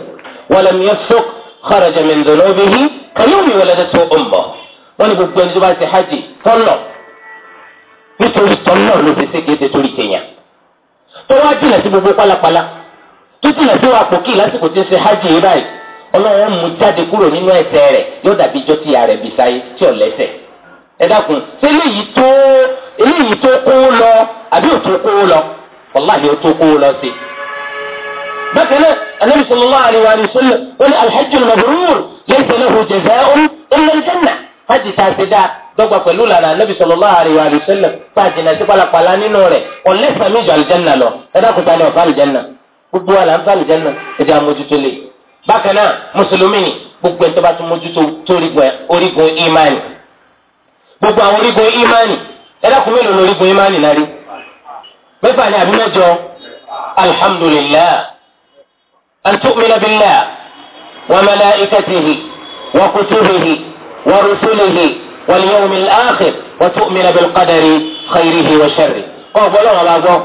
walam yafsuq kharaja min dhunubihi kayawmi waladatu ummuh wọn gbogbo ẹni tó bá ti hajj tọ́lọ̀ nítorí tọ́lọ̀ ló fi ṣe kéde torí kenya tó wá jìnnà sí gbogbo pálapàla tó tilẹ̀ sí wàá pòkì lásìkò tí ń ṣe hajj yìí báyìí ọlọ́run mú jáde kúrò nínú ẹ̀ṣẹ̀ rẹ̀ yóò dàbí ijó tí ara ẹ̀bí sáyé tí ò lẹ́ṣẹ̀ ẹ dákun ṣé eléyìí tó eléyìí tó kó lọ àbí ò tó kó lọ wàláhì ó tó kó lọ sí. bákan náà anabi sallallahu alayhi wa sallam ó ní alhajj mabrur laysa lahu jazaa'un illa al-jannah hajj tá ṣe dáa dọ́gba pẹ̀lú lànà anabi sallallahu alayhi wa sallam fàájì náà sí nínú rẹ̀ ọ̀lẹ́sàmíjọ aljanna lọ ẹ dákun ta ni ọ̀fà gbogbo wa là ń sàlù jẹ́nà ẹ̀jẹ̀ àmójútó lè bákan náà mùsùlùmí ni gbogbo ẹ̀ tó bá tún mójútó tó orígun ìmánì gbogbo àwọn orígun ìmánì ẹ̀dàkùn mélòó ní orígun ìmánì náà rí mẹ́fà ni àbí mẹ́jọ alhamdulillah an tu'mina billah wa malaikatihi wa kutubihi wa rusulihi kọ́ ọ̀gbọ́n lọ́wọ́ bá gbọ́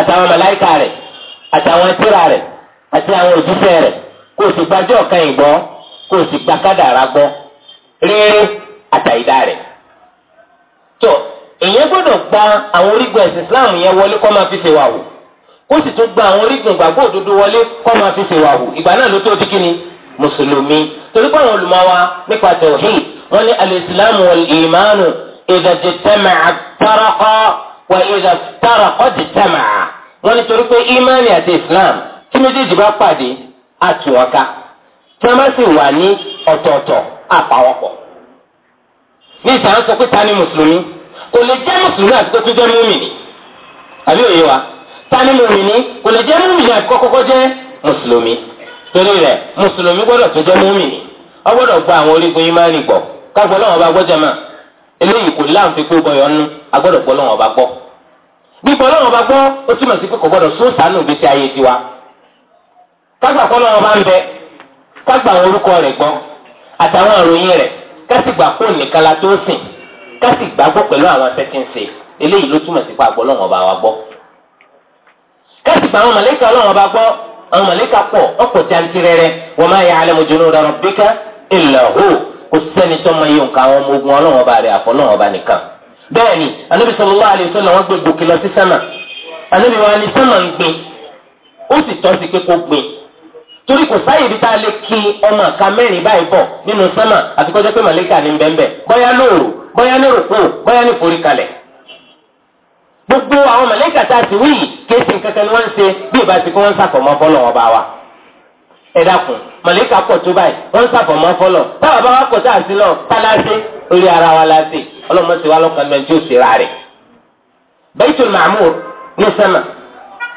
àtàwọn màláìka rẹ̀ àtàwọn tíra rẹ̀ àti àwọn òjíṣẹ́ rẹ̀ kó o sì gbàjọ́ kan ìgbọ́ kó o sì gba kádàrá gbọ́ rere àtàyídá rẹ̀. tó èèyàn gbọ́dọ̀ gba àwọn orígun ẹ̀sìn Islam yẹn wọlé kó máa fi ṣe wà wò kó sì tún gba àwọn orígun ìgbàgbọ́ òdodo wọlé kó máa fi ṣe wà wò ìgbà náà ló tó di mùsùlùmí torí pé àwọn olùmọ̀wá nípa tawhid wọn ní al-Islam wal-imanu idha ijtama'a ftaraqa wa wọ́n nítorí pé imani àti islam tí méjèèjì bá pàdé àti ọka tí wọ́n bá sì wà ní ọ̀tọ̀ọ̀tọ̀ àpàwọ̀pọ̀. ní ìtàn sọ pé ta ni mùsùlùmí kò lè jẹ́ mùsùlùmí àti kótó jẹ́ múmìnì àbí òye wa ta ni múmìnì kò lè jẹ́ múmìnì àti jẹ́ mùsùlùmí torí mùsùlùmí tó jẹ́ gba àwọn orígun imani gbọ́ kágbọ́ bá gbọ́ jẹ́ máa eléyìí kò láǹfi kó agbọ́dọ̀ gbọ́. gbígbọ́ lọ́wọ́ bá gbọ́ ó túmọ̀ sí pé kò gbọ́dọ̀ sún sànù gbèsè ayé tiwa kágbà kọ́ lọ́wọ́ bá ń bẹ kágbà àwọn orúkọ rẹ̀ gbọ́ àtàwọn ìròyìn rẹ̀ kásì gbà kó nìkan la tó sìn kásì gbàgbọ́ pẹ̀lú àwọn sẹ́tíǹsì eléyìí ló túmọ̀ sí pé àgbọ̀ lọ́wọ́ bá wa gbọ́ kásì gbà àwọn màlẹ́kà lọ́wọ́ bá gbọ́ àwọn màlẹ́kà pọ̀ ọ̀pọ̀ jantirẹrẹ wa ma ya'lamu junuda rabbika illa hu kò sẹ́ni tó mọ iye nǹkan àwọn ọmọ ogun ọlọ́wọ́ bá rẹ̀ àfọ́ lọ́wọ́ bá nìkan. bẹ́ẹ̀ni anabi sallallahu alayhi wa sallam gbé gòkè lọ sí sánà anabi wa ni sánà ń gbin ó sì tọ́ sí pé kó gbin torí kò sáyè bí tá a lè kí ọmọ àka mẹ́rin báyìí bọ̀ nínú sánà àti kọjá pé màlẹ́kà bọ́yá lóòrò gbogbo àwọn màlẹ́kà tá a ti wí yìí kéésì kankan ni wọ́n ń ṣe bí ìbá ti kó wọ́n ń wọn bá wa màlẹ́kà pọ̀ a a orí ara wa la ṣe ọlọ́mọ sì wá lọ́kàn náà tí ó ṣe ra rẹ̀. Baitul Ma'mur ní sánà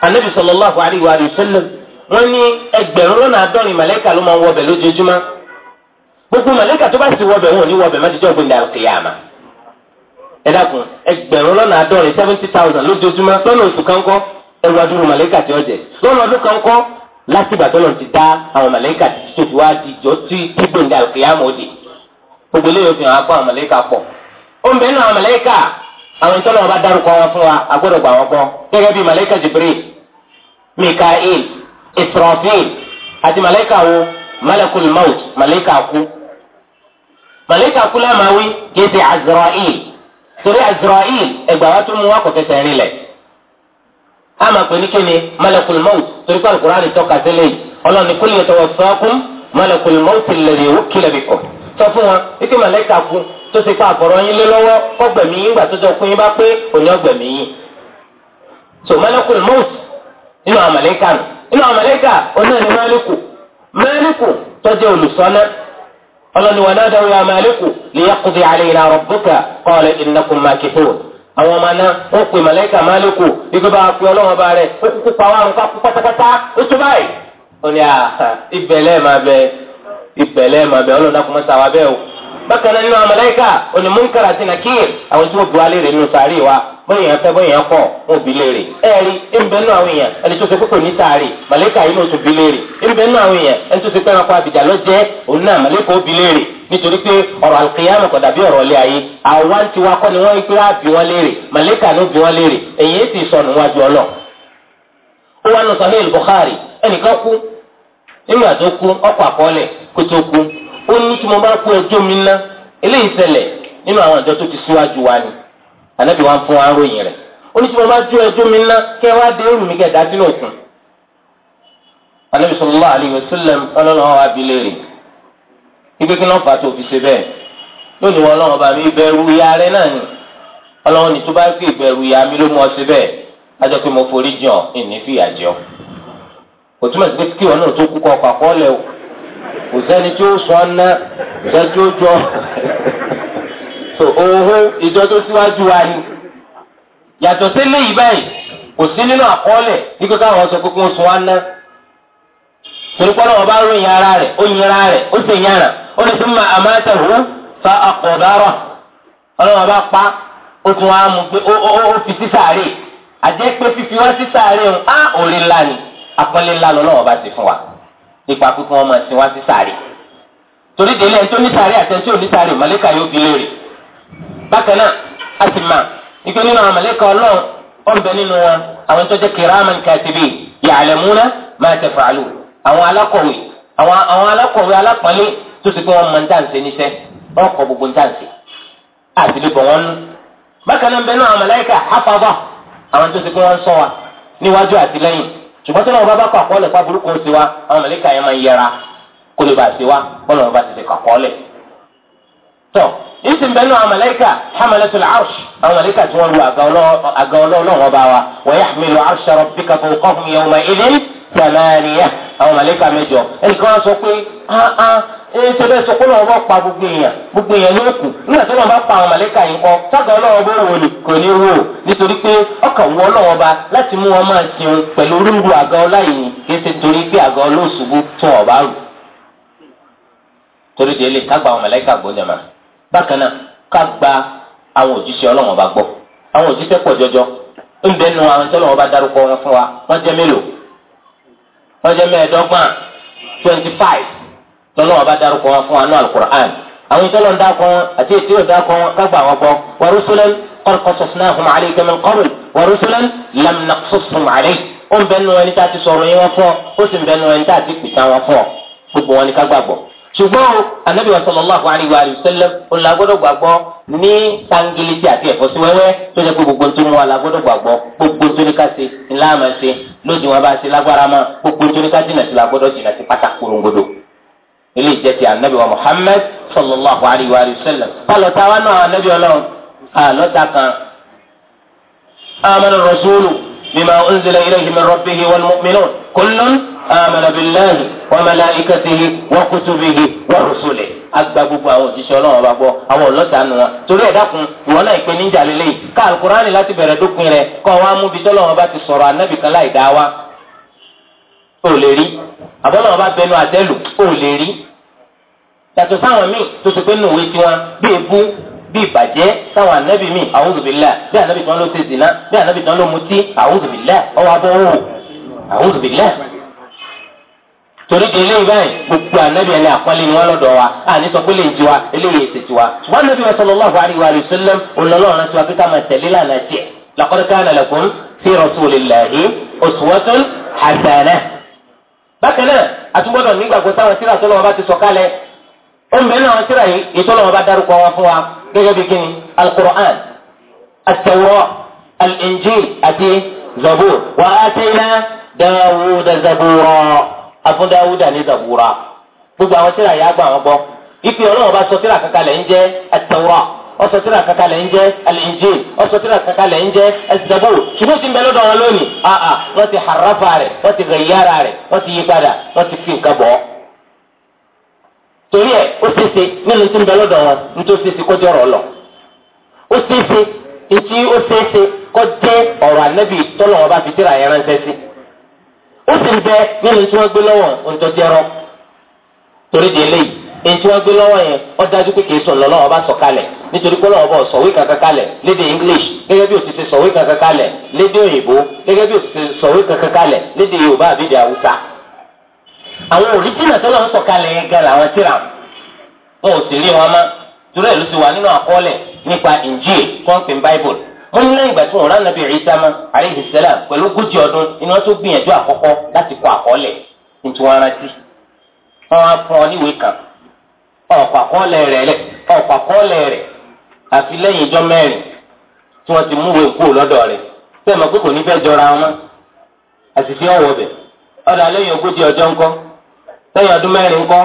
anabi sallallahu alayhi wa sallam wọ́n ní ẹgbẹ̀rún lọ́nà àádọ́rin màlẹ́kà ló máa ń wọbẹ̀ gbogbo màlẹ́kà tó bá sì wọbẹ̀ wọn ò ní wọbẹ̀ má ti jọ́ gbẹ̀ndà al ẹ dákun ẹgbẹ̀rún lọ́nà àádọ́rin seventy thousand lójoojúmọ́ lọ́nà oṣù kan ẹwà dúró tí gbogbo eléyìí fi hàn á kó àwọn mọ̀lẹ́kà pọ̀ ó ń bẹ nínú àwọn mọ̀lẹ́kà àwọn ìtọ́lọ́ wọn bá dárúkọ wọn fún wa agbọ́dọ̀ gbà wọn gbọ́ gẹ́gẹ́ bí mọ̀lẹ́kà Jibril Mikael Israfil àti mọ̀lẹ́kà wo Malakul Maut mọ̀lẹ́kà kú mọ̀lẹ́kà kú lámàwí gẹ́gẹ́ Azrael torí Azrael ẹgbàá wa tó mú wa kò fẹsẹ̀ rìn lẹ̀ ama pè ní kíni malakul maut torí pé alukóra tọ́ka sílẹ̀ ọlọ́ni kúlẹ̀ tọwọ́ sọ́kún malakul maut ti sọ fún wọn wípé màlẹ́kà kú tó ti pa àgọ́rọ̀ yín lé lọ́wọ́ kọ́ yín gbà tó yín bá pé so maleku maut nínú àwọn màlẹ́kà nù nínú àwọn màlẹ́kà onáà ní málíkù málíkù tó jẹ́ olùsọ́nà ọlọ́ni ya málíkù liyaqdi alayna rabbuka qala innakum makithun àwọn ọmọ náà ó pè màlẹ́kà málíkù ikú bá pè ọlọ́wọ́n bá rẹ̀ ó kúkú pa ìpẹ̀lẹ́ màbẹ Ọlọ́run dákun mọ sáwà bẹ́ẹ̀ o bákan náà nínú amalaika oní munkara àti nakir àwọn tí wọn bu alẹ rẹ nínú sàárì wa bóyá èèyàn fẹ́ bóyá èèyàn kọ̀ wọn ò bi léèrè ẹẹri ẹnbẹ nínú àwọn èèyàn ẹni tó ṣe kókò ní sàárì màlẹka yìí ní oṣù bi léèrè ẹnbẹ nínú àwọn èèyàn ẹni tó ṣe pẹ́ ẹranko àbìjà lọ òun náà màlẹka ó bi léèrè nítorí pé ọ̀rọ̀ àlùkìyàmù kò dàbí ọ̀rọ̀ ilé ayé àwa ti wa kọ́ ni wọ́n gbé àbí wọn léèrè màlẹka ló bi wọn léèrè èyí ti sọnù wájú ọlọ. Bukhari ẹnìkan nígbà tó kú ọkọ̀ àkọọ́lẹ̀ kó tó kú ó ní tí mo bá kú ẹjọ́ mi ná eléyìí ṣẹlẹ̀ nínú àwọn àjọ tó ti síwájú wa ni ànábì wa ń fún wa ròyìn rẹ̀ ó ní tí mo bá jó ẹjọ́ mi ná kẹ́ wá dé rù mí dá sínú òkun ànábì sallallahu alaihi wasallam ọlọ́lọ́wọ́ abilé rè ibi kí náà fà tó fi ṣe bẹ́ẹ̀ lónìí wọn ọlọ́wọ́ bá mi ìbẹ̀rù ya rẹ náà ni ọlọ́wọ́ ni tó bá gbé ìbẹ̀rù ya mi ló mú ọ kò túmọ̀ sí pé kí wọn náà tó kú kọ́ àkọọ́lẹ̀ o kò sẹ́ni tí ó sọ ọ́ ná kò jọ so òhun ìjọ síwájú wa ni yàtọ̀ sí léyìí báyìí kò sí nínú àkọọ́lẹ̀ nígbà káwọn sọ pé kí wọ́n sọ wá ná torí pé ọlọ́wọ́ bá ròyìn ara rẹ̀ ó ara rẹ̀ ó sì ó lè fa àkọ̀dárọ̀ ọlọ́wọ́ bá pa ó tún wá mú pé ó fi fífi wá ń á òrìlà akọ́lé ńlá lọ́wọ́ bá ti fún wa nípa pípé wọn máa sin wá sí sàárè torí délé ẹni tó ní sàárè àti ẹni tó ní sàárè màlẹ́kà yóò fi léèrè bákan náà a sì mà ike nínú àwọn màlẹ́kà ọlọ́run ọ̀bẹ nínú wọn àwọn tó jẹ́ kiraman katibin ya'lamuna ma taf'alu àwọn alákọ̀wé àwọn alákọ̀wé alápọ̀nlé tó ti pé wọn máa ń dáǹsẹ̀ níṣẹ́ wọn kọ gbogbo ń dáǹsẹ̀ àti lè bọ̀ wọn nú bákan náà ń bẹ náà àwọn màlẹ́kà hafaza àwọn tó ti pé wọn sọ wa níwájú àti lẹ́yìn ṣùgbọ́n tí wọn bá bá kọ àkọọ́lẹ̀ pa burúkú ó sí wa àwọn mẹ̀lẹ́kà yẹn máa ń yẹra kó lè bá sí wa bọ́lá wọn bá ti ṣe kọ àkọọ́lẹ̀. tọ́ ìsìn bẹ́ẹ̀ náà àwọn mẹ̀lẹ́kà hamalatul arsh àwọn mẹ̀lẹ́kà tí wọ́n lu àga ọlọ́ọ̀lọ́wọ́ bá wa wa yahmilu arsha rabbika fawqahum yawma idhin thamaniya àwọn mẹ̀lẹ́kà mẹ́jọ ẹnìkan wá sọ pé ah, ah, e tó bẹ́ẹ̀ sọ pé lọ́wọ́ pa gbogbo èèyàn gbogbo èèyàn ló kù nígbà tó lọ́wọ́ bá pa àwọn mọ̀lẹ́kà yìí kọ́ sága ọlọ́wọ́ bó wò ní kò ní wò nítorí pé ọkàn wọ ọlọ́wọ́ bá láti mú wọn máa jẹun pẹ̀lú àga ọláyìn kìí ṣe torí pé àga tún ọ̀bá rù. torí kágbà àwọn gbọ́ jẹ̀mà bákan náà àwọn òjíṣẹ́ ọlọ́wọ́ bá gbọ́ lọ́lọ́wọ́ bá dárúkọ wọn fún wa ní alukur'an àwọn ìtọ́lọ̀ ń dákọ wọn àti ètí ò dákọ wọn kágbà wọn kọ wa rusulan qad qasasnahum alayka min qabl wa rusulan lam naqsushum alayk ó ń bẹ nu ẹni tá a ti sọ̀rọ̀ yín wọn fún ọ ó sì ń bẹ nu ẹni tá a ti pìtà wọn fún ọ gbogbo wọn ni ká gbàgbọ́. ṣùgbọ́n anabi wa sallallahu alayhi wa sallam òun la gbọ́dọ̀ gbàgbọ́ ní sangilisi àti ẹ̀fọ́ wẹ́wẹ́ tó jẹ́ pé gbogbo tó mú wa la gbọ́dọ̀ gbàgbọ́ gbogbo tó ní ká ṣe ńlá àmà ṣe lójú wọn bá ṣe lágbára mọ́ gbogbo tó ní ká jìnà sí la gbọ́dọ̀ jìnà sí pátákó rongodo ilé ìjẹ́ ti anabi wa muhammed sallallahu alayhi wa sallam kálọ̀ tá a wá náà anabi ọlọ́run àlọ́ ta kan amana rasulu bima unzila ilayhi min rabbihi wal mu'minun kullun amana billahi wa malaikatihi wa kutubihi wa rusulihi agba gbogbo àwọn òṣìṣẹ́ ọlọ́run ọba gbọ́ àwọn ọlọ́ta nù wọn torí ẹ̀ dákun ìwọ náà ìpè níjà lélẹ́yìí ká alukurani láti bẹ̀rẹ̀ dókun rẹ̀ kọ́ wa mú bitọ́lọ́run ọba ti sọ̀rọ̀ anabi kan láì dá wa o lè rí àbọ̀nà ọba bẹnu àtẹ́lù o lè rí yàtọ̀ sáwọn míì tó ti pé nù wé tiwọn bí ebú bí ìbàjẹ́ sáwọn ànábì míì a'udhu billah bí ànábì tán ló ṣe zìnà bí ànábì tán ló mutí a'udhu billah ọwọ́ abọ́wò a'udhu billah torí di eléyìí báyìí gbogbo anabi ẹni àpọ́nlé ni wọ́n lọ́dọ̀ wa àní sọ pé lè ju wa eléyìí èsì tiwa ṣùgbọ́n anabi wa sallallahu alayhi wa sallam olùlọ́run tiwa pé ká máa tẹ̀lé lànà jẹ́ laqad kana lakum fi rasulillahi uswatun hasanah bákan náà àtúgbọ́dọ̀ nígbàgbọ́ sáwọn tíra tó lọ́wọ́ bá ti sọ̀kalẹ̀ ó ń bẹ náà tíra yìí ètò lọ́wọ́ bá dárúkọ wọn fún wa gẹ́gẹ́ bí kíni al-Qur'an at-Tawrah al-Injil àti zabur wa atayna Dawuda zabura afún Dawuda ní zabura gbogbo àwọn tíra yìí á gbọ́ àwọn gbọ́ ìpè ọlọ́wọ́ bá sọ tíra kankan lẹ́ jẹ́ at-Tawrah ọsọ tíra kaka lẹ ń jẹ al-Injil ọsọ tíra kaka lẹ ń jẹ ẹsẹbù ṣùgbọ́n ti ń bẹ lọ́dọ̀ wọn lónìí aa wọ́n ti harafa rẹ̀ wọ́n ti gẹ̀yára rẹ̀ wọ́n ti yí padà wọ́n ti fi nǹkan bọ̀ torí ẹ ó ṣeéṣe nínú ti ń bẹ lọ́dọ̀ wọn nítorí ṣeéṣe kó jọrọ lọ ó ṣeéṣe etí ó ṣeéṣe kó jẹ ọ̀rọ̀ Ànábì tọ́lọ̀ wọn bá fi tíra yẹn ránṣẹ́ sí ó sì ń bẹ nínú tí wọ́n gbé lọ́wọ́ ètò wọn gbé lọ́wọ́ yẹn ó dájú pé kìí sọ kalẹ̀ nítorí pé lọ́wọ́ bá sọ̀wé kankan kalẹ̀ lédè English gẹ́gẹ́ bí o ti ṣe sọ̀wé kankan kalẹ̀ lédè òyìnbó gẹ́gẹ́ bí o ti ṣe sọ̀wé kankan kalẹ̀ lédè Yorùbá àbídè Haúsá. àwọn òrìjìnà tó sọ yẹn gan làwọn tíra wọn ò sì rí wọn torí ló ti wà nínú àkọọ́lẹ̀ nípa Injil kọ́ńpìn Bible wọ́n ní ìgbà tí ọ̀pọ̀ àkọọ́lẹ̀ rẹ̀ lẹ̀ ọ̀pọ̀ àkọọ́lẹ̀ rẹ̀ lẹ́yìn tí wọ́n ti mú ìwé kúrò lọ́dọ̀ rẹ̀ bẹ́ẹ̀ mọ̀ pé kò ní bẹ́ẹ̀ jọra wọn àṣìṣe ọ̀wọ̀ bẹ̀ ọ̀dà lẹ́yìn ogójì ọjọ́ ńkọ́ lẹ́yìn ọdún mẹ́rin ńkọ́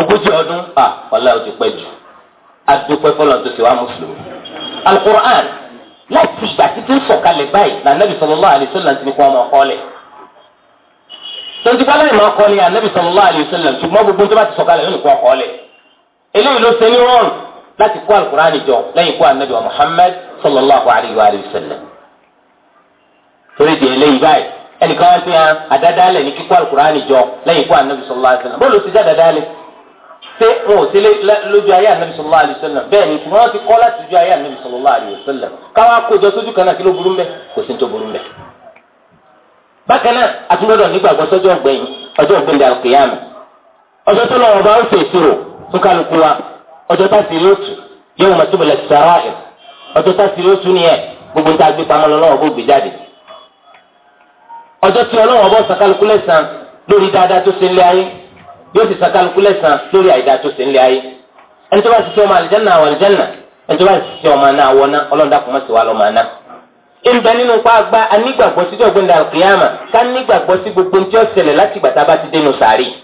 ogójì ọdún à ọ̀la ò ti pẹ́ jù fọlọ́ tó ti láti báyìí nàbì eléyìí ló ṣe ní rọrùn láti kó alukur'ani jọ lẹ́yìn kó anabi wa muhammad sallallahu alayhi wa sallam torí di eléyìí báyìí ẹnìkan wá sí hàn àdádálẹ̀ ní kíkó alukur'ani jọ lẹ́yìn kó anabi sallallahu alayhi wa sallam bó ló ti jẹ́ àdádálẹ̀ ṣé wọn ò sí lójú ayé anabi sallallahu alayhi wa sallam bẹ́ẹ̀ ni wọn ti kọ́ láti lójú ayé anabi sallallahu alayhi wa sallam káwá kójọ sójú kan náà kí ló burú mbẹ kò sí tó burú mbẹ. bákan náà àtúndọ̀dọ̀ kálukú wa ọjọ́ tá a sì lóòtù yóò wọ́n tó bẹ̀rẹ̀ sàrà ẹ̀ ọjọ́ tá a sì lóòtù nìyẹn gbogbo tá a gbé pamọ́ lọ́wọ́ bó gbé jáde. ọjọ́ tí ọlọ́wọ́ bọ́ sàkálukú lẹ́sàn lórí dáadáa tó ṣe ń lé ayé yóò sì sàkálukú lẹ́sàn lórí àìdáa tó ṣe ń lé ayé. ẹni tó bá ti ṣe ọmọ àlìjánà àwọn àlìjánà ẹni tó bá ti ṣe ọmọ náà wọ́ná ọlọ́ọ̀dà kò mọ̀ sí wa lọ́mọ náà ìgbà nínú pa gba anígbàgbọ́ sí ọgbẹ́ndà kìyàmà ká nígbàgbọ́ sí gbogbo ní tí láti gbàtà bá ti dénú sàárì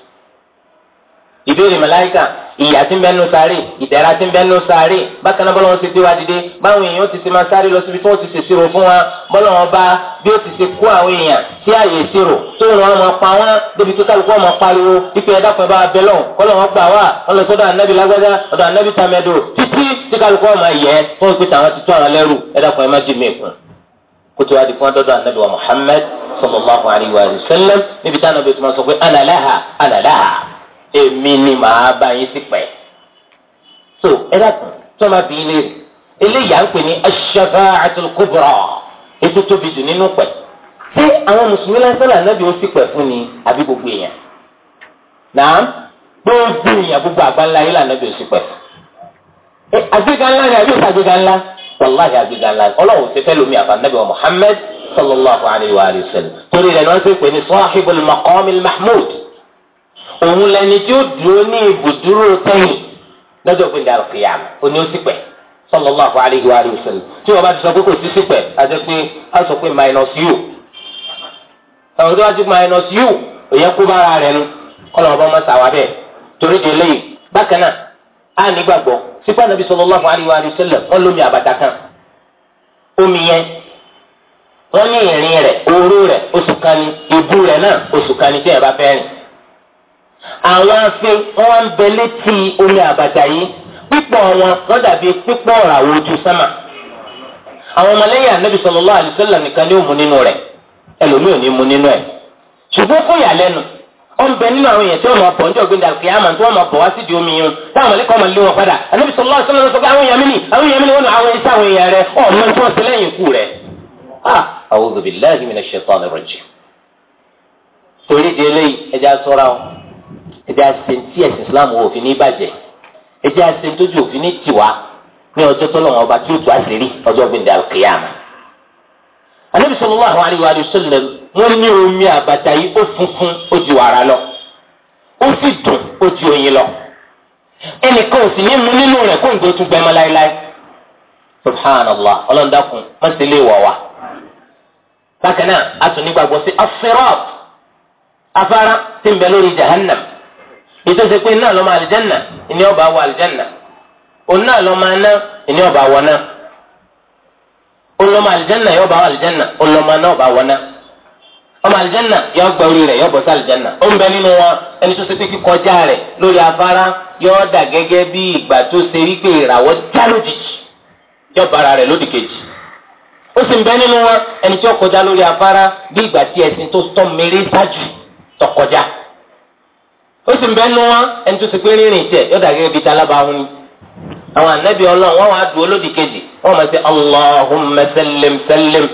ìbéèrè màláìkà ìyà tí ń bẹ́ẹ̀ nù sáré ìdẹ̀ra tí ń bẹ́ẹ̀ nù sáré bákan náà bọ́lọ́wọ́n ti gbé wa dìde báwọn èèyàn ti ṣe máa sáré lọ síbi tí wọ́n ti ṣe ṣòro fún wa bọ́lọ́wọ́n bá bí ó ti ṣe kó àwọn èèyàn sí àyè ìṣirò tó ń wọn máa pa wọn débi tó kálukú ọmọ pariwo ipe ẹ̀dá kan bá wa bẹ lọ́hùn kọ́lọ́wọ́n gbà wá wọn lọ sọ́dọ̀ ànábì lágbájá ọ̀dọ̀ ànábì tàmẹ́dò títí tí kálukú ọmọ yẹ fún ìpè tàwọn ti tó àwọn lẹ́rù ẹ̀dá kan èmi ni màá bá yín sí pẹ́. so ẹ dàkún tọ́lá bí ilé rẹ̀ eléyà ń pè ní ash-shafa'atul kubra ètò tóbi jù nínú pẹ̀. ṣé àwọn mùsùlùmí lásán lànàbí ó sì pẹ̀ fún ni àbí gbogbo èèyàn? náà gbogbo èèyàn gbogbo àgbáńlá yìí lànàbí ó sì pẹ̀ fún. àgbéga ńlá ni àbí òsàgbéga ńlá wàláhì àgbéga ńlá ọlọ́run ti fẹ́ lómi àfànàbí wa Muhammad sallallahu alayhi wa sallam torí rẹ̀ ni wọ́n ti pè ní òun lẹni tí ó dúró ní ibùdúró sẹ́yìn lọ́jọ́ pé dàrú kìyàmù òní ó sì pẹ̀ sallallahu alaihi wa alihi wasallam tí wọ́n bá ti sọ pé kò sí sí àti pé sọ pé minus u àwọn tó ti minus u òye kó bára nu bá má torí di eléyìí bákan náà sípò ànábi lómi àbàtà kan omi yẹn ní ìrìn rẹ̀ ní ìbú àwọn afẹ́ wọn ń bẹ létí omi àbàtà yìí pípọ̀ wọn wọ́n dàbí pípọ̀ ràwọ̀ ojú sánmà àwọn ọmọlẹ́yìn anabi sallallahu alaihi wasallam nìkan ni ó mu nínú rẹ̀ ẹlòmíì ò ní mu nínú ẹ̀ ṣùgbọ́n fún ìyàlẹ́nu ó ń bẹ nínú àwọn èèyàn tí wọ́n máa bọ̀ ń jọ gbé dàgbé àmọ́ tí wọ́n máa bọ̀ wá sí di omi yẹn táwọn mọ̀lẹ́kọ̀ máa lé wọn padà anabi sallallahu alaihi wasallam sọ pé àwọn èèyàn mi ni àwọn èèyàn mi ni wọ́n nu àwọn iṣẹ́ àwọn èèyàn rẹ̀ ọ̀ mọ tí wọ́n ṣe lẹ́yìn ikú rẹ̀. a'udhu billahi minash shaitani rajim. torí di eléyìí ẹja sọ́ra o ẹjẹ́ àṣẹ tí ẹ̀sìn islam wò òfin ní bàjẹ́ ẹjẹ́ àṣẹ tójú òfin ní tiwa ní ọjọ́ tọ́lọ́wọ́n ọba tí ó tu àṣírí ọjọ́ gbẹ̀ndẹ̀ alùkìyàmà. anabi sallallahu alaihi wa sallam wọn ní omi àbàtà yìí ó funfun ó ju wàrà lọ ó sì dùn ó ju oyin lọ ẹnìkan ò sì ní mu nínú rẹ̀ kó n tó tún gbẹmọ láéláé subhanallah ọlọ́ndàkùn mọ́sílẹ̀ wọ̀ wá. bákan náà a tún nígbàgbọ́ sí afẹ́rọ́ọ̀bù afárá tí ń bẹ lórí jahannam ètò ìṣe pé náà lọ́mọ àlìjẹ́nà ìní ọba wọ àlìjẹ́nà òun náà lọ́mọ aná ìní ọba wọ náà òun lọ́mọ àlìjẹ́nà yọba wọ àlìjẹ́nà òun lọ́mọ aná ọba wọ náà ọmọ àlìjẹ́nà yọ gba orí rẹ̀ yọ bọ̀ sí àlìjẹ́nà ó ń bẹ nínú wọn ẹni tó ṣe pé kíkọjá rẹ̀ lórí afárá yọ dà gẹ́gẹ́ bí ìgbà tó ṣe wípé ìràwọ̀ já lójijì yọ bara rẹ̀ lódì kejì ó sì ń bẹ nínú wọn ẹni tó kọjá lórí afárá bí ìgbà tí ẹṣin tó tọ́ mèrè ṣáájú tó ó sì ń bẹ́ nu wọn ẹni tó ti pé rírìn tẹ̀ yóò dàgẹ́ ibi tá alábàáhùn ni. àwọn ànábì ọlọ́run wọn wàá dùn olódì kejì wọn máa ṣe allahumma sallim sallim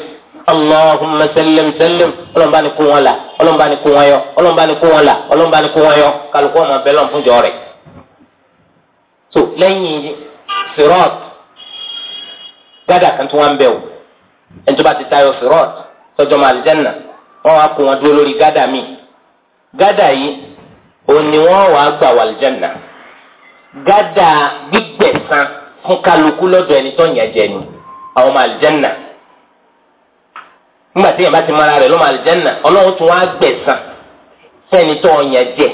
allahumma sallim sallim ọlọ́run bá ní kó wọn là ọlọ́run bá ní kó wọn yọ ọlọ́run bá ní kó wọn là ọlọ́run bá ní kó wọn yọ kálukú ọmọ bẹ́ẹ̀ lọ́n fúnjọ rẹ̀. so lẹ́yìn sirat gada kan tí wọ́n bẹ̀ wò ẹni tó bá ti tayọ sirat tọjọ́ màlìjẹ́nà wọ́n wá kó wọn dúró lórí gádà míì gádà yìí òní wọn wà á gbà wàlìjánà gádà gbígbẹ̀san fún kálukú lọ́dọ̀ ẹni tó yàn jẹ ni àwọn ọmọ àlìjánà nígbà tí yàrá ti mara rẹ̀ lọ́mọ àlìjánà ọlọ́run tún wá gbẹ̀san fẹ́ni tó yàn jẹ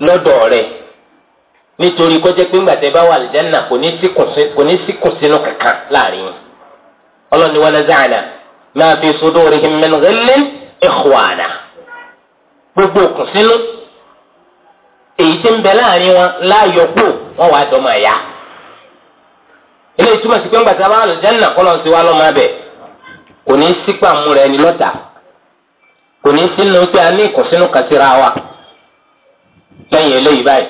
lọ́dọ̀ rẹ̀ nítorí kó pé ńgbà tẹ́ bá wà àlìjánà kò ní sí sínú kankan láàrin yìí ọlọ́run ni wanaza'na ma fi sudurihim min ghillin ikhwana gbogbo òkùn sínú. èyí tí ń bẹ láàrin wọn láàyọkú wọn wà dọmọ ẹyà eléyìí túmọ̀ sí pé ńgbàtà bá àlùjánnà kọ́ lọ́n sí wa lọ́mọ abẹ kò ní í sípà rẹ ní lọ́tà kò ní pé a ní ìkùnsínú kan síra wa lẹ́yìn eléyìí báyìí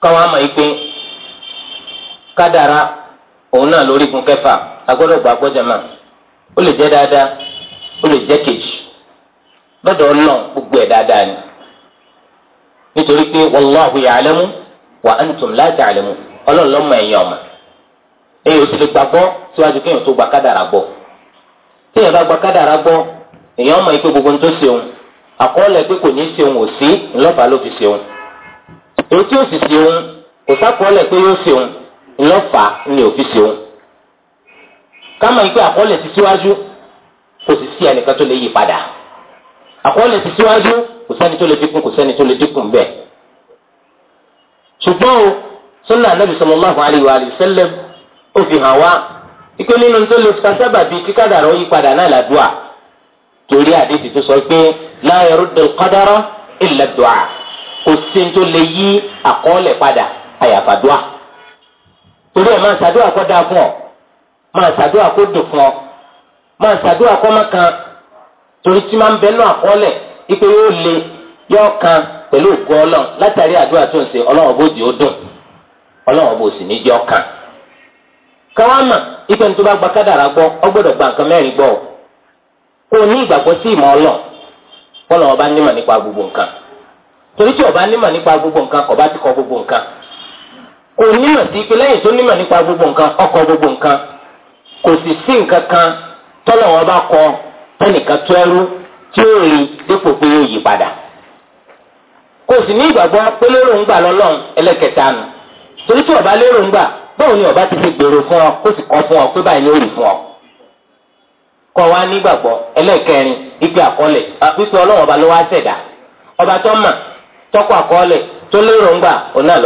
káwọn àmọ̀ yìí pé kádàrá òun náà lórí gun kẹfà agbọ́dọ̀ gbà ó lè jẹ́ dáadáa ó lè gbogbo ẹ̀ dáadáa nítorí pé wallahu ya'lamu wa antum la ta'lamu ọlọ́run lọ́mọ ẹ̀yìn ọ̀mà èyí ò sì lè gbàgbọ́ síwájú kéèyàn tó gba kádàrà gbọ́ téèyàn bá gba kádàrà gbọ́ èèyàn mọ̀ ike gbogbo tó ṣeun àkọọ́lẹ̀ pé kò ní ṣeun ò sí ńlọ́fà ló fi ṣeun èyí tí ó sì ṣeun kò sákọọ́lẹ̀ pé yóò ṣeun ńlọ́fà ni ò fi ṣeun kámọ̀ ike àkọọ́lẹ̀ ti síwájú kò sì sí ẹnìkan tó lè yí padà àkọọ́lẹ̀ ti síwájú kò sẹ́ni tó lè dínkù kò sẹ́ni tó lè dínkù bẹ́ẹ̀. ṣùgbọ́n o sunna anabi sallallahu alayhi wa sallam ó fi hàn wá ikú nínú tó lè fa bíi tí yí padà náà làdúà torí àdéhìí tó sọ pé la yaruddu al-qadara dua kò sí tó lè yí àkọọ́lẹ̀ padà àyàfàdúà torí ẹ̀ máa ṣàdúà kó dáa fún ọ máa ṣàdúà kó dùn fún ọ máa ṣàdúà kó má kan torí tí máa ń bẹ́ẹ̀ náà àkọọ́lẹ̀ ipe yóò le yóò kan pẹ̀lú ògùn ọlọ́run látàrí àdúrà tó ń ṣe ọlọ́run bó di ó dùn ọlọ́run bó sì ní jọ́ kan. káwámà ipe ní tó bá gba gbọ́ ọ gbọ́dọ̀ gba nǹkan mẹ́rin gbọ́ o kò ní ìgbàgbọ́ sí ìmọ̀ ọba nímọ̀ nípa gbogbo nǹkan torí tí ọba nímọ̀ nípa gbogbo nǹkan gbogbo nǹkan kò nímọ̀ sí lẹ́yìn tó nímọ̀ nípa gbogbo nǹkan gbogbo tí ó rí dípò pé yóò padà kò sì ní ìgbàgbọ́ pé lérò ń gbà lọ́lọ́run ẹlẹ́kẹta nù torí ọba lérò ń ni ọba ti fi gbèrò fún ọ kó sì kọ́ fún ọ pé báyìí rí fún ọ kọ́ wa nígbàgbọ́ ẹlẹ́kẹrin àkọọ́lẹ̀ ọlọ́run ọba ló wá ọba tó mà àkọọ́lẹ̀ tó lérò ń gbà òun náà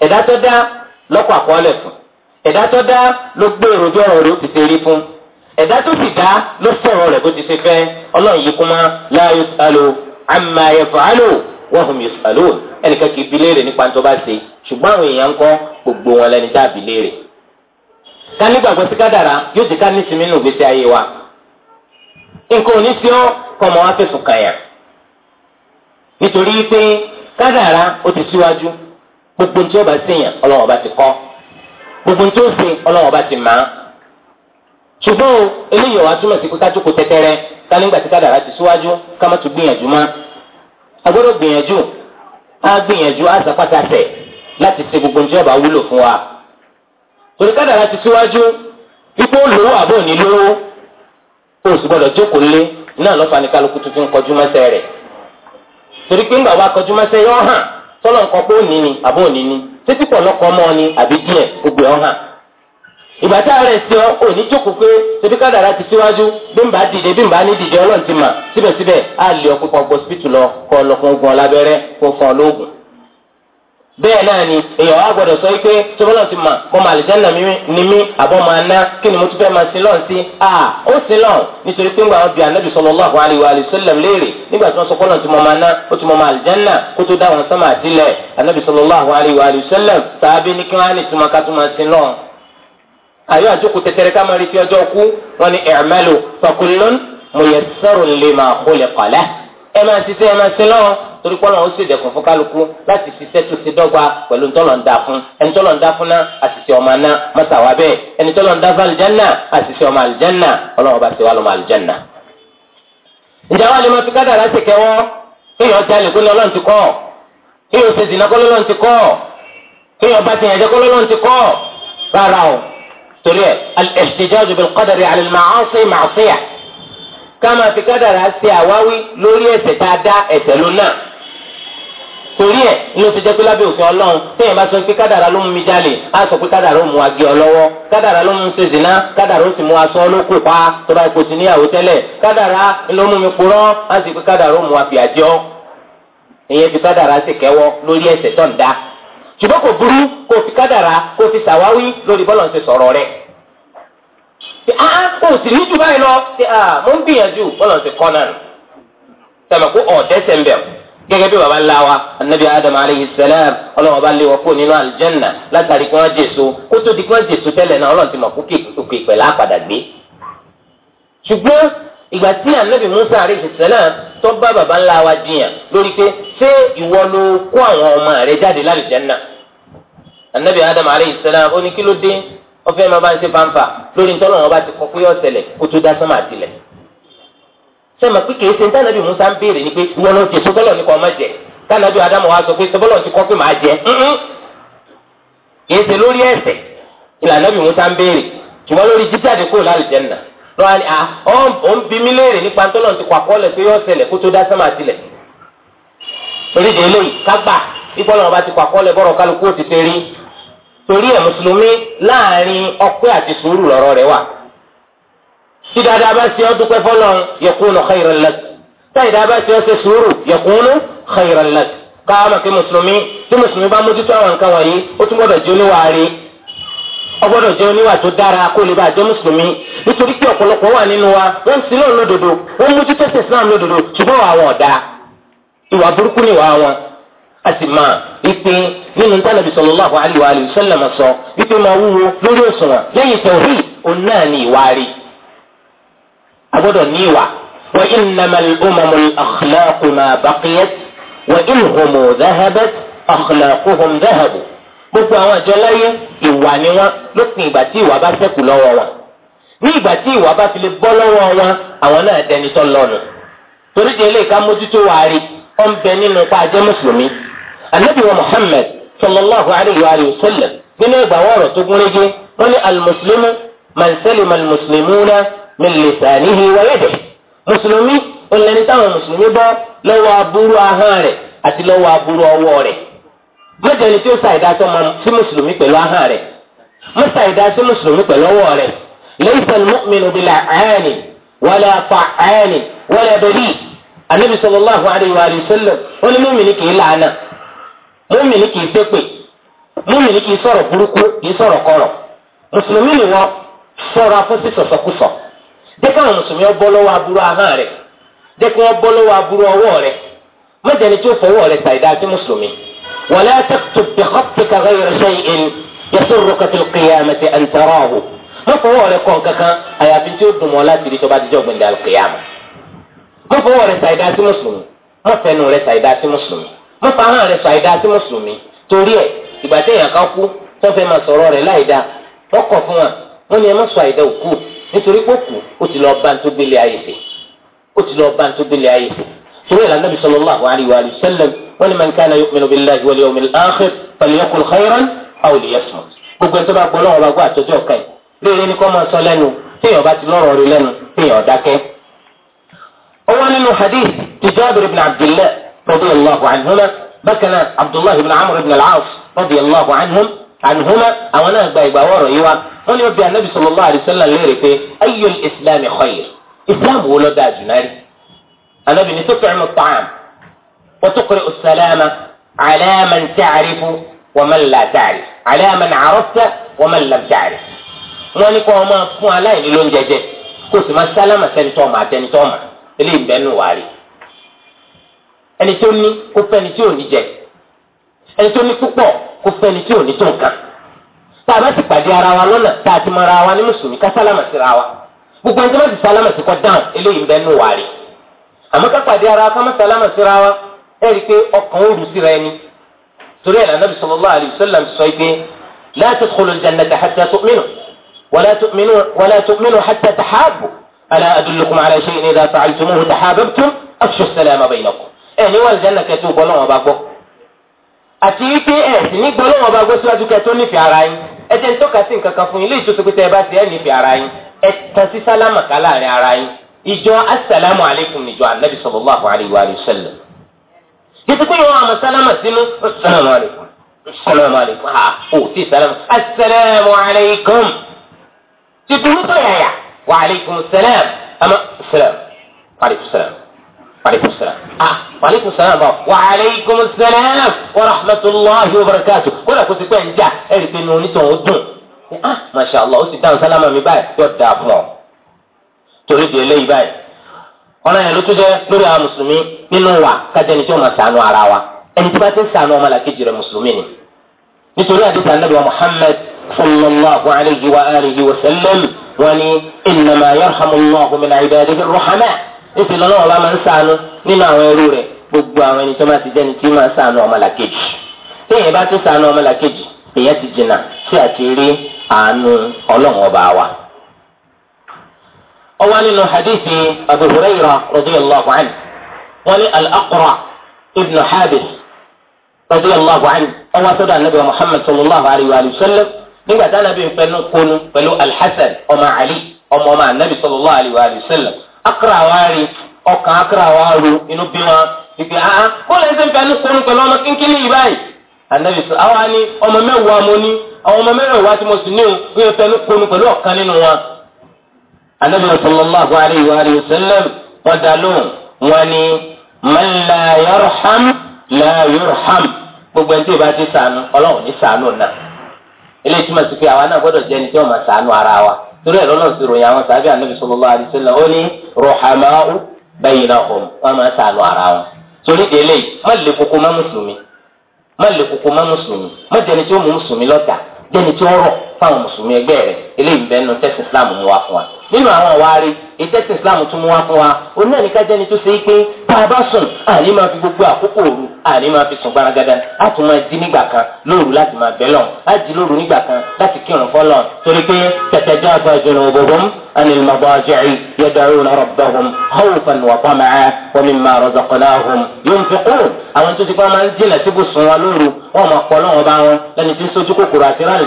ẹ̀dá tó dá àkọọ́lẹ̀ fún ẹ̀dá tó sì dá ló sọ̀rọ̀ rẹ̀ bó ti ṣe fẹ́ ọlọ́run yìí kuma la yusalu amma yaf'alu wa hum yusalun ẹnìkan kì í bi léèrè nípa tó bá ṣe ṣùgbọ́n àwọn èèyàn ń kọ́ gbogbo wọn lẹni tá a bi léèrè. ká nígbàgbọ́ sí kádàrá yóò ti ká nísìmí nù gbèsè ayé wa nǹkan ò ní sí ọ́ kọ́ ọmọ wa fẹ̀sùn kàyà nítorí pé kádàrá ó ti síwájú gbogbo tí ó bá ṣùgbọ́n o eléyìí wàá túmọ̀ sí pé ká jókòó tẹ́tẹ́rẹ́ ká nígbà tí kádàrá ti síwájú ká má tún gbìyànjú má a gbọ́dọ̀ gbìyànjú á gbìyànjú á sàpàtà sẹ̀ láti ṣe gbogbo ní ọba wúlò fún wa torí kádàrá ti síwájú ipò lówó àbọ̀ ní lówó o sì gbọ́dọ̀ jókòó lé náà lọ́fà ní kálukú tuntun kọjú wa kọjú mọ́sẹ̀ yọ ìbátá rẹ̀ sí ọ òní jókòó pé ṣebí kádàrá ti síwájú bí n bá dìde bí n bá ní dìde ọlọ́run ti mà síbẹ̀síbẹ̀ á lè ọkùnrin kan gbọ́ síbìtì lọ kọ́ ọlọ́kùn ogun ọlábẹ́rẹ́ kó fún ọ lóògùn. bẹ́ẹ̀ náà ni èèyàn á gbọ́dọ̀ sọ pé ṣọlọ́ ti mà mo mà àlìjáná ni mí àbọ̀ máa ná kí ni mo tún fẹ́ máa sin lọ́n sí a ó sin lọ́n nítorí pé ńgbà wọn bí anábì sallam léèrè nígbà tí wọ́n sọ pé lọ́n ti mọ máa ná ó ti mọ sallam tàbí ní kí wọ́n á ní àyọ àjókòó tẹtẹrẹ ká máa retí ọjọ́ kú wọn ni i'malu fakullun muyassarun lima khuliqa lahu ẹ máa ṣiṣẹ́ ẹ máa ṣe lọ́wọ́ torí pọ́nlọ́ ó sì dẹ̀kun fún kálukú láti ṣiṣẹ́ tó ti dọ́gba pẹ̀lú ntọ́lọ̀ǹda fún ẹni tọ́lọ̀ǹda fún náà àṣìṣe ọmọ aná mọ́tàwá bẹ́ẹ̀ ẹni tọ́lọ̀ǹda fún àlìjánà àṣìṣe ọmọ àlìjánà ọlọ́wọ́ bá ṣe wà lọ́mọ àlìjánà. ǹjẹ́ wàá lè torí ẹ al-ihtijaj bil-qadari ala al-ma'asi ma'siyah ká máa fi kádàrá ṣe àwáwí lórí ẹ̀ṣẹ̀ tá a dá ẹ̀ṣẹ̀ ló náà torí ẹ inú ti jẹ pé lábẹ́ òfin Ọlọ́run téèyàn bá sọ pé kádàrá ló mú mi jalè á sọ pé kádàrá ó mú agé ọ lọ́wọ́ kádàrá ló mú mi ṣe zìnà kádàrá ó sì mú aṣọ olókùn pa tó bá ipò sí níyàwó tẹ́lẹ̀ kádàrá ló mú mi purọ́ á sì pé kádàrá ó mú abìyàjọ ìyẹn fi kádàrá sì kẹwọ lórí ẹ̀ṣẹ̀ tó ń dá ṣùgbọ́n kò burú kò fi kádàrá kò fi sàwáwí lórí bọ́lọ̀ ń ṣe sọ̀rọ̀ rẹ̀ ṣe á ah, ah, kò sì ní jù báyìí lọ ṣe à ah, mo ń gbìyànjú bọ́lọ̀ ń ṣe kọ́ náà tẹ̀mọ̀ kó ọ̀dẹ́sẹ̀ ń bẹ̀ gẹ́gẹ́ bí baba ńlá wa anabi adam aleyhi salam ọlọ́wọ́n bá lé wọn kó nínú aljanna látàrí kí wọ́n jèso kó tó di kí wọ́n jèso tẹ́lẹ̀ náà ọlọ́run ti mọ̀ kó kéèké pẹ̀lú àpàdà gbé ṣùgbọ́n ìgbà tí anabi musa alayhi salam tó bá baba ńlá wa jiyàn lórí pé ṣé ìwọ ló kó àwọn ọmọ rẹ jáde lálùjánnà anabi adam alayhi salam ó ní kí ló dé ọfẹ máa bá ń ṣe fanfa lórí ntọ́nà wọn bá ti kọ́ pé yọ ṣẹlẹ̀ kó tó dá sọ́mà tilẹ̀ sẹ́mi pé kìí ṣe ní tànàbí musa ń béèrè ni pé ìwọ ló jẹ sọ́tọ́lọ̀ nípa ọmọ jẹ tànàbí adam wa sọ pé sọ́tọ́lọ̀ ti kọ́ pé màá jẹ kìí ṣe lórí ẹ̀ṣẹ̀ ìlànà bí musa ń béèrè ṣùgbọ́n lórí jíjáde kúrò lálùjánnà lọ́wọ́ ni ọ̀ ń bi mí léèrè nípa ntọ́lọ́ ti kọ́ àkọọ́lẹ̀ pé yọ ṣẹlẹ̀ kó tó dá sẹ́mà tilẹ̀ torí de eléyìí kágbà ipò ọlọ́run bá ti kọ́ àkọọ́lẹ̀ bọ́rọ̀ kálukú ó ti ṣe rí torí ẹ̀ mùsùlùmí láàrin ọpẹ́ àti sùúrù lọ́rọ̀ rẹ̀ wà tí dáadáa bá ṣe ọ́ dúpẹ́ fọlọ́run yakunu khayran lak táyì dáadáa bá ṣe ọ́ ṣe sùúrù yakunu khayran lak káwọn mọ̀ pé mùsùlùmí tí mùsùlùmí bá mójútó àwọn nǹkan wọ̀nyí ó tún gbọ́dọ̀ jóníwàá rí ọgbọ́dọ̀ jẹ́ oníwà tó dára kó lè bá àjọ mùsùlùmí nítorí pé ọ̀pọ̀lọpọ̀ wà nínú wa wọ́n ti lóun lódodo wọ́n mójú tẹ̀sẹ̀ islam lódodo ṣùgbọ́n wà wọn ọ̀dà ìwà burúkú ni wà wọn. a sì máa ipe nínú tánàbí sallallahu alaihi wa alihi wasallam sọ wípé máa wúwo lórí òṣùwọ̀n lẹ́yìn tẹ̀wé òun náà ni ìwà rí. agbọ́dọ̀ ní ìwà wa innamal umamul akhlaqu ma baqiyat wa in humu dhahabat akhlaquhum dhahabu gbogbo àwọn àjọ láyé ìwà ni wọn lópin ìgbà tí ìwà bá ṣẹ́kù lọ́wọ́ wọn ní ìgbà tí ìwà bá fi lè bọ́ lọ́wọ́ wọn àwọn náà dẹni tọ́ lọ́nu torí di eléyìí ká mójútó wàá rí wọn bẹ nínú ipa ajẹ́ mùsùlùmí anabi wa muhammed sallallahu alayhi wa sallam nínú ìgbà wọ̀rọ̀ tó gún régé wọn ni almuslimu man salima almuslimuna min lisanihi wa yadihi mùsùlùmí olùlẹ́ni táwọn mùsùlùmí bọ́ lọ́wọ́ aburú ahọ́n rẹ̀ àti lọ́wọ́ aburú ọwọ́ rẹ̀ mẹjọ ni tí ó ṣàìdá sí mùsùlùmí pẹ̀lú ahọ́n rẹ̀ má ṣàìdá sí mùsùlùmí pẹ̀lú ọwọ́ rẹ̀ laysa al-mu'minu bila'ani wala ta'ani wala bari anabi sallallahu alayhi wa sallam ó ní mùmìnì kì í làánà mùmìnì kì í ṣépè mùmìnì kì í sọ̀rọ̀ burúkú kì í sọ̀rọ̀ kọ̀rọ̀ mùsùlùmí ni wọ́n sọ̀rọ̀ afọ́sí sọ̀sọ̀kúsọ̀ dẹ́kun àwọn mùsùlùmí ó ولا تكتب بخطك غير شيء يسرك في القيامة أن تراه ما فهو لكون كاكا أي أبنتي ودم ولا تريد بعد جوب من القيامة ما فهو لسعيدات مسلم ما فهو لسعيدات مسلم ما فهو لسعيدات مسلم torí ẹ ìgbà téèyàn kan kú tó fẹ́ máa sọ̀rọ̀ rẹ̀ láì dáa wọ́n kọ̀ fún wa wọ́n ní ẹ má sọ àìdá òkú nítorí pé òkú ti lọ bá ń gbélé ayé sí ó ti lọ bá ń gbélé ayé sí torí ẹ̀ lànà bí sallallahu alaihi ولمن كان يؤمن بالله yu'minu الآخر، wal yawmil أو falyaqul khayran aw liyasmut. gbogbo ẹni tó bá gbọ́ lọ́wọ́ bá gbọ́ àtọ́jọ́ ọ̀ka yìí léèrè ni kọ́ máa sọ lẹ́nu téèyàn bá ti lọ́rọ̀ rí lẹ́nu téèyàn dákẹ́. ó wá nínú hadith ti Jabir ibn Abdillah radiyallahu anhuma bákan náà Abdullah ibn Amr ibn al-As radiyallahu anhum anhuma àwọn náà gba ìgbà wọ̀rọ̀ yìí wá wọ́n ní ó bi sallallahu alayhi wa sallam léèrè pé ayyul islam khayr islam wo ló dáa jù náà rí. Ànábì ní tó fẹ́ràn mọ́ وتقرئ السلام على من تعرف ومن لا تعرف على من عرفت ومن لم تعرف wọ́n ní kó o máa fún aláìní ló ń jẹjẹ kó o sì máa sálámà sẹ́ni tó ọmọ àtẹni tó ọmọ eléyìí bẹ́ẹ̀ nù wá rí ẹni tó ní kó fẹ́ni tí ò ní jẹ ẹni tó ní púpọ̀ kó fẹ́ni tí ò ní tó nǹkan tá a bá ti pàdé ara wa lọ́nà tá a ti mọ ara wa ní mùsùlùmí ká sálámà síra wa gbogbo ẹni tó bá ti sálámà sí kọ́ dáhùn eléyìí bẹ́ẹ̀ nù wá rí àmọ́ ká pàdé ara wa ká má sálámà síra wa ẹ rí i pé ọkàn ó rù síra ẹni torí ẹ̀ nànàbì sallallahu alayhi wa sallam sọ pé la tadkhulul jannata hatta tu'minu wala tu'minu wala tu'minu hatta tahabbu ala adullukum ala shay'in idha fa'altumuhu tahabbtum afshu as-salama baynakum ẹ̀ ní wal janna kẹtù bọ́ lọ́wọ́ bá gbọ́ àti wípé ẹ̀ sì ní gbọ́ lọ́wọ́ bá gbọ́ síwájú kẹtù nífẹ̀ẹ́ ara yín ẹ jẹ́ ń sí nǹkan kan fún yín léyìí tó pé tẹ́ bá ti ẹ̀ nífẹ̀ẹ́ ara yín ẹ tàn sí sálámà ká láàrin ara yín ìjọ assalamu alaykum níjọ anabi sallallahu alayhi wa gẹ́gẹ́ pé wọ́n àmọ́ sálámà sínú sálámà àlẹ́kùn sálámà àlẹ́kùn ha ó ti sálámà asálámù àlẹ́kùn ti dùnú tó yàyà wà àlẹ́kùn sálámù àmọ́ sálámù àlẹ́kùn sálámù. وعليكم السلام اه وعليكم السلام بقى. وعليكم السلام ورحمة الله وبركاته كنا كنت كوي انجا اريد انه نتون ودون اه ما شاء الله وسي دان سلاما مي باي يبدا فون تريد الي باي ọ̀nà yẹn ló tún jẹ́ lórí àwọn mùsùlùmí nínú wa kájẹni tí ó máa ṣàánú ara wa ẹni tí bá ti ṣàánú ọmọlàkejì rẹ̀ mùsùlùmí ni nítorí àdìsá nàbì wa Muhammad sallallahu alayhi wa alihi wa sallam wọn ni innama yarhamullahu min ibadihi ruhama ìfìlẹ náà wọn bá máa ń ṣàánú nínú àwọn ẹrú rẹ̀ gbogbo àwọn ẹni tó máa ti jẹni tí máa ṣàánú ọmọlàkejì téèyàn bá ti ṣàánú ọmọlàkejì èèyàn ti jìnnà tí àti rí àánú ọlọ́run ọba wa ọwọ́ nínú hadithi abu hurayra radiyallahu anhu wọ́n ní al-aqra ibnu habis radiyallahu anhu ọwọ́ sọ́dọ̀ anabi muhammad sallallahu alayhi wa sallam nígbà tí anabi pẹ̀lú kunu pẹ̀lú alḥasan ọmọ ali ọmọ ọmọ anabi sallallahu alayhi wa sallam akra waari ọkàn akra waaru inú bí wọn ìgbà hàn kó lè ṣe pẹ̀lú kunu pẹ̀lú ọmọ kínkínní yìí báyìí anabi sọ àwa ni ọmọ mẹ́wàá mo ní ọmọ mẹ́wàá tí mo sì ní o bí o pẹ̀lú kunu pẹ̀lú ọ̀kan nínú wọn anabi sallallahu alayhi wa sallam wọ́n dá lóhùn wọ́n ní man la yarham la yurham gbogbo ẹni tí o bá ti ṣàánú ọlọ́run ní ṣàánú náà eléyìí túmọ̀ sí pé àwa náà gbọ́dọ̀ jẹ́ ẹni tí wọ́n máa ṣàánú ara wa torí ẹ̀rọ náà sì ròyìn àwọn sàbí anabi sallallahu alayhi wa sallam ó ní ruhamau bainahum wọ́n máa ṣàánú ara wọn torí délé má lè koko má mùsùlùmí má lè koko má mùsùlùmí má jẹni tí ó mú mùsùlùmí lọ́tà jẹni tí ó rọ̀ fáwọn mùsùlùmí ẹgbẹ́ rẹ̀ eléyìí bẹ́ẹ̀ nu tẹ́sí islam mú wa fún wa nínú àwọn àwárí ìtẹ́sí islam tún mú wá fún wa òun náà ní ká jẹ́ni tó ṣe é pé tá a bá sùn àní máa fi gbogbo àkókò òru àní máa fi sùn gbaragada á tún máa di nígbà kan lóru láti máa bẹ́ lọ́n á di lóru nígbà kan láti kírun fọ́lọ́n torí pé tatajafa junubuhum anil madaji'i yad'una rabbahum khawfan wa tama'an wa mimma razaqnahum yunfiqun àwọn tó ti pa máa ń jìnà síbù sùn wa lóru wọn máa pọ̀ lọ́wọ́ bá wọn lẹ́ni tí ń sojú kòkòrò àti rálì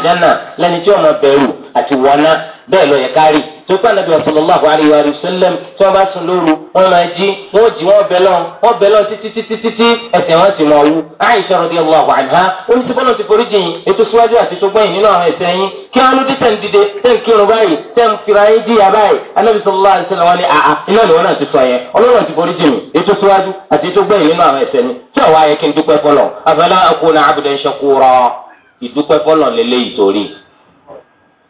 lẹ́ni tí wọn máa bẹ̀rù àti wọná bẹ́ẹ̀ lọ yẹ kárì tókpà nàbẹ sallallahu alayhi wa sallam tí wọn bá sùn lóru wọn máa jí wọn jí wọn bẹ lọhùn wọn bẹ lọhùn títí títí títí ẹsẹ̀ wọn sì máa wú Aisha radiyallahu anha oníṣẹbọlọ ti forí jìn ètò síwájú àti tó gbẹ̀yìn nínú àwọn ẹ̀ṣẹ̀ yín kí wọn lóde tẹn dìde tẹn kírun báyìí tẹn fira yín jíyà báyìí anabi sallallahu alayhi wa sallam wọn ni àhà iná ni wọn náà ti sọ yẹn Ọlọ́run ti forí jìn ètò síwájú àti tó gbẹ̀yìn nínú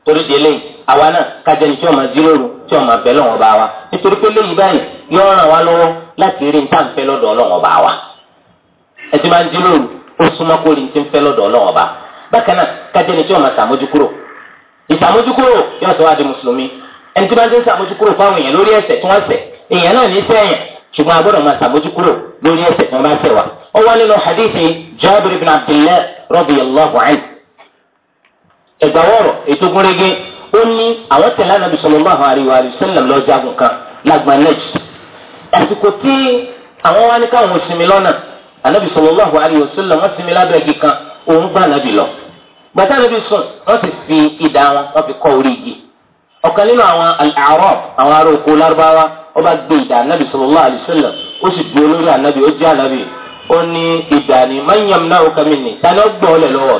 torí di eléyìí àwa náà kájọ ní tí wọn máa jíròrò tí wọn máa bẹ lọ́wọ́ bá wa nítorí pé léyìí báyìí yóò ràn wá lọ́wọ́ láti rí nta nfẹ́ lọ́dọ̀ ọlọ́wọ́ bá wa ẹ ti máa jíròrò ó súnmọ́ kó rí nti nfẹ́ lọ́dọ̀ ọlọ́wọ́ bá bákan náà kájọ ní tí wọn máa sàmójúkúrò ìsàmójúkúrò yóò sọ wá di mùsùlùmí ẹni tí wọn ti ń sàmójúkúrò fáwọn èèyàn lórí ẹ̀ṣẹ̀ tí wọn ṣẹ̀ èèyàn náà ní sẹ́yìn ṣùgbọ́n a gbọ́dọ̀ máa sàmójúkúrò lórí ẹ̀ṣẹ̀ tí wọn bá ṣẹ̀ wá ó wá nínú hadithi Jabir ibn Abdullah radiyallahu anhu ẹgbà wọrọ ètò gúnrégé ó ní àwọn tẹ̀lé anabi sallallahu alaihi wa sallam lọ jagun kan lagbanẹj àsìkò tí àwọn wá ní káwọn òsinmi lọ́nà anabi sallallahu alaihi wa sallam wọn sinmi lábẹ́ igi kan òun gbà anabi lọ gbàtà anabi sùn wọn sì fi ìdá wọn wọn fi kọ́ orí igi ọ̀kan nínú àwọn al-A'rab àwọn ará oko lárúbáwá wọn bá gbé ìdá anabi sallallahu alaihi wa sallam ó sì gbé olórí anabi ó jẹ́ anabi ó ní ìdá ni man yamna'uka minni tani ó gbọ́ ọ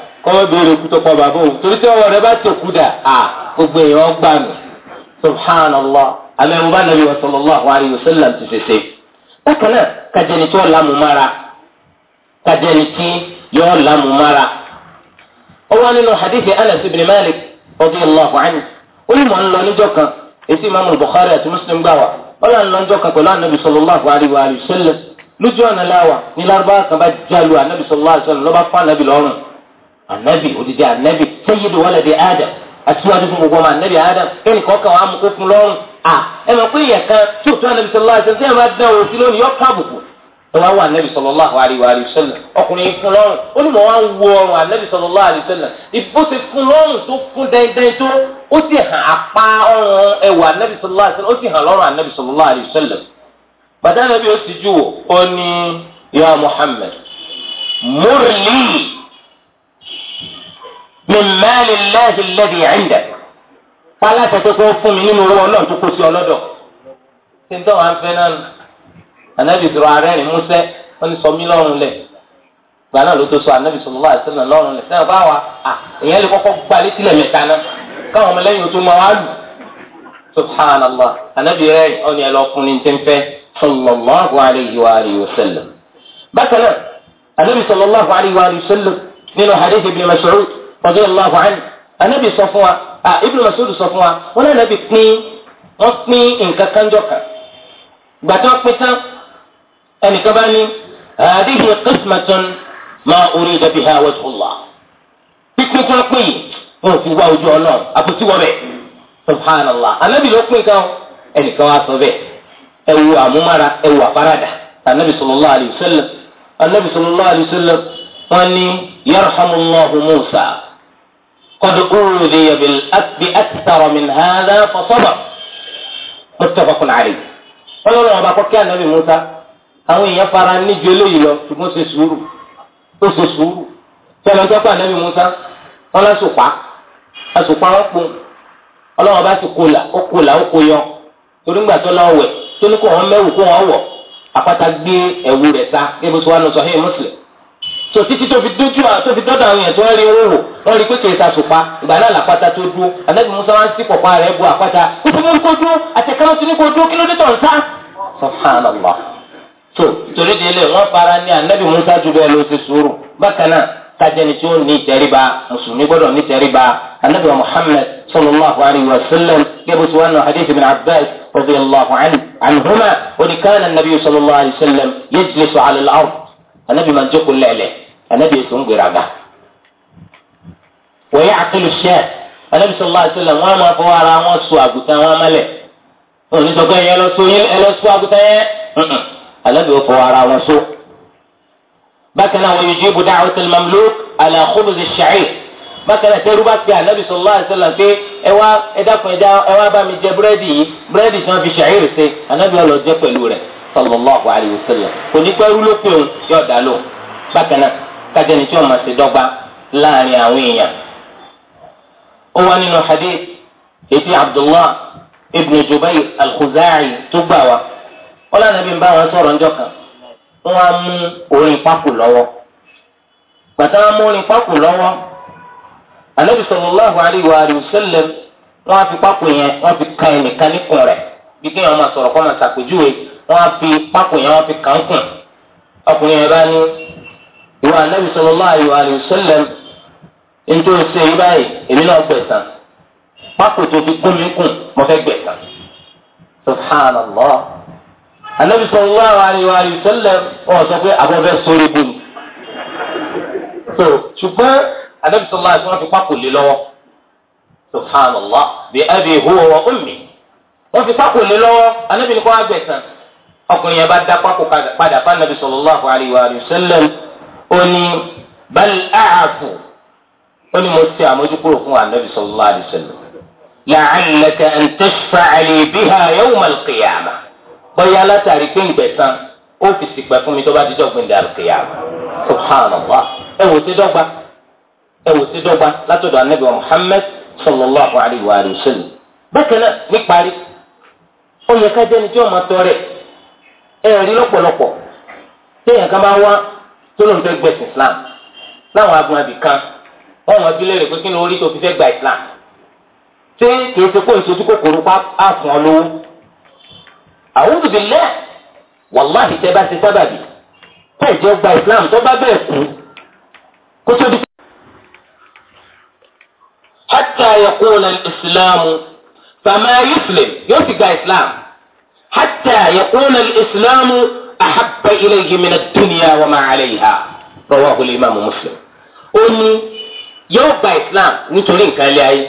kọ́ ọ́ béèrè kú tó kọ́ bàbá òun torí tí ọ̀rọ̀ rẹ bá tó kú dà á gbogbo èèyàn gbà mí subhanallah alẹ́ mo bá nàbí wa sallallahu alayhi wa sallam ti ṣèṣe. bákan náà kajẹni tí ó lámú mára kajẹni tí yóò lámú mára. ó wá nínú hadithi anas ibn malik radiyallahu anhu ó ní mọ̀ ń lọ níjọ́ kan èsì imaamu bukhari àti muslim gbà wá ó lọ lọ níjọ́ kan pẹ̀lú anabi sallallahu alayhi wa sallam lójú ọ̀nà láwa ní lárúbáwá kan bá jálu anabi sallallahu alayhi wa sallam lọ́ba anabi odidi anabi sayyidu waladi adam aṣíwájú fún gbogbo ọmọ anabi adam kẹ́ni kọ́kàn wàá mú kó fún lọ́rùn à ẹ máa pé yẹn kan tí òtún anabi sallallahu alaihi wasallam máa dán òun sí lónìí yọ káàbùkù ẹ wá wọ anabi sallallahu alaihi wa sallam ọkùnrin yìí fún lọ́rùn ó ní mọ̀ wá ń wo ọrùn anabi sallallahu alaihi wa sallam ìbò ti fún lọ́rùn tó fún dẹ́ndẹ́n tó ó sì hàn apá ọrùn ẹwà anabi sallallahu alaihi wa ó sì hàn lọ́rùn anabi sallallahu alaihi wa bàtà anabi ó ti jù wò ó ní ya Muhammad murli min maali lahi lẹ́bi ẹ̀ǹdà kpala tètè kó fún mi nínú owó ọlọ́run tó kó sí ọlọ́dọ̀ tí ń tọ́wọ́ afẹ́ náà anabi sọ̀rọ̀ ààrẹ ni musẹ́ wọ́n ti sọ mí lọ́rùn lẹ̀ gba náà ló tó sọ anabi sọ̀rọ̀ wá àtẹnà lọ́rùn lẹ̀ sẹ́yìn báwa à èyàn lè kọ́kọ́ gba létí lẹ̀ mẹ́ta náà káwọn ọmọlẹ́yìn tó máa wá lù subhanallah anabi rẹ̀ ọ̀nì ẹ̀ lọ́kùnrin tí ń fẹ́ sallallahu alayhi wa alihi wa sallam bákan náà anabi sallallahu alayhi wa alihi wa sallam nínú hadith ibn Mas'ud radiyallahu anhu anabi sọ fún wa a ibnu Mas'ud sọ fún wa wọn náà nàbì pín wọn pín nǹkan kanjọ kan gbàtọ́ pín tán ẹnìkan bá ní hadihi qismatun ma urida biha wajhullah pípín tí wọn pín yìí wọn ò fi wá ojú Ọlọ́run àbùtí wọbẹ subhanallah anabi ló pín kan ẹnìkan wá sọ bẹ́ẹ̀ ẹ wo àmúmára ẹ wo àfaradà anabi sallallahu alayhi wa sallam wọn ní yarhamullahu Musa. قد أوذي dị من هذا فصبر متفق عليه ọlọ́run ọba kọ́kẹ́ ànábì musa àwọn èèyàn fara níjú eléyìí lọ ṣùgbọ́n ṣe sùúrù ó ṣe sùúrù tẹ́lẹ̀ ọjọ́ pé ànábì musa wọn lásùpá àsùpá wọn pọ̀ ọlọ́run so títí tó fi dójú à tó fi dọ́dọ̀ àwọn èèyàn tó ń rí wòwò wọ́n rí pé kì í sa sùpá ìgbà náà làpáta tó dúró ànábì musa wá ń sí pọ̀pá rẹ̀ bu àpáta ó ti mú kó dúró àtẹ̀kẹ́rọ́ ti ní kó dúró kí ló dé tọ̀ ń sá. subhanallah so torí délé wọn fara ní ànábì musa ju bẹ́ẹ̀ ló ti sùúrù bákan náà kájẹni tí ó ní ìtẹríba mùsùlùmí gbọ́dọ̀ ní ìtẹríba ànábì muhammad sallallahu alayhi wa sallam gẹ́gẹ́ tí wọ́n hadith ibn abbas radiyallahu anhu anhuma wa ni sallallahu alayhi wa sallam yajlisu ala al anabi máa jókòó lẹ́lẹ̀ anabi èso ń gbéraga. wọ́n yẹ àtúlù ṣẹ́ anabi sọ̀rọ̀ láti sọ̀rọ̀ wọn máa fọwọ́ ara wọn so àgùntàn wọn mọ́lẹ̀ wọn ní sọ̀kọ́ yẹn lọ so yẹn ẹ lọ so àgùntàn yẹn anabi ò fọwọ́ ara wọn so. bákan náà wọ́n yóò jíbu da'watul mamluk ala khubuz ash-sha'ir bákan náà tẹ́rú bá pe anabi sọ̀rọ̀ láti sọ̀rọ̀ pé ẹ wá ẹ dákun ẹ bá mi jẹ búrẹ́dì yìí búrẹ́dì tí wọ́n fi ṣàìrì ṣe anabi ọlọ́jẹ́ pẹ̀lú rẹ̀ sallallahu alayhi wa sallam kò ní pẹ́rú ló pè ń yọ̀ dá lò bákan náà kájẹni tí wọ́n máa ṣe dọ́gba láàrin àwọn èèyàn. ó wá nínú hadith etí abdullah ibn jubayr al-khuzai tó gbà wá wọn lánàá bí n bá wọn sọ̀rọ̀ ńjọ́ kan wọn á mú orin pákó lọ́wọ́ gbàtà wọn mú orin pákó lọ́wọ́ anabi sallallahu alayhi wa sallam wọn á fi pákó yẹn wọn fi ka ẹnìkan nípò rẹ̀ bí kéèyàn máa sọ̀rọ̀ kó máa ṣàpèjúwe wọ́n á fi pákó yẹn wọ́n fi kàńkùn ọkùnrin yẹn bá ní ìwà anábì sallallahu alaihi wasallam njó ṣe yí báyìí èmi náà gbẹ̀san pákó tó fi gún mi kùn mo fẹ́ gbẹ̀san subhanallah anábì sallallahu alaihi wasallam wọ́n sọ pé àbọ̀fẹ́ sórí bù mí so ṣùgbọ́n anábì sallallahu alaihi wasallam fi pákó lé lọ́wọ́ subhanallah bí abi huwa wa ummi wọ́n fi pákó lé lọ́wọ́ anábì ní kó wá gbẹ̀san ọkùnrin yẹn bá dá pákó padà fánàbí sallallahu alayhi wa sallam ó ní bal a'fu ó ní mo ti àmójúkúrò fún ànábì sallallahu alayhi wa sallam la'allaka an tashfa'a biha yawm al-qiyamah bóyá látàrí pé ń gbẹ̀sán ó fi sìgbà fún mi tó bá ti dọ́gbìn dà al-qiyamah subhanallah ẹ wò sí dọ́gba ẹ wò sí dọ́gba látọ̀dọ̀ ànábì wa Muhammad sallallahu alayhi wa sallam níparí ó yẹ ká jẹ́ni tí ó máa tọrẹ ẹ̀rí lọ́pọ̀lọpọ̀ téèyàn kan bá wá tó lóun fẹ́ gbẹ̀sìn islam láwọn agun kan wọ́n wọ́n ti léèrè pé kí ni orí tó fi fẹ́ gba islam ṣé kìí ṣe kó ìṣojú kòkòrò pa àfọ̀n lówó a'udhu billah wàláhì tẹ́ bá ti sábàbí kó ìjọ gba islam tó bá bẹ̀rẹ̀ kú kó tó di. islam fama yóò ti gba islam. حتى يكون الإسلام أحب إليه من الدنيا وما عليها رواه الإمام مسلم أني yóò gba islam nítorí nǹkan ilé ayé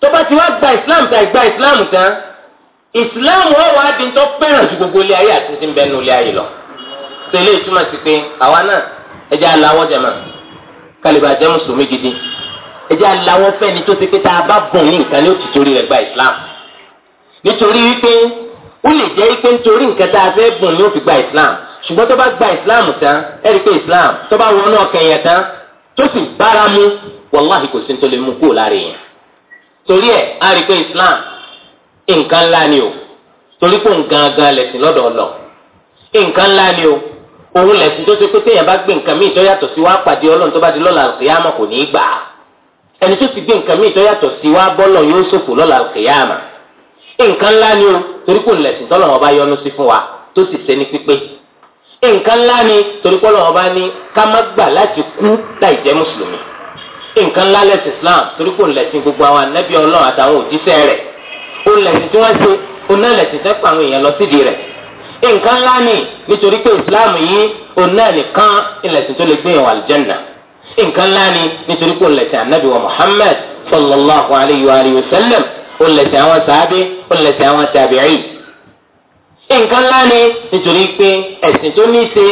tó bá ti wá gba islam tá ìgbà islam tán islam wọn wàá di tó fẹ́ràn ju gbogbo ilé ayé àti ti ń bẹnu ilé ayé lọ tẹ́lẹ̀ ìtumọ̀ sí pé àwa náà ẹjẹ́ aláwọ̀ jẹ̀mọ́ kálíbà jẹ́ mùsùlùmí gidi ẹjẹ́ aláwọ̀ fẹ́ni tó ti pé tá a bá bùn ní nǹkan ní òtítọ́ rẹ̀ gba islam nítorí wípé ó lè jẹ́ pé nítorí nǹkan tá a fẹ́ bùn ni ó gba islam ṣùgbọ́n tó bá gba islam tán ẹ rí i pé islam tó bá wọnú ọkàn yẹn tán tó sì bára mu wàláhì kò sí ní tó lè mú kúrò lára yẹn torí ẹ̀ á rí i pé islam nǹkan ńlá ni o torí pé nǹkan gan lẹ̀sìn lọ́dọ̀ ọlọ nǹkan ńlá ni o òun lẹ̀sìn tó ṣe pé téèyàn bá gbé nǹkan míì tó yàtọ̀ sí wá pàdé ọlọ́run tó bá di lọ́la àlùkìyàmọ̀ kò ní í gbà á ẹni tó ti gbé nǹkan míì tó yàtọ̀ sí wá bọ́lọ̀ yóò ṣòfò lọ́la àlùkìyàmọ̀ nǹkan ńlá ni o torí kò lẹ̀sìn tọ́lọ́run ọba yọ́nú sí fún wa tó sì ṣe ní pípé nǹkan ńlá ni torí pọ́lọ́run ọba ní ká má gbà láti kú láì jẹ́ mùsùlùmí nǹkan ńlá lẹ̀sìn Islam torí kò lẹ̀sìn gbogbo àwọn anábì Ọlọ́run àtàwọn òjíṣẹ́ rẹ̀ ó lẹ̀sìn tí wọ́n ṣe ó náà lẹ̀sìn sẹ́pọ̀ àwọn èèyàn lọ sídìí rẹ̀ nǹkan ńlá ni nítorí pé Islam yìí ó náà nìkan ìlẹ̀sìn tó lè gbé yàn wà àlùjánnà nǹkan ńlá ni nítorí pé ó lẹ̀sìn anábì wa Muhammad sallallahu alayhi wa sallam ó lẹ̀sìn àwọn sàábé ó lẹ̀sìn àwọn tàbí'ì. nǹkan ńlá ni nítorí pé ẹ̀sìn tó ní í ṣe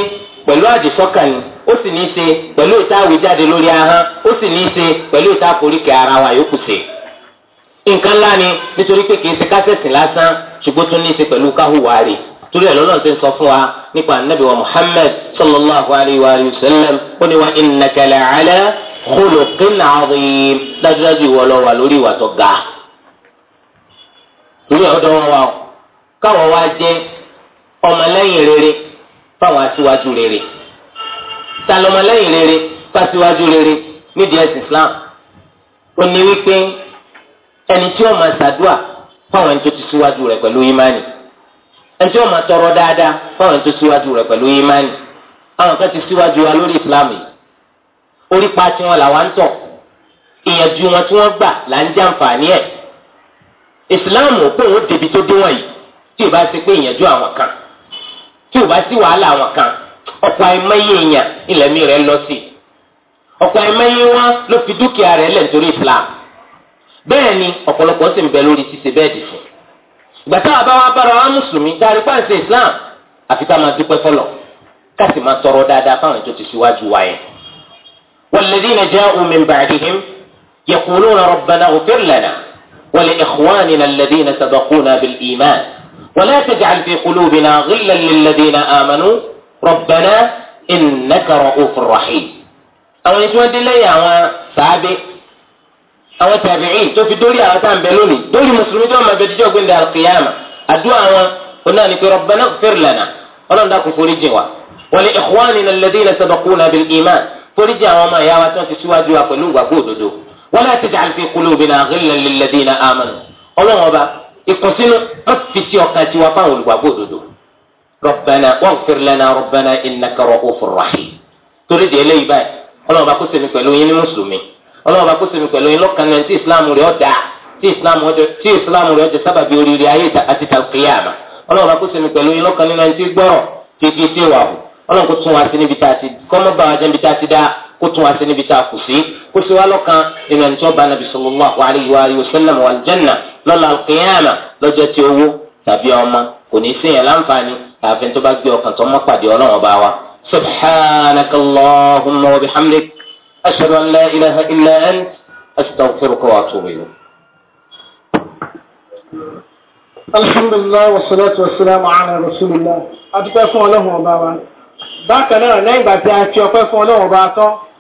pẹ̀lú àdìsọ́kàn ni ó sì ní í ṣe pẹ̀lú ìta àwíjáde lórí ahọ́n ó sì ní í ṣe pẹ̀lú ìta àforíkẹ́ ara wa yòókù ṣe. nǹkan ńlá ni nítorí pé kìí ṣe kásẹ̀tì lásán ṣùgbọ́n tó ní í ṣe pẹ̀lú káhùwà rẹ̀ torí ẹ̀ lọ́lọ́run ti ń sọ fún wa nípa anabi wa Muhammad sallallahu alayhi wa sallam ó ní wa innaka la'ala khuluqin azim dájúdájú ìwọ lọ wà lórí ìwà tó ga torí ọ̀dọ́ wọn wà ó káwọn wá jẹ́ ọmọlẹ́yìn rere fáwọn aṣíwájú rere ta lọmọlẹ́yìn rere fáṣíwájú rere nídìí ẹ̀sìn Islam ó ní wípé ẹni tí ó máa ṣàdúà fáwọn ẹni tó ti ṣíwájú rẹ̀ pẹ̀lú ìmánì ẹni tí ó máa tọrọ dáadáa fáwọn ẹni tó ṣíwájú rẹ̀ pẹ̀lú ìmánì àwọn kan ti ṣíwájú wa lórí Islam yìí orí pa tiwọn làwọn ń tọ̀ ìyànjú wọn tí wọ́n gbà là ń jàǹfààní ẹ̀ islam pé òun débi tó dé wọ̀nyí tí o bá ti pé ìyànjú àwọn kan tí o bá sí wàhálà àwọn kan ọ̀pọ̀ àìmọye èèyàn ilẹ̀ mi rẹ̀ lọ sí ọ̀pọ̀ àìmọye wọn ló fi dúkìá rẹ̀ lẹ̀ nítorí islam bẹ́ẹ̀ ni ọ̀pọ̀lọpọ̀ sì ń bẹ lórí ṣíṣe bẹ́ẹ̀ dì fún ìgbà táwa bá wá bára wa mùsùlùmí dárí pàṣẹ islam àfi ká máa dúpẹ́ fọlọ̀ ká sì máa tọrọ dáadáa fáwọn tó ti ṣíwájú wa yẹn. والذين جاءوا من بعدهم يقولون ربنا اغفر لنا ولإخواننا الذين سبقونا بالإيمان ولا تجعل في قلوبنا غلا للذين آمنوا ربنا إنك رؤوف رحيم أو يسود الله أو سابق أو تابعين تو في دولي أو تنبلوني دولي مسلمين دول ما بيجوا القيامة أدوا أو قلنا لك ربنا اغفر لنا ولن لا كفر جوا ولإخواننا الذين سبقونا بالإيمان فرجع وما يا وتنسي جوا فنوا وقودوا wala taj'al fi qulubina ghillan lilladhina amanu ọlọ́run ọba ìkùnsínú má fi sí ọkàn tiwa fáwọn olùgbàgbọ́ òdodo rabbana waghfir lana rabbana innaka ra'ufur rahim torí di eléyìí báyìí ọlọ́run ọba kó ṣe mí pẹ̀lú yín ní mùsùlùmí ọlọ́run ọba kó ṣe mí pẹ̀lú yín lọ́kàn náà tí ìsìláàmù rẹ̀ ọ̀dà tí ìsìláàmù rẹ̀ ọ̀dà sábàbí oríire ayé àti tàkìyàmà ọlọ́run ọba kó ṣe mí pẹ̀lú yín kó tún wá sí níbi tá a kù sí kó sì wá lọ́kàn nínú ẹni tó bá nàbì sallallahu alayhi wa sallam wal janna lọ́la al-qiyama lọ́jọ́ tí owó tàbí ọmọ kò ní sí yẹn láǹfààní àfin tó bá gbé ọkàn tó mọ́ pàdé ọlọ́run ọba wa. subhanaka allahumma wa bihamdik ashhadu an la ilaha illa ant astaghfiruka wa atubu ilayk. alhamdulilah wa salatu wa salamu ala rasulillah adúpẹ́ fún ọlọ́run ọba wa bákan náà lẹ́yìn ìgbà tí a fi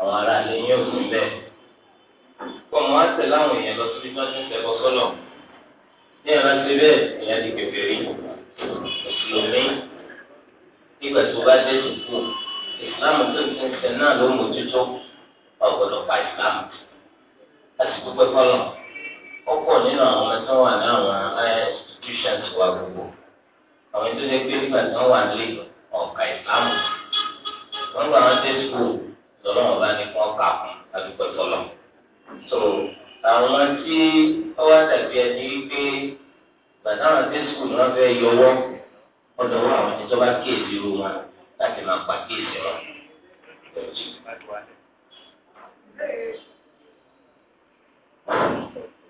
àwọn ará ilé yẹn ò sí bẹ́ẹ̀ kó mọ àtẹ láwọn èèyàn lọ síbi tí ti ń tẹ̀bọ sọ́lọ̀ ní ẹ̀rọ ti bẹ́ẹ̀ èèyàn di kẹfẹ́ rí mùsùlùmí nígbà tó bá dé tó ti ń náà ló mójútó pa láti ó pọ̀ nínú àwọn ọmọ tó wà gbogbo àwọn nígbà tó wà nílé ọ̀ka wọ́n gbà wọ́n dé tọ́lọ́wọ́n bá ní kàn kà fún adúgbò tọ́lọ́. so àwọn tí ọwọ́ tàbí ẹni wípé bàtà wọn dé sùkúl wọn fẹ́ yọwọ́ ọ̀dọ̀ wọn àwọn títọ́ bá kéèsì irú wọn láti máa pa kéèsì wọn.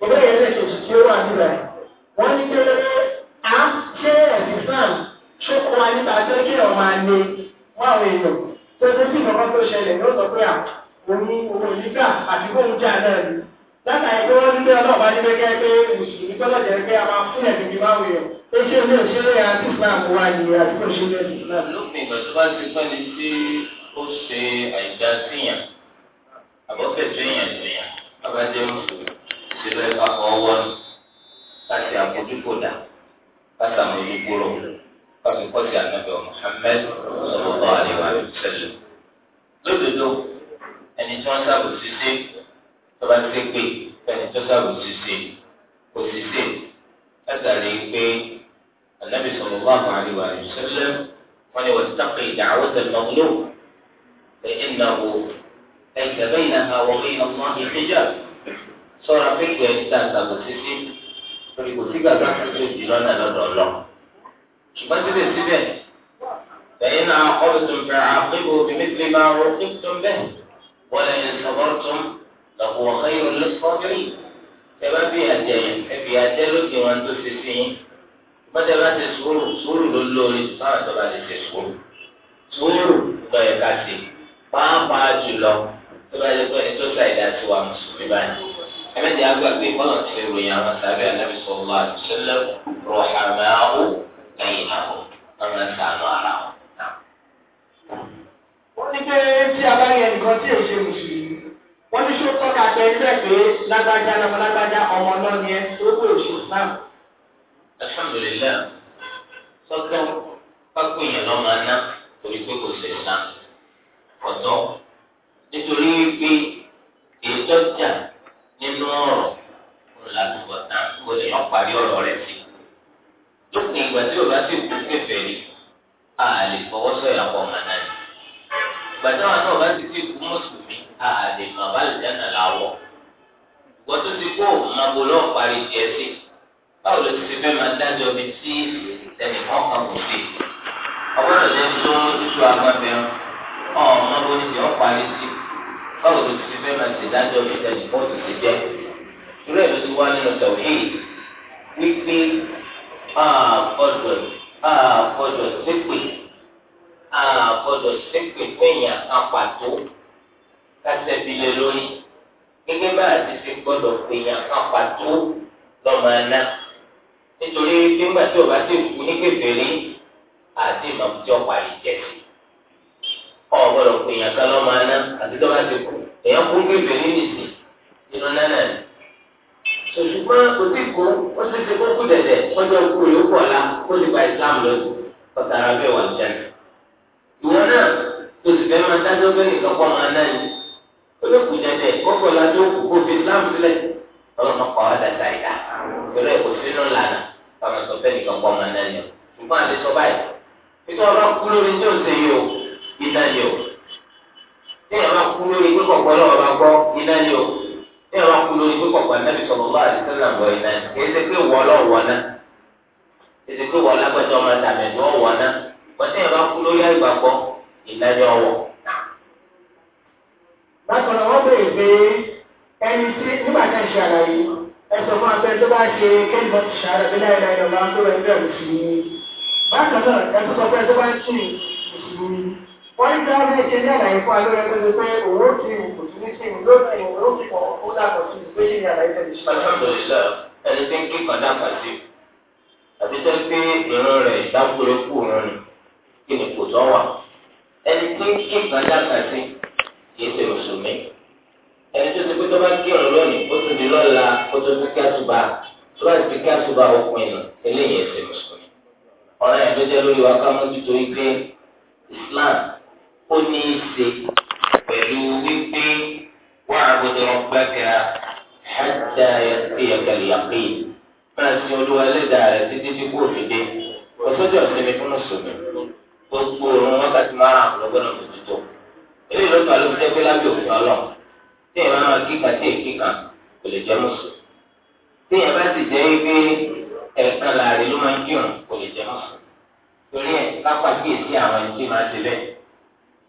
ìbéèrè ẹlẹ́kẹ̀jì tí ó wà nílẹ̀ wọ́n ní pé à ń ṣe ẹ̀sìn Islam ṣé kó wa nípa tó kí ọ̀ máa le wọ́n àwọn èèyàn tètè tí ìjọba tó ṣẹlẹ̀ yóò sọ pé à òní òun yíká àti bóun jà náà ni látàrí pé wọ́n nílé ọlọ́ọ̀bá nílé gẹ́gẹ́ pé mùsùlùmí tọ́lọ̀ jẹ́ pé a máa fún ẹ̀mí bí máa wèèyàn pé ṣé ilé òṣèré àti Islam wà ní àdúgbò òṣèré àti Islam. lópin ìgbà tó bá ti pẹ́ni tí ó ṣe àìdá síyàn àbọ̀fẹ́ síyàn síyàn abájẹ́ mùsùlùmí ìṣẹ̀lẹ̀ àkọ́wọ́ láti àbójúkò dà látàmójúkúrò káfí kọjá nàbẹ Muhammad sọlọlọ àlewà sẹlẹ lódodo ẹni tí wọn sábò ṣiṣẹ tọba ti pè ẹni tó sábò ṣiṣẹ kò ṣiṣẹ látàrí pé anabi sọlọlọ àlewà sẹlẹ wọn ni wọn tàkì ìdáwọ tẹlifọlọ lẹ́yìn náà wò ẹsẹ bẹyìn náà wọ bẹyìn náà wọn sọra pé kí ẹni tá a sábò ṣiṣẹ lórí kò sí gbàgbà tó ti jìlọ náà lọ́dọ̀ ṣùgbọ́n síbẹ̀síbẹ̀ فإن عاقبتم فعاقبوا بمثل ما عوقبتم به ولئن صبرتم لهو خير للصابرين tẹ́lá bí àjẹ ẹbí àjẹ lóde wọn tó ṣe sí yín wọ́n tẹ́lá ti sùúrù sùúrù ló lórí báwọn tó bá lè ṣe sùúrù sùúrù lọ yẹ ká ṣe pàápàá jùlọ tó bá yẹ pé ẹni tó ṣàì dá sí bọ́lá ti ròyìn àwọn sàbẹ̀ ànábì sallallahu alaihi wasallam rọ̀hàmáhù lẹ́yìn náà wọ́n máa ń sànù ara wọn. wọ́n ní pé tí a bá yẹ nǹkan tí èsì mùsùlùmí wọ́n ní sọ tọ́ka pé ẹgbẹ́ pé lágbájá lọ́mọ lágbájá ọmọ ọlọ́ni ẹ tó kó èsì islam. alhamdulilayi sọ́tọ̀ pápá èèyàn lọ́ máa ná torí pé kò sí islam ọ̀tọ̀ nítorí pé èyí tó nínú ọ̀rọ̀ ńlá tó bọ̀ tán lè yọ parí ọ̀rọ̀ rẹ̀ sí i lópin ìgbà tí yorùbá ti kú pèfè rí a lè fọwọ́ sọ̀yà pọ̀ màná ni ìgbà táwọn náà bá ti ti kú mùsùlùmí a lè mà bá lè dáná láwọ̀ ìgbà tó ti kó òmàbò lọ́ọ̀ parí tiẹ̀ sí báwo ló ti fi fẹ́ máa dájọ́ mi tí ẹnìkan kan kò sí ọgbọ́dọ̀ jẹ́ tó tú agbábẹ́ ọmọbó ni yọ̀ parí sí báwo ló ti fi fẹ́ máa ti dájọ́ mi tẹnìkan kò sì jẹ́ irú ẹ̀ ló ti wá nínú tẹ̀wé wípé àgbọ́dọ̀ àgbọ́dọ̀ ṣépè àgbọ́dọ̀ ṣépè fẹ̀yàn apàtó kásẹ̀bílẹ̀ lórí gẹ́gẹ́ bá a ti ṣe gbọ́dọ̀ fẹ̀yàn apàtó lọ́mọ aná nítorí nígbà tí o bá ti kú ní kékeré àti ìmọ̀tí ọ̀pá ìjẹ̀sì ọ̀gbọ́dọ̀ fẹ̀yàn kan lọ́mọ aná àti tó bá ti kú èèyàn kú kékeré nìsí nínú náà náà òṣùgbọ́n òtí kún ó sì ti kókó dẹ̀dẹ̀ ọjọ́ ikú rẹ̀ ó pọ̀ la ó ti gba islam lónìí ọ̀tara bẹ́ẹ̀ wà jẹ́. ìwọ náà tó sì fẹ́ máa dájọ́ bẹ́ẹ̀ nìkan kọ́ máa náà yìí ó lè kú dẹ̀dẹ̀ kọ́kọ́ la tó kú kó fi islam sílẹ̀ ọlọ́mọ pa wá dáadáa ìdá ìrọ̀ ẹ̀kọ́ sínú lànà bàbá sọ bẹ́ẹ̀ nìkan kọ́ máa náà yìí ṣùgbọ́n àti sọ báyìí nítorí ọba o iná yìí o ní àwọn kú lórí pé kọ̀ọ̀kan nàbì sọ̀rọ̀ bá àdìsẹ́ náà wọ̀ iná kìí ṣe pé wọ́n lọ wọ̀ náà kìí ṣe pé wọ́n lágbàjọ́ ọmọ tàbí ẹ̀dùn ọ̀wọ̀ náà wọ́n ti yàrá kú lórí àgbàgbọ́ ìlànà ọ̀wọ̀. bákan náà wọ́n bèèrè pé ẹni tí nígbà tá a ṣe àlàyé ẹ sọ fún abẹ́ tó bá ṣe kẹ́lìmọ́ ti ṣàárẹ̀ bí láìláì lọ́la tó rẹ̀ ń bẹ̀rù sí i. bákan náà ẹ wọ́n ní dáhùn ní ìṣe ní àlàyé fún alóyè tó ti pé òwò kí kò sí ní kí lónìí òwò kí kò ó dàpọ̀ sí i pé ní àlàyé tẹ̀lé ṣe. alhamdulilá ẹni tí ń kí kàdá kàdé àti tẹ́ pé ìran rẹ̀ ìdágbére kú òun ni kí ni kò tọ́ wà ẹni tí ń kí kàdá kàdé kìí ṣe mùsùlùmí ẹni tó ti pé tó bá kí ọ̀rọ̀ lónìí ó tún di lọ́la ó tún ti kí àtúbà tó bá ti kí àtúbà òpin nù eléyìí ẹ̀ṣẹ̀ mùsùlùmí ọ̀rọ̀ ẹ̀ ló jẹ́ lórí wa ká mójútó ike Islam ó ní í ṣe pẹ̀lú wípé wà á gbọdọ̀ gbàgà ẹ̀dá ẹ̀kẹ́lẹ̀ yàgbé máa ti olúwa ẹlẹ́dàá rẹ̀ títí tí kò fi dé òṣèjọ́ ìsinmi fún mùsùlùmí gbogbo òun wákàtí márùn-ún lọ́gbọ́dọ̀ mójútó eléyìí ló fà ló fi jẹ́ pé lábẹ́ òfin ọlọ́run tí èèyàn máa kíkà tí èèyàn kíkà kò lè jẹ́ mùsùlùmí tí èèyàn bá sì jẹ́ pé ẹ̀ẹ̀kan láàrin ló máa ń kírun kò lè jẹ́ mùsùlùmí torí ẹ̀ kápá kíyèsí àwọn ẹni tí máa ti bẹ́ẹ̀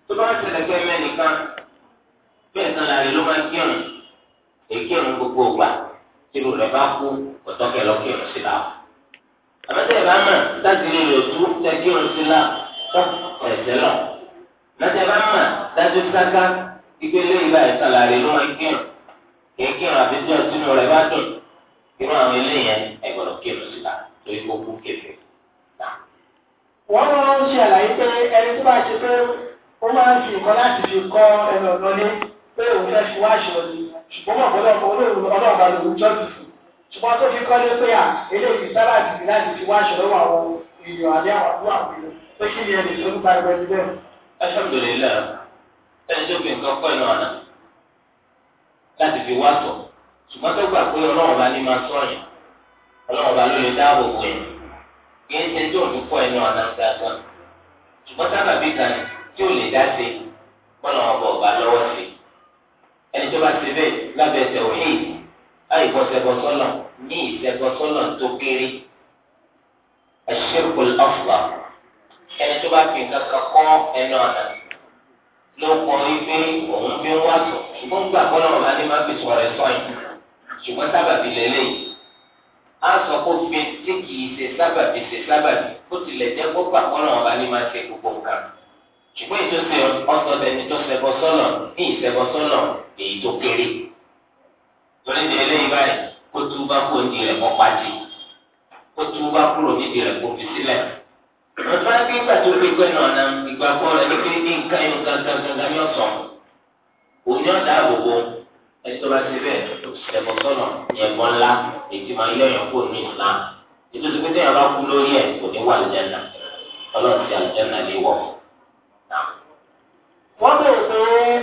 tó bá ń ṣẹlẹ̀ pé mẹ́nìkan bẹ́ẹ̀ tán láàrin ló máa kírun èkírun gbogbo ògbà tí irú rẹ̀ bá kú ọ̀tọ́kẹ́ lọ kírun sí la. àbẹ́tẹ̀ bá mọ̀ láti rí rẹ̀ tú tẹ kírun sí la tọ́ ẹ̀sẹ̀ lọ. àbẹ́tẹ̀ bá mọ̀ dájú sáká ìgbé lẹ́yìn báyìí tán láàrin ló máa kírun èkírun àbí tí ọtí inú rẹ̀ bá dùn irú àwọn eléyẹn ẹ̀gbọ́dọ̀ kírun sí la torí kó kú kéfì. wọ́n máa ń ṣàlàyé pé ẹni tó bá ṣe fẹ́ ó máa ń fi nǹkan láti fi kọ́ ẹnu ọ̀nọ́lé pé òun fẹ́ fi wá aṣọ ni ṣùgbọ́n ọ̀pọ̀lọpọ̀ ọlọ́ọ̀bà lòun jọ́ọ̀tì fún ṣùgbọ́n tó fi kọ́lé pé à eléyìí sábà dìbì láti fi wá aṣọ lọ́wọ́ àwọn èèyàn àbí àwọn àbúrò pé kí ni ẹnì tó ń gba ẹgbẹ́ níbẹ̀. alhamdulilá ẹni tó fi nǹkan kọ́ fi wá ṣùgbọ́n tó gbà pé tí ò lè dá sí kọ́nà ọ̀bọ̀ ọ̀bá lọ́wọ́ sí ẹni tó bá ti bẹ́ẹ̀ lábẹ́ ẹsẹ̀ òhìn àìbọ̀ sẹ́bọ̀ sọ́nà ní ìsẹ́bọ̀ sọ́nà tó kéré ẹ̀ṣẹ́kù ọ̀fà ẹni tó bá fi nǹkan kan kọ́ ẹnu ọ̀nà ló kọ wípé òun fi ń wá sọ ṣùgbọ́n gbà kọ́nà ọ̀bá ní má fi sọ̀rọ̀ ẹ̀ sọ́yìn ṣùgbọ́n sábàbí lélẹ́yìí a kó fi tí kìí ṣe sábàbí ṣe sábàbí ó tilẹ̀ jẹ́ kó pàkọ́nà ọba ní máa ṣe gbogbo nǹkan ṣùgbọ́n èyí tó ṣe ọ̀sọ̀dẹ̀ ni tó ṣẹbọ sọ́nà ní ìṣẹbọ sọ́nà èyí tó kéré torí ní eléyìí báyìí kó tú bá kúrò ní rẹ̀ kọ́ pàdé kó tú bá kúrò ní rẹ̀ kó fi sílẹ̀ ọ̀tún wáyé nígbà tó fi gbẹ́ náà na ìgbàgbọ́ rẹ̀ nítorí ní nǹkan inú gangan gangan ní ọ̀sán òní ọ̀dà àbòbò ẹni tó bá ti bẹ́ẹ̀ ṣẹbọ sọ́nà ní ẹ̀gbọ́n ńlá èyí tí máa yọ̀yàn kó ní ìlànà ètò ìsìnkú tẹ̀yàn bá kú lórí ẹ̀ kò ní wà lójẹ́ náà ọlọ́run ti àlùjẹ́ náà lé wọ̀ wọ́n bèèrè pé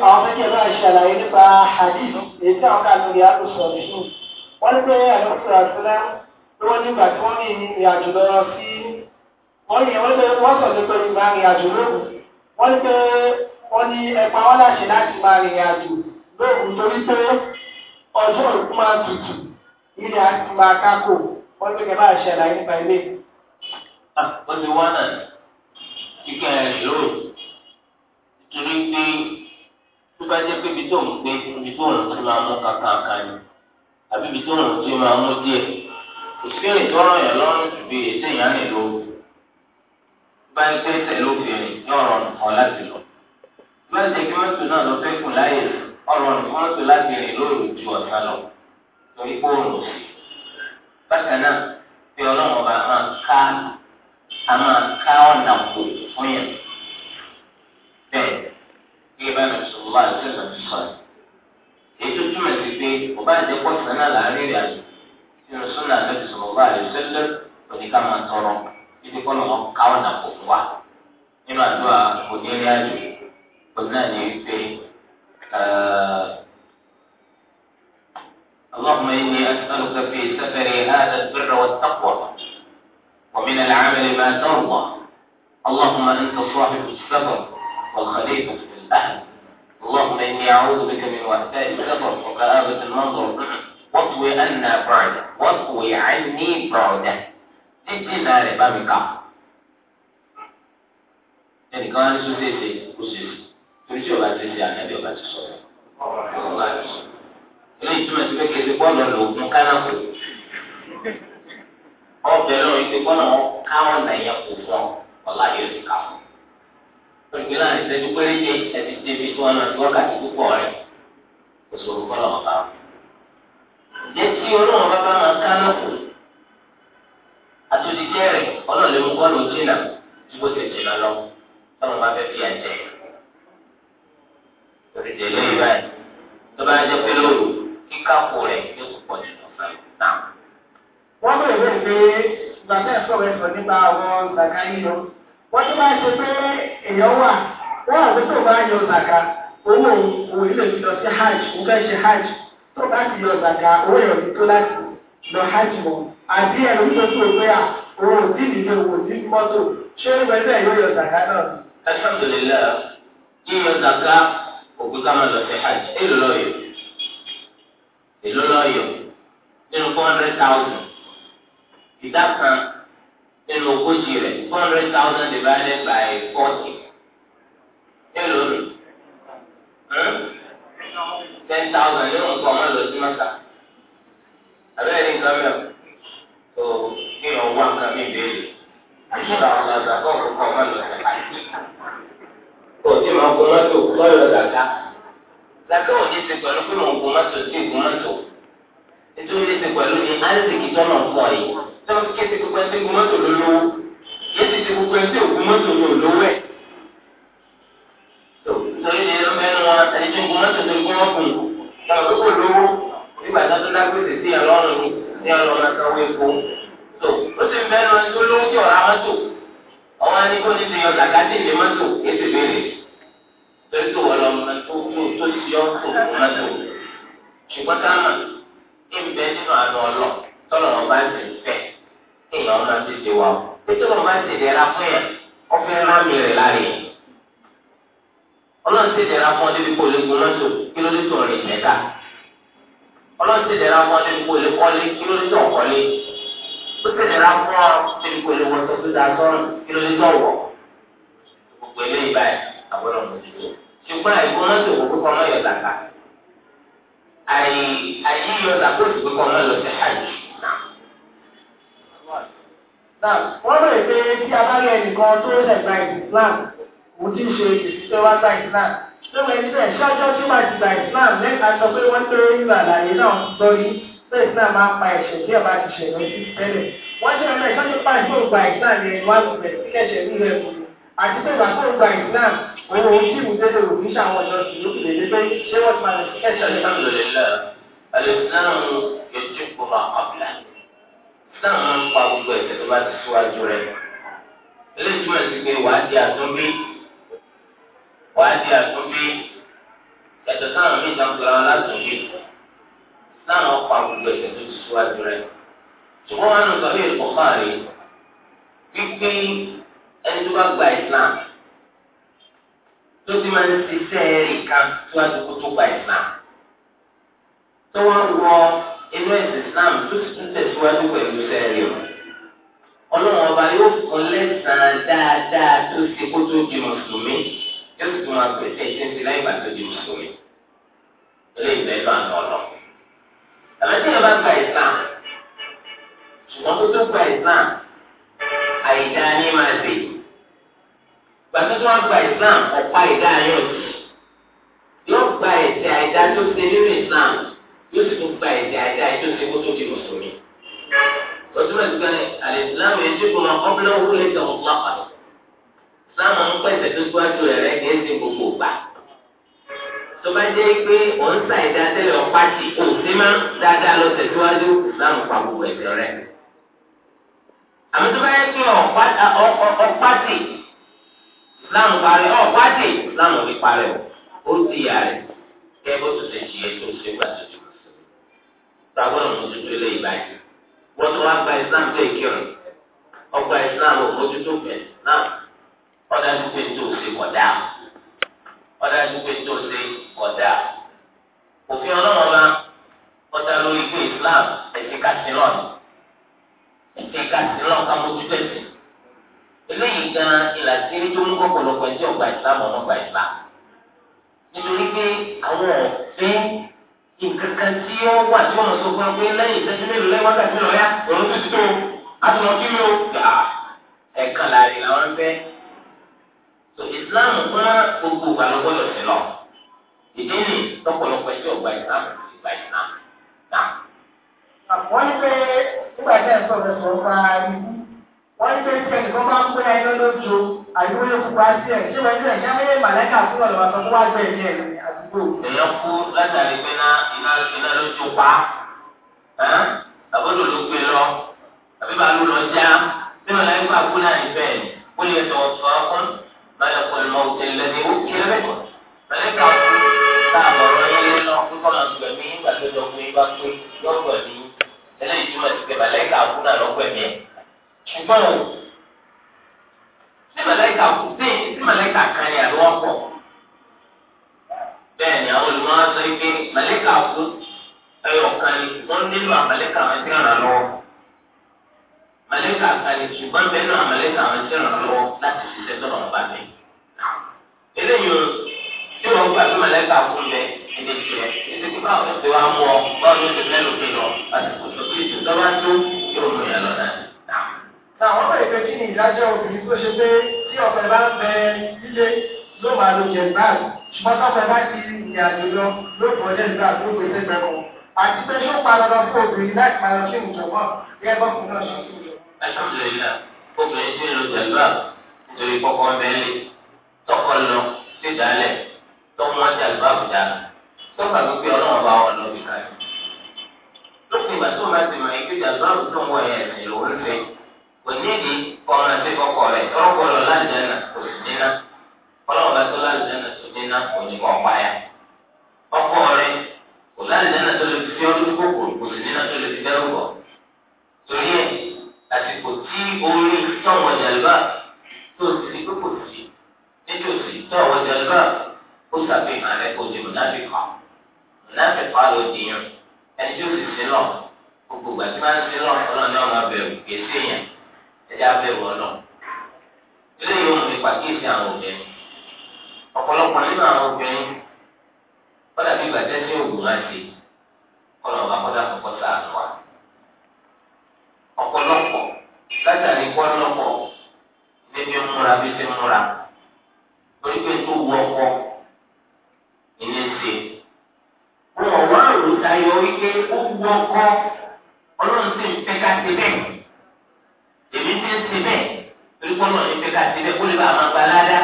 àwọn méjì náà ṣàlàyé nípa hadith èyí tí àwọn káàkiri àgbò sọ̀rọ̀ sí wọ́n ní pé àlọ́kùnrin àtúnlá ló wọ́n nígbà tí wọ́n ní ìrìn àjò lọ sí wọ́n ní wọ́n pé wọ́n sọ̀rọ̀ nípa ìgbà ìrìn àjò wọ́n ní pé wọ́n ní ẹ̀pà wọn láṣẹ láti máa rìnrìn àjò torí pé ọjọ́ òkú máa tutù ilé àti máa kákò wọ́n ní pé ṣàlàyé nípa ilé. Ah, wọ́n ti wá náà torí pé tó bá jẹ́ pé ibi tó ń gbé ibi tó ń ti máa mú kankankan ni àbí ibi tó ń ti máa mú díẹ̀ òsínì tó ràn yàn lọ́rùn jù bí èsì ìyá nílò bá ń gbé tẹ̀lé obìnrin yóò rọrùn kan láti lọ. bá ń tẹ̀lé mọ́tò náà lọ fẹ́ kù láyè ọ̀rọ̀rùn fún mọ́tò láti rìn lóòrùn ju ọ̀sán lọ torí pé òòrùn sí. bákan náà bí ọlọ́run ọba máa ká a máa ká ọ̀nà kù fún yẹn bẹ́ẹ̀ kí bá mi sọ sọ yìí. tó túmọ̀ sí pé ọba àjẹ pọ̀ sí láàrin ìrìn àjò sínú súnà àti sọ̀rọ̀ wá àyè sẹ́lẹ̀ òní máa tọrọ títí kọ́ lọ́wọ́ káwọn náà kò fún nínú àdúrà òní àjò òní náà ní wípé اللهم إني أسألك في سفري هذا البر والتقوى ومن العمل ما ترضى اللهم أنت صاحب السفر والخليفة في الأهل اللهم إني أعوذ بك من وحداء الكفر وكآبة المنظر واطوي أنا بعده واطوي عني بعده títí náà rẹ̀ bá mi kà ẹnìkan á ní sóde ṣe kó ṣe torí tí ọba ti ṣe ànábì ọba ti sọ̀rọ̀ ọba ti sọ ilé ìtumọ̀ ti fẹ́ kéde bọ́ọ̀lù ọ̀nà ògùn kánáfò ọbẹ̀ náà ìpè bọ́ọ̀lù ọ̀nà káwọn nàìyẹn kò fún ọ ọ̀la yóò ti kà fún. olùgbé láàrin ìṣẹ́jú péréje ẹ̀bí débi tí wọ́n náà ti wákàtí púpọ̀ rẹ̀ kò sọ̀rọ̀ kọ́lọ̀ ọ̀bá. ǹjẹ́ tí olóhùn bá bá máa kánú kù àtúndíjẹ́ rẹ̀ ọlọ́ọ̀lẹ́ mú bọ́ọ̀lù jìnnà tí bó ti jìnnà lọ táwọn bá fẹ́ fi àjẹ́ òrìṣẹ́ lóyún báyìí tó bá jẹ́ pé lóru kíkà kù rẹ̀ yóò tún pọ̀ nínú ọ̀sán náà. wọ́n bẹ̀rẹ̀ wọ́n tún bá ṣe pé èèyàn wà wọ́n wà pé tó bá yọ zàkà owó òun ilé ìlọ sí hajj òun fẹ́ ṣe hajj tó bá ti yọ zàkà owó ìrọ̀lẹ́ tó láti lọ hajj mọ́ àbí ẹ̀rọ tó tó pé à òun ò dín nìyẹn òun ò dín mọ́tò ṣé ó gbẹ bẹ́ẹ̀ yóò yọ zàkà náà. alhamdulilayi yíyọ zàkà òkúta máa lọ sí hajj èlò lọ́yọ̀ èlò lọ́yọ̀ nínú four hundred thousand ìdá kan nínú ogójì rẹ̀ four hundred thousand divided by forty èlò nù hmm? ten thousand nínú nǹkan ọmọ lọ sí mọ́ta abẹ́rẹ́ ní nǹkan mẹ́wàá tó kí ni ọwọ́ nǹkan mi béèrè àṣìṣe àwọn ọ̀gá kọ́ ọ̀kọ́ ọmọ lọ sí àti kò tí ma kó mọ́tò lọ́yọ̀ dàda dàda ò ní ti pẹ̀lú pé mò ń kó mọ́tò sí ìkó mọ́tò nítorí ní ti pẹ̀lú ní áìsìkì tọ́nà fún ọ yìí tọ́nà fi kéde gbogbo ẹni tí gbogbo mọ́tò ló lówó yéé ti ti gbogbo ẹni tí òkú mọ́tò ló lówó ẹ̀. torí ní ẹnu mẹ́nu wọn ẹni tí gbogbo mọ́tò tó gbọ́n fún un tọ́nà tó kò lówó nígbà tó tó dágbèsè sí ọlọ́run ní ọlọ́run àtàwọn epo. tó o ti mẹ́nu ẹni tó lówó tí ọ̀rá mọ́tò ọwọ́ ẹni kò ní ti yọ làkàtì ní mọ́tò yéé ti béèrè torí tó wọ ń bẹ nínú àná ọlọ tọ́lọ̀ wọn bá ń tẹ̀ fẹ́ kéèyàn máa ti ṣe wà ó títí wọn bá ń tẹ̀ dẹ́ra fún yẹn wọ́n fẹ́ rámì rẹ̀ lára yẹn ọlọ́run ti dẹ́ra fún ọ débi kó lè gun lọ́sọ̀ kí ló dé tó rìn mẹ́ta ọlọ́run ti dẹ́ra fún ọ débi kó lè kọ́lé kí ló dé tó kọ́lé ó ti dẹ́ra fún ọ débi kó lè wọ́sọ̀ tó dáa sọ́run kí ló dé tó wọ̀ gbogbo eléyìí báyìí àbúrò mọ̀ ṣùgbọ́n àìkú lọ́sọ̀ kò kó kọ́ àyè àyè yọ làkóso pé kọ́ lọ́lọ́ sí hajj. wọ́n bèrè pé tí a bá rí ẹnìkan tó lẹ̀ gba Islam mo ti ṣe ìṣiṣẹ́ wá gba Islam lọ́wọ́ ẹni bẹ́ẹ̀ ṣáájọ́ tí máa ti gba Islam lẹ́ka sọ pé wọ́n tẹ́ ìlú àlàyé náà sọ́rí pé Islam máa pa ẹ̀ṣẹ̀ bí ọba ti ṣẹ̀lẹ̀ sí tẹ́lẹ̀ wọ́n ṣe ẹ̀mẹ́ ìṣáájú pa ìṣòro gba Islam yẹn wá lọ́wọ́ ẹ̀ṣẹ̀ nílẹ̀ kùn àti pé ìgbà tó gba islam òun òun sì wùdé lè òfin ṣe àwọn ọ̀dọ́ sí lókè lè pé ṣé wọ́n ti máa lọ sí ẹ̀ṣẹ̀ ní káàmì lọ́lẹ̀ náà alẹ́sìlámù yẹjú kó máa kọ̀bìlà islam máa ń pa gbogbo ẹ̀ṣẹ̀ tó bá ti síwájú rẹ̀ eléyìí túmọ̀ sí pé wàá di àtúnbí wàá di àtúnbí ẹ̀tọ́ sáwọn míì kan pèrè wọn látúnbí islam máa ń pa gbogbo ẹ̀ṣẹ̀ tó ti síwájú rẹ̀ ẹni tó bá gba islam tó ti máa ń ṣiṣẹ́ ẹ̀rì kan tó wá dúró tó gba islam tó wá wọ inú ẹ̀sìn islam tó sì tún tẹ̀síwájú pẹ̀lú sẹ́ẹ̀rì o ọlọ́run ọba yóò fún lẹ́sàn-án dáadáa tó ṣe kó tó di mùsùlùmí yóò sì tún máa pèsè ìṣẹ́sí láì gbà tó di mùsùlùmí ilé ìbẹ́lú àná ọ̀nà. àmọ́ tí wọ́n bá gba islam ṣùgbọ́n tó tó gba islam àìdá ní máa ṣe yìí gbàtọ́ tó wá gba islam ọ̀pá ìdá ayọ̀ yóò gba ẹ̀sẹ̀ àìdá tó ṣe nínú islam yóò sì tún gba ẹ̀sẹ̀ àìdá tó ṣe kó tó di mùsùlùmí. lọ́sùn náà gbẹ àlẹ́sìlámù yẹn tó kùnà ọ́bùnà owó lè tẹ̀ wọ́n lápá. islam ń pẹ̀sẹ̀ tó síwájú rẹ̀ kì í ṣe gbogbo gbà. tó bá jẹ́ pé òun sa ìdá tẹ́lẹ̀ ọ̀pá tì kò sí má dáadáa lọ tẹ̀síwájú islam pa gbogbo ẹ̀sẹ̀ rẹ̀. àmì tó bá yẹ kí ọ̀pá tì láàmù parẹ́ ọ wájú láàmù ní parẹ́ o ó ti yà rẹ̀ kẹ́ bó tún ṣe ṣe ètò ìṣègbà tuntun tàbọ̀nà mójútó ilé ìbáyìí wọ́n tún wá gba Islam tó ìkírun ọgbà Islam ò fẹ̀ náà ọ̀dà dúpẹ́ tó ṣe kọ̀dá ọ̀dà dúpẹ́ tó ṣe kọ̀dá òfin ọlọ́wọ́n bá ọ̀dà lórí ikú Islam ẹ̀sìn kàtìlọ́ọ̀nù ẹ̀sìn kàtìlọ́ọ̀nù ká ẹ̀sìn. eléyìí gan ìlà tí ó ń kọ́ pọ̀lọpọ̀ ẹjọ́ gba ìsìlámù ọ̀nà gba ìsìlámù nítorí pé àwọn ọ̀fẹ́ nǹkan kan tí ó wà tí wọ́n sọ fún pé lẹ́yìn ìṣẹ́jú mélòó lẹ́yìn wákàtí lọ́yà òun ti tó àtúnwò kí ló gbà ẹ̀kan láàrin làwọn fẹ́. tó ìsìlámù fún gbogbo ìgbàlódé lọ́sẹ̀ lọ ìdí nì lọ́pọ̀lọpọ̀ ẹjọ́ gba ìsìlámù ti ìsìlámù wọ́n ṣe ṣe nǹkan bá ń gbé ẹyọ lójú àyíwò yóò pupa sí ẹ̀ ṣé wọ́n ṣe ẹ̀yà mẹ́yẹ màlẹ́kà fún ọ̀lọ́wà tó wá gbé ẹ̀yẹ àdúgbò. èèyàn kú látàrí pé iná iná iná lójú pa àbọ̀dọ̀ ló gbé lọ àbí bàálù lọ já bí wọn láyé bá kú náà níbẹ̀ ó lè tọ̀ sọ fún mẹ́lẹ̀kọ̀ ìmọ̀ òtẹ̀ lẹ́ni ó kí lẹ́kọ̀ọ́ ṣùgbọ́n o sí mẹlẹ́kà kù sí sí mẹlẹ́kà kan ní àlọ́ pọ̀ bẹ́ẹ̀ ni àwọn olùmọ̀ sọ pé mẹlẹ́kà kù ẹyọ kan ní wọ́n nílò àmẹ́lẹ́kà wọn ti ràn lọ́wọ́ mẹlẹ́kà kan ní ṣùgbọ́n bẹ́ẹ̀ náà àmẹ́lẹ́kà wọn ti ràn lọ́wọ́ láti ṣiṣẹ́ tọ́lọ̀ wọn bá mi. eléyìí o tí wọ́n gbà sí mẹlẹ́kà kù bẹ́ẹ̀ ẹni tiẹ̀ ètò ìgbà wọn ti wá mú ọ báwo ló ti mẹ́lòmí lọ àti kòtò kí ìṣèjọba tó yóò mú yàn lọ náà àwọn bẹ̀rẹ̀ pé kí ni ìdájọ́ obìnrin tó ṣe pé tí ọ̀pẹ bá ń bẹ ilé ló máa lo jẹ̀ǹbáàlì ṣùgbọ́n tọ́pẹ bá ti ìrìn àjò lọ ló fọ́ jẹ̀ǹbáàlì ló gbé sẹ́gbẹ̀ẹ́ kan àti pé ṣó parọ́dọ̀ fún obìnrin láti máa lọ sí ìjọ̀gbọ́n gẹ́gbọ́n fún náà ṣe fún ìjọ. alhamdulilayi obìnrin tí ń lo jẹ̀ǹbáàlì nítorí kọ́kọ́ bẹ́ẹ̀lì tọkọ lọ sí ìdálẹ̀ tó mọ́ jẹ̀ǹbáàlì dáná tọ́ka ló gbé ọlọ́run bá wọn lọ bí káyọ̀ lópin ìgbà tó bá ti mọ ìgbéjà lọ́rùn tó ń wọ ẹ̀yìn ìlú ń fẹ́ kò ní ìdí kọ́mọ ẹgbẹ́ kọ́kọ́ rẹ̀ ọlọ́kọ́ lọ lálùjẹ́nà kò sì níná ọlọ́run bá tó lálùjẹ́nà tó níná kò ní kọ́ páyà ọkọ rẹ̀ kò lálùjẹ́nà tó lè fi fi ọdún kòkòrò kò sì níná tó lè fi dẹ́rù bọ̀ torí ẹ̀ àsìkò tí orí tọ̀wọ̀ jàlúbà tó ti di kókò sí nítòsí tọ̀wọ̀ jàlúbà ó ṣàfihàn rẹ̀ kò di mùnáfíkà mùnáfíkà ló dìyàn ẹni tó sì sí lọ gbogbo àti máa ń sí lọ ọlọ́run náà bẹ̀rù kì í sí èèyàn. ẹ̀dá bẹ̀rù ọ̀nà. ilé yóò ahụ mi pàkíyèsí àwọn obìnrin. ọ̀pọ̀lọpọ̀ nínú àwọn obìnrin wọ́n dàbí ìbàjẹ́ sí òògùn sàánù wa. látàrí níbi múra bí ti múra torí pé tó wú ìní ṣe. wọn wá wípé ó wú ọkọ ọlọ́run ń ká bẹ́ẹ̀. èmi ti ń ṣe bẹ́ẹ̀ torí kọ́ náà ní pé ká ṣe bẹ́ẹ̀ kó lè bá àwọn agbalada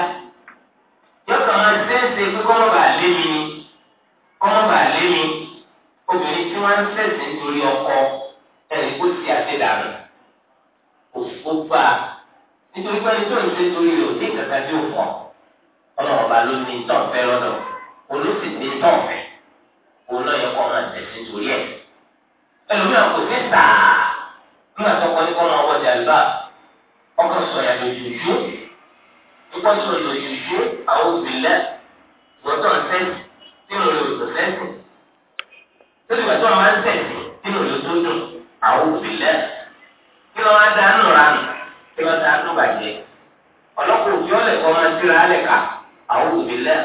yọkàn máa ṣe é ṣe pé kọ́mọ́ bá lé mi ni kọ́mọ́ bá lé mi obìnrin tí wọ́n ń ṣẹ̀ṣẹ̀ nítorí ọkọ ẹ̀rí kó ti àṣedànù òfò gbà nítorí pé ẹni tó ń ṣe torí rẹ̀ ò ní kàkà tí ò fọ́ ọlọ́run ọba ló ní tọ́ fẹ́ lọ́dọ̀ olùsìndé tọ́ fẹ́ òun náà yẹ kọ́ máa tẹ̀sí torí ẹ̀ ẹlòmíràn kò fẹ́ tààrà nígbà tó kọ́ ní kọ́ máa wọ jàlbá ọkọ̀ sọ̀yà lójoojú ọkọ̀ sọ̀yà lójoojú àwọn òbílẹ̀ lọ́tọ̀ sẹ́ǹtì nínú lòtò sẹ́ǹtì lórí ìgbà tó wọn máa ń sẹ́ǹtì nínú lòtò dùn àwọn òbílẹ̀ kí wọ́n máa dáná ránù kí wọ́n dáná bàjẹ́ ọlọ́kùnrin òjò ọ̀lẹ̀kọ́ máa ń tíra alẹ́ ká àwọn òbílẹ̀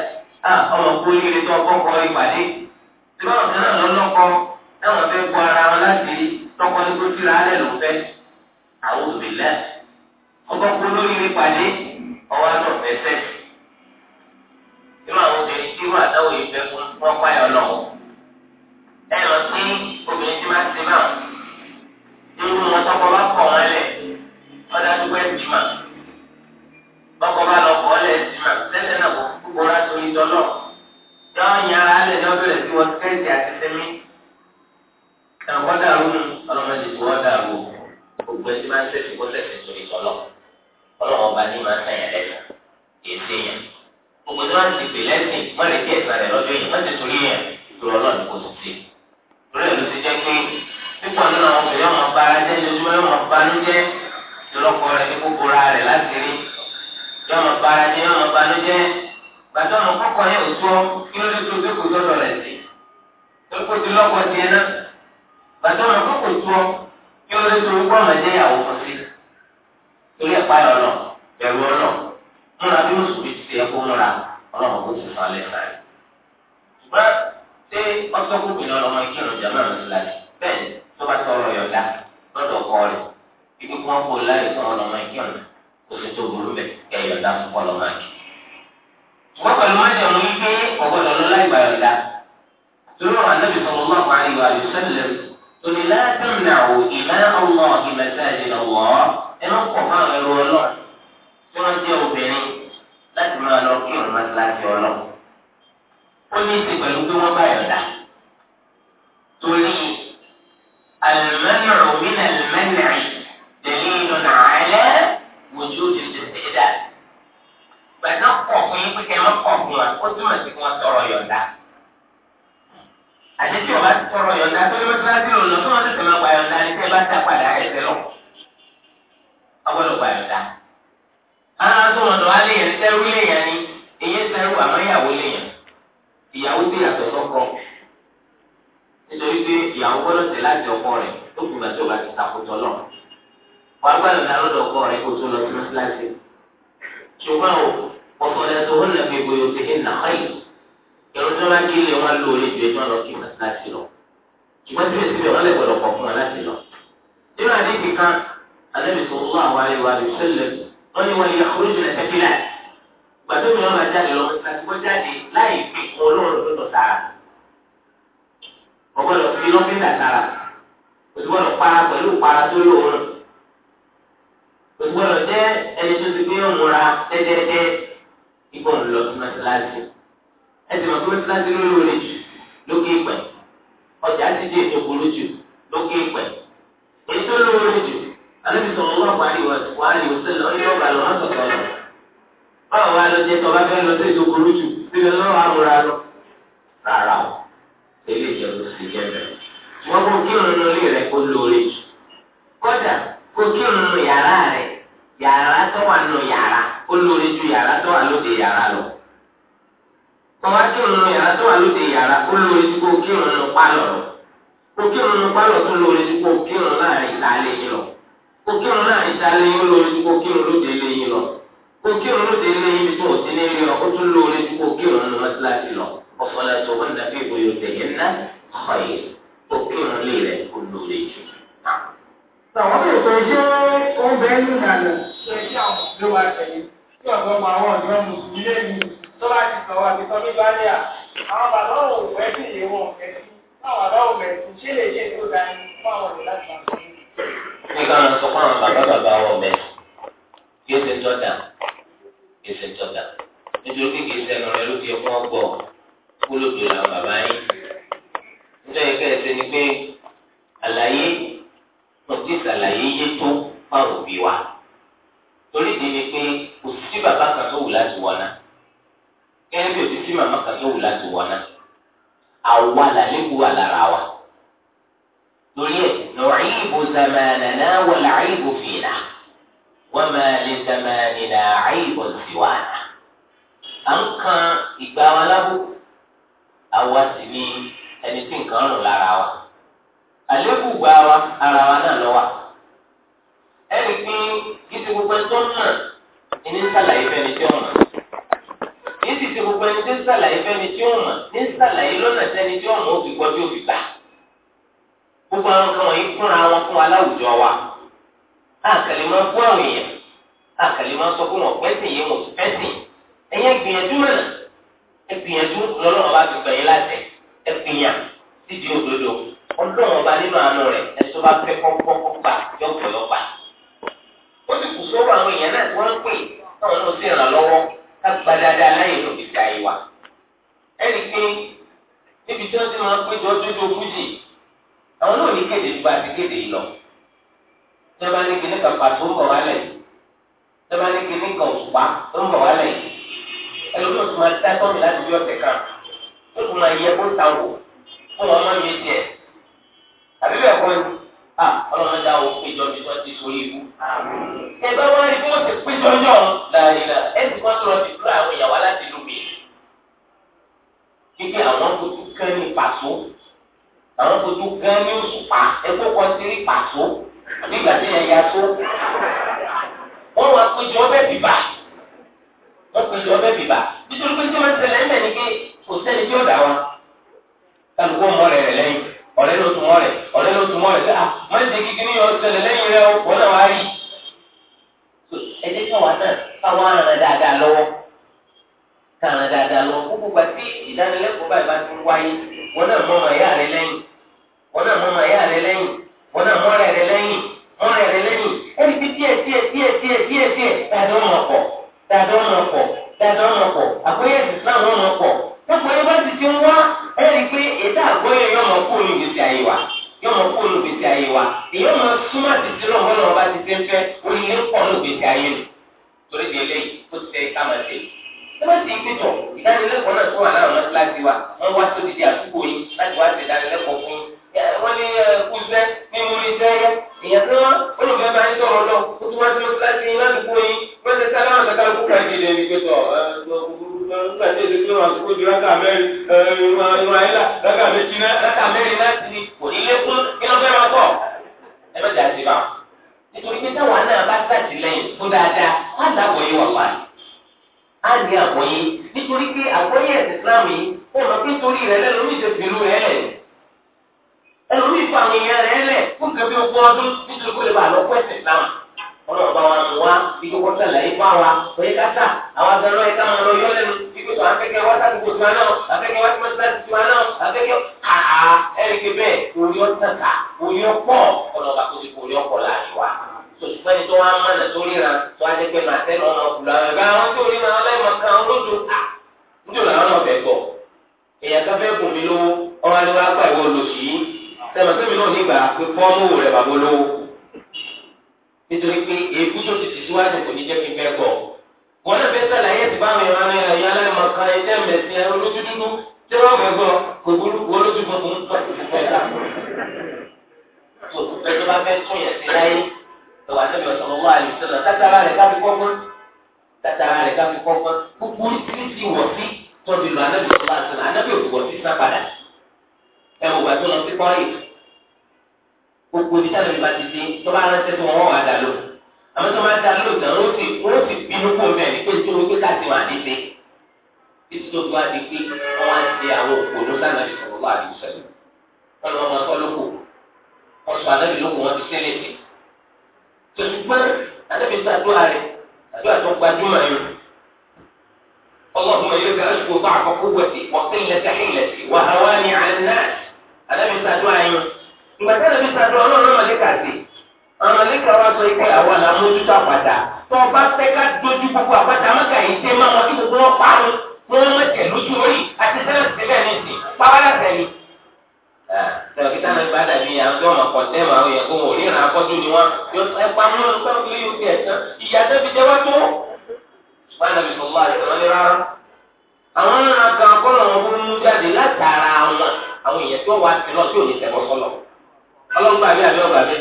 ah, ọmọ kúrò táwọn fẹ́ bu ara wọn láti tọkọ ní kó síra alẹ́ ló fẹ́ àwọn òbí lẹ́ ọgbọ́n kó lórí rí pàdé ọwọ́ àtọ̀ fẹ́ fẹ́ irú àwọn obìnrin tí wọ́n àtàwọn yìí fẹ́ fún wọn páyọ̀ lọ́wọ́ ẹ lọ sí obìnrin tí máa ń ṣe náà irú wọn tọkọ bá kọ̀ wọn lẹ̀ wọ́n dájú pé jìmà tọkọ bá lọ kọ́ lẹ̀ jìmà lẹ́sẹ̀ náà kò kúkúrú àtòyìn dọ́lọ́ yọ̀ọ́ yàrá alẹ́ ní ọbẹ̀ rẹ̀ tí wọ́n tẹ̀sí àti sẹ́mi ẹ̀kọ́ dàrú nù ọlọ́mọdé tí wọ́n dàrú gbogbo ẹtí máa ń sẹ́sì kó sẹ́sì torí tọ́lọ̀ ọlọ́wọ́ ọba ní máa ń sẹ́yìn lẹ́sìn kìí sí yẹn gbogbo tí wọ́n ti pè lẹ́sìn wọ́n lè kí ẹ̀sìn rẹ̀ lọ́jọ́ yìí wọ́n ti torí yẹn torí ọlọ́ọ̀ni kò sì sí torí ẹ̀ ló ti jẹ́ pé pípọ̀ nínú àwọn obìnrin ọmọ bá ara jẹ́ lójúmọ́ yóò máa bá lójẹ́ lọ́kọ rẹ̀ ní gbogbo ra rẹ̀ láti rí yóò máa bá ara jẹ́ yóò máa bá lójẹ́ gbàtọ́ ọmọ kọ́kọ́ yẹn ò tó kí ló dé tó dé kó tọ́lọ̀ rẹ̀ sí tó kó ti gbàtọ́ ọ̀nà tó kò tó kí ó lè torí gbọ́nà jẹ́ ìyàwó fún sí torí ẹ̀ pa ọ̀nà ẹ̀rù ọ̀nà múra bí mùsùlùmí ti ṣe ẹ̀kọ́ múra ọlọ́mọ kò sì fún alẹ́ sáré. ṣùgbọ́n ṣé ọ̀sọ́kùnrin ọlọ́mọ ìkírun jàmọ́ ìrìnlájì bẹ́ẹ̀ tó bá tọrọ yọ̀dá lọ́dọ̀ kọ́ rẹ̀ ibi kí wọ́n kó láyé fún ọlọ́mọ ìkírun kò sì tó burú bẹ̀ kẹ́ yọ̀dá fún ọlọ́mọ ìkírun. ṣùgbọ́n pẹ̀lú májèmú wípé ọ̀gbọ́dọ̀ ló láì gbà yọ̀dá. torí ọ̀rọ̀ torí láti nà ó ìlà ọmọ ìmẹ̀sà ìdìnnà wọ̀ ọ́ ẹ má kọ̀ fún àwọn ẹrú ọlọ́run tí wọ́n jẹ́ obìnrin láti máa lọ kí òun láti ọlọ́ ó ní ti pẹ̀lú pé wọ́n bá yọ̀dá torí àlùmọ́nì ọ̀mìnà àlùmọ́nì nínú gbèsè ayé wa èyí ọmọ súnmọ́ àti sílọ̀ wọn náà bá ti ṣe ń fẹ́ oníyé pọ̀ nínú gbèsè ayé nù torí di eléyìí ó ti ṣe ká máa ṣe. ẹ bá ti ń péjọ ìdánilẹ́kọ̀ọ́ náà tó wà láwọn ọmọ kíláàsì wa wọ́n wá sóbi di àdúgbò yìí láti wá ṣe ìdánilẹ́kọ̀ọ́ fún wọ́n ní kúzẹ́ ní múni sẹ́yẹ́ èèyàn tí wọ́n olùfẹ́ bá ń sọ̀rọ̀ lọ ó tún wá sí mọ́tíláṣí ládùúgbò yìí nígbà tí èdè pé wọn àsìkò di rákà mẹ́rin ìrún ìrún ayélujára rákà méjì náà rákà mẹ́rin náà ti ní kò ní lékún kí ló fẹ́ máa bọ̀ ẹ bẹ́ẹ̀ dàsí bá nítorí pé táwọn náà bá sàtìlẹ́yìn fún dáadáa á dà wọ̀nyí wà wá á ní àgbọ̀yé nítorí pé àgbọ̀yé ẹ̀sìn Islam yìí ó lọ pé torí rẹ̀ lẹ́lọ́mí ṣe fìlú rẹ̀ lẹ̀ ẹlòmí ìfọ̀ àwọn èèyàn rẹ̀ lẹ̀ fún kẹfí ogún ọdún nítorí kó lè bá àlọ́ pẹ́sìn Islam ọlọ́ọ̀bá wa lò wá ikú kọ́ sàlàyé fún wa òye kásá àwọn agbẹ̀rọ ẹ̀ka máa lọ yọ lẹ́nu ikú tó akẹ́kẹ́ wá sàdúgbò tiwa náà akẹ́kẹ́ wá sàdúgbò tiwa náà akẹ́kẹ́ àá ẹ̀ríkẹ́ bẹ́ẹ̀ orí ọ̀tàkà orí ọ̀pọ̀ ọlọ́ọ̀bá tó ti kó orí ọ̀pọ̀ láàrin wa sọ̀tùpẹ́ni tó wá mọ̀nà tó ríra tó á jẹ́ pé màá tẹ́ lọ́nà ọ̀kùnrin àwọn ẹ̀gbẹ́ àwọn tó ríra ọlọ́ọ̀mọ̀kan olódò à níjọ́ làwọn náà bẹ̀ gbọ́ èèyàn kan fẹ́ gùn mí lówó ọmọ adé wa gbà ìwọ lòsì yìí sẹ́mi sẹ́mi náà nígbà pé fọ́ọ̀mù rẹ̀ bàbá olówó nítorí pé èébú tó ti tẹ̀síwájú kò ní jẹ́ kí n bẹ́ẹ̀ gbọ́. wọ́n náà fẹ́ sàlàyé ti bá àwọn ìran ẹ̀rọ ìyá aláìmọ̀ kan ẹ̀jẹ̀ mẹ̀sìn ẹ̀rọ lójú dúdú tí wọ́n fẹ́ gbọ́ kò burú wọ́n lójú funfun tó ti fẹ́ dà. òṣùpẹ́ tó bá fẹ́ tún yẹn sí láyé ẹ̀wà tẹ̀lé ọ̀sọ̀rọ̀wọ́ àlùsọ̀rọ̀ tátàrà rẹ̀ káfí kọ́kọ́ tátàrà rẹ̀ káfí kọ́kọ́ gbogbo oríṣiríṣi wọ̀ sí tọ́jú lọ anábìyọ̀ gbogbo ibi táwọn ìbá ti di tó bá ránṣẹ́ tó wọ́n wà dà ló àmọ́ tó máa dà ló tán ó sì ó sì bínú kó mẹ́ ní pé tó o gbé káàtì wà ní ṣe títí tó bá di pé wọ́n á ṣe àwọn òpònú sáà ní sọ̀rọ̀ wà ní sọ̀rọ̀ wọ́n lọ́ máa sọ lóko wọ́n sọ anábì lóko wọ́n ti sílẹ̀ sí tòṣùgbọ́n anábì sàdúrà rẹ̀ àdúrà tó gbajúmọ̀ yìí اللهم إليك أشكو ضعف قوتي وقلة حيلتي وهواني على الناس ألم تعدوا ìgbàdàn dị sàdúrà ọlọ́run náà màlẹ́kà sí màlẹ́kà wa sọ na àwa là àpàtà tó o bá fẹ́ ká dojú gbogbo àpàtà mọ́kà yìí dé máa wọn kí gbogbo wọn pa wọn wọn tẹ̀ lójú orí àti sẹ́lẹ̀ ní ti pàwọ́lá sẹ́ni. sọ̀rọ̀ kí táwọn ìbá tó wọ́n rárá àwọn kan kọ́ lọ́wọ́ fún jáde látara àwọn àwọn tó wà sí òní tẹ̀wọ́ ọlọ́run gbàgbé àbí ọ̀gbàgbé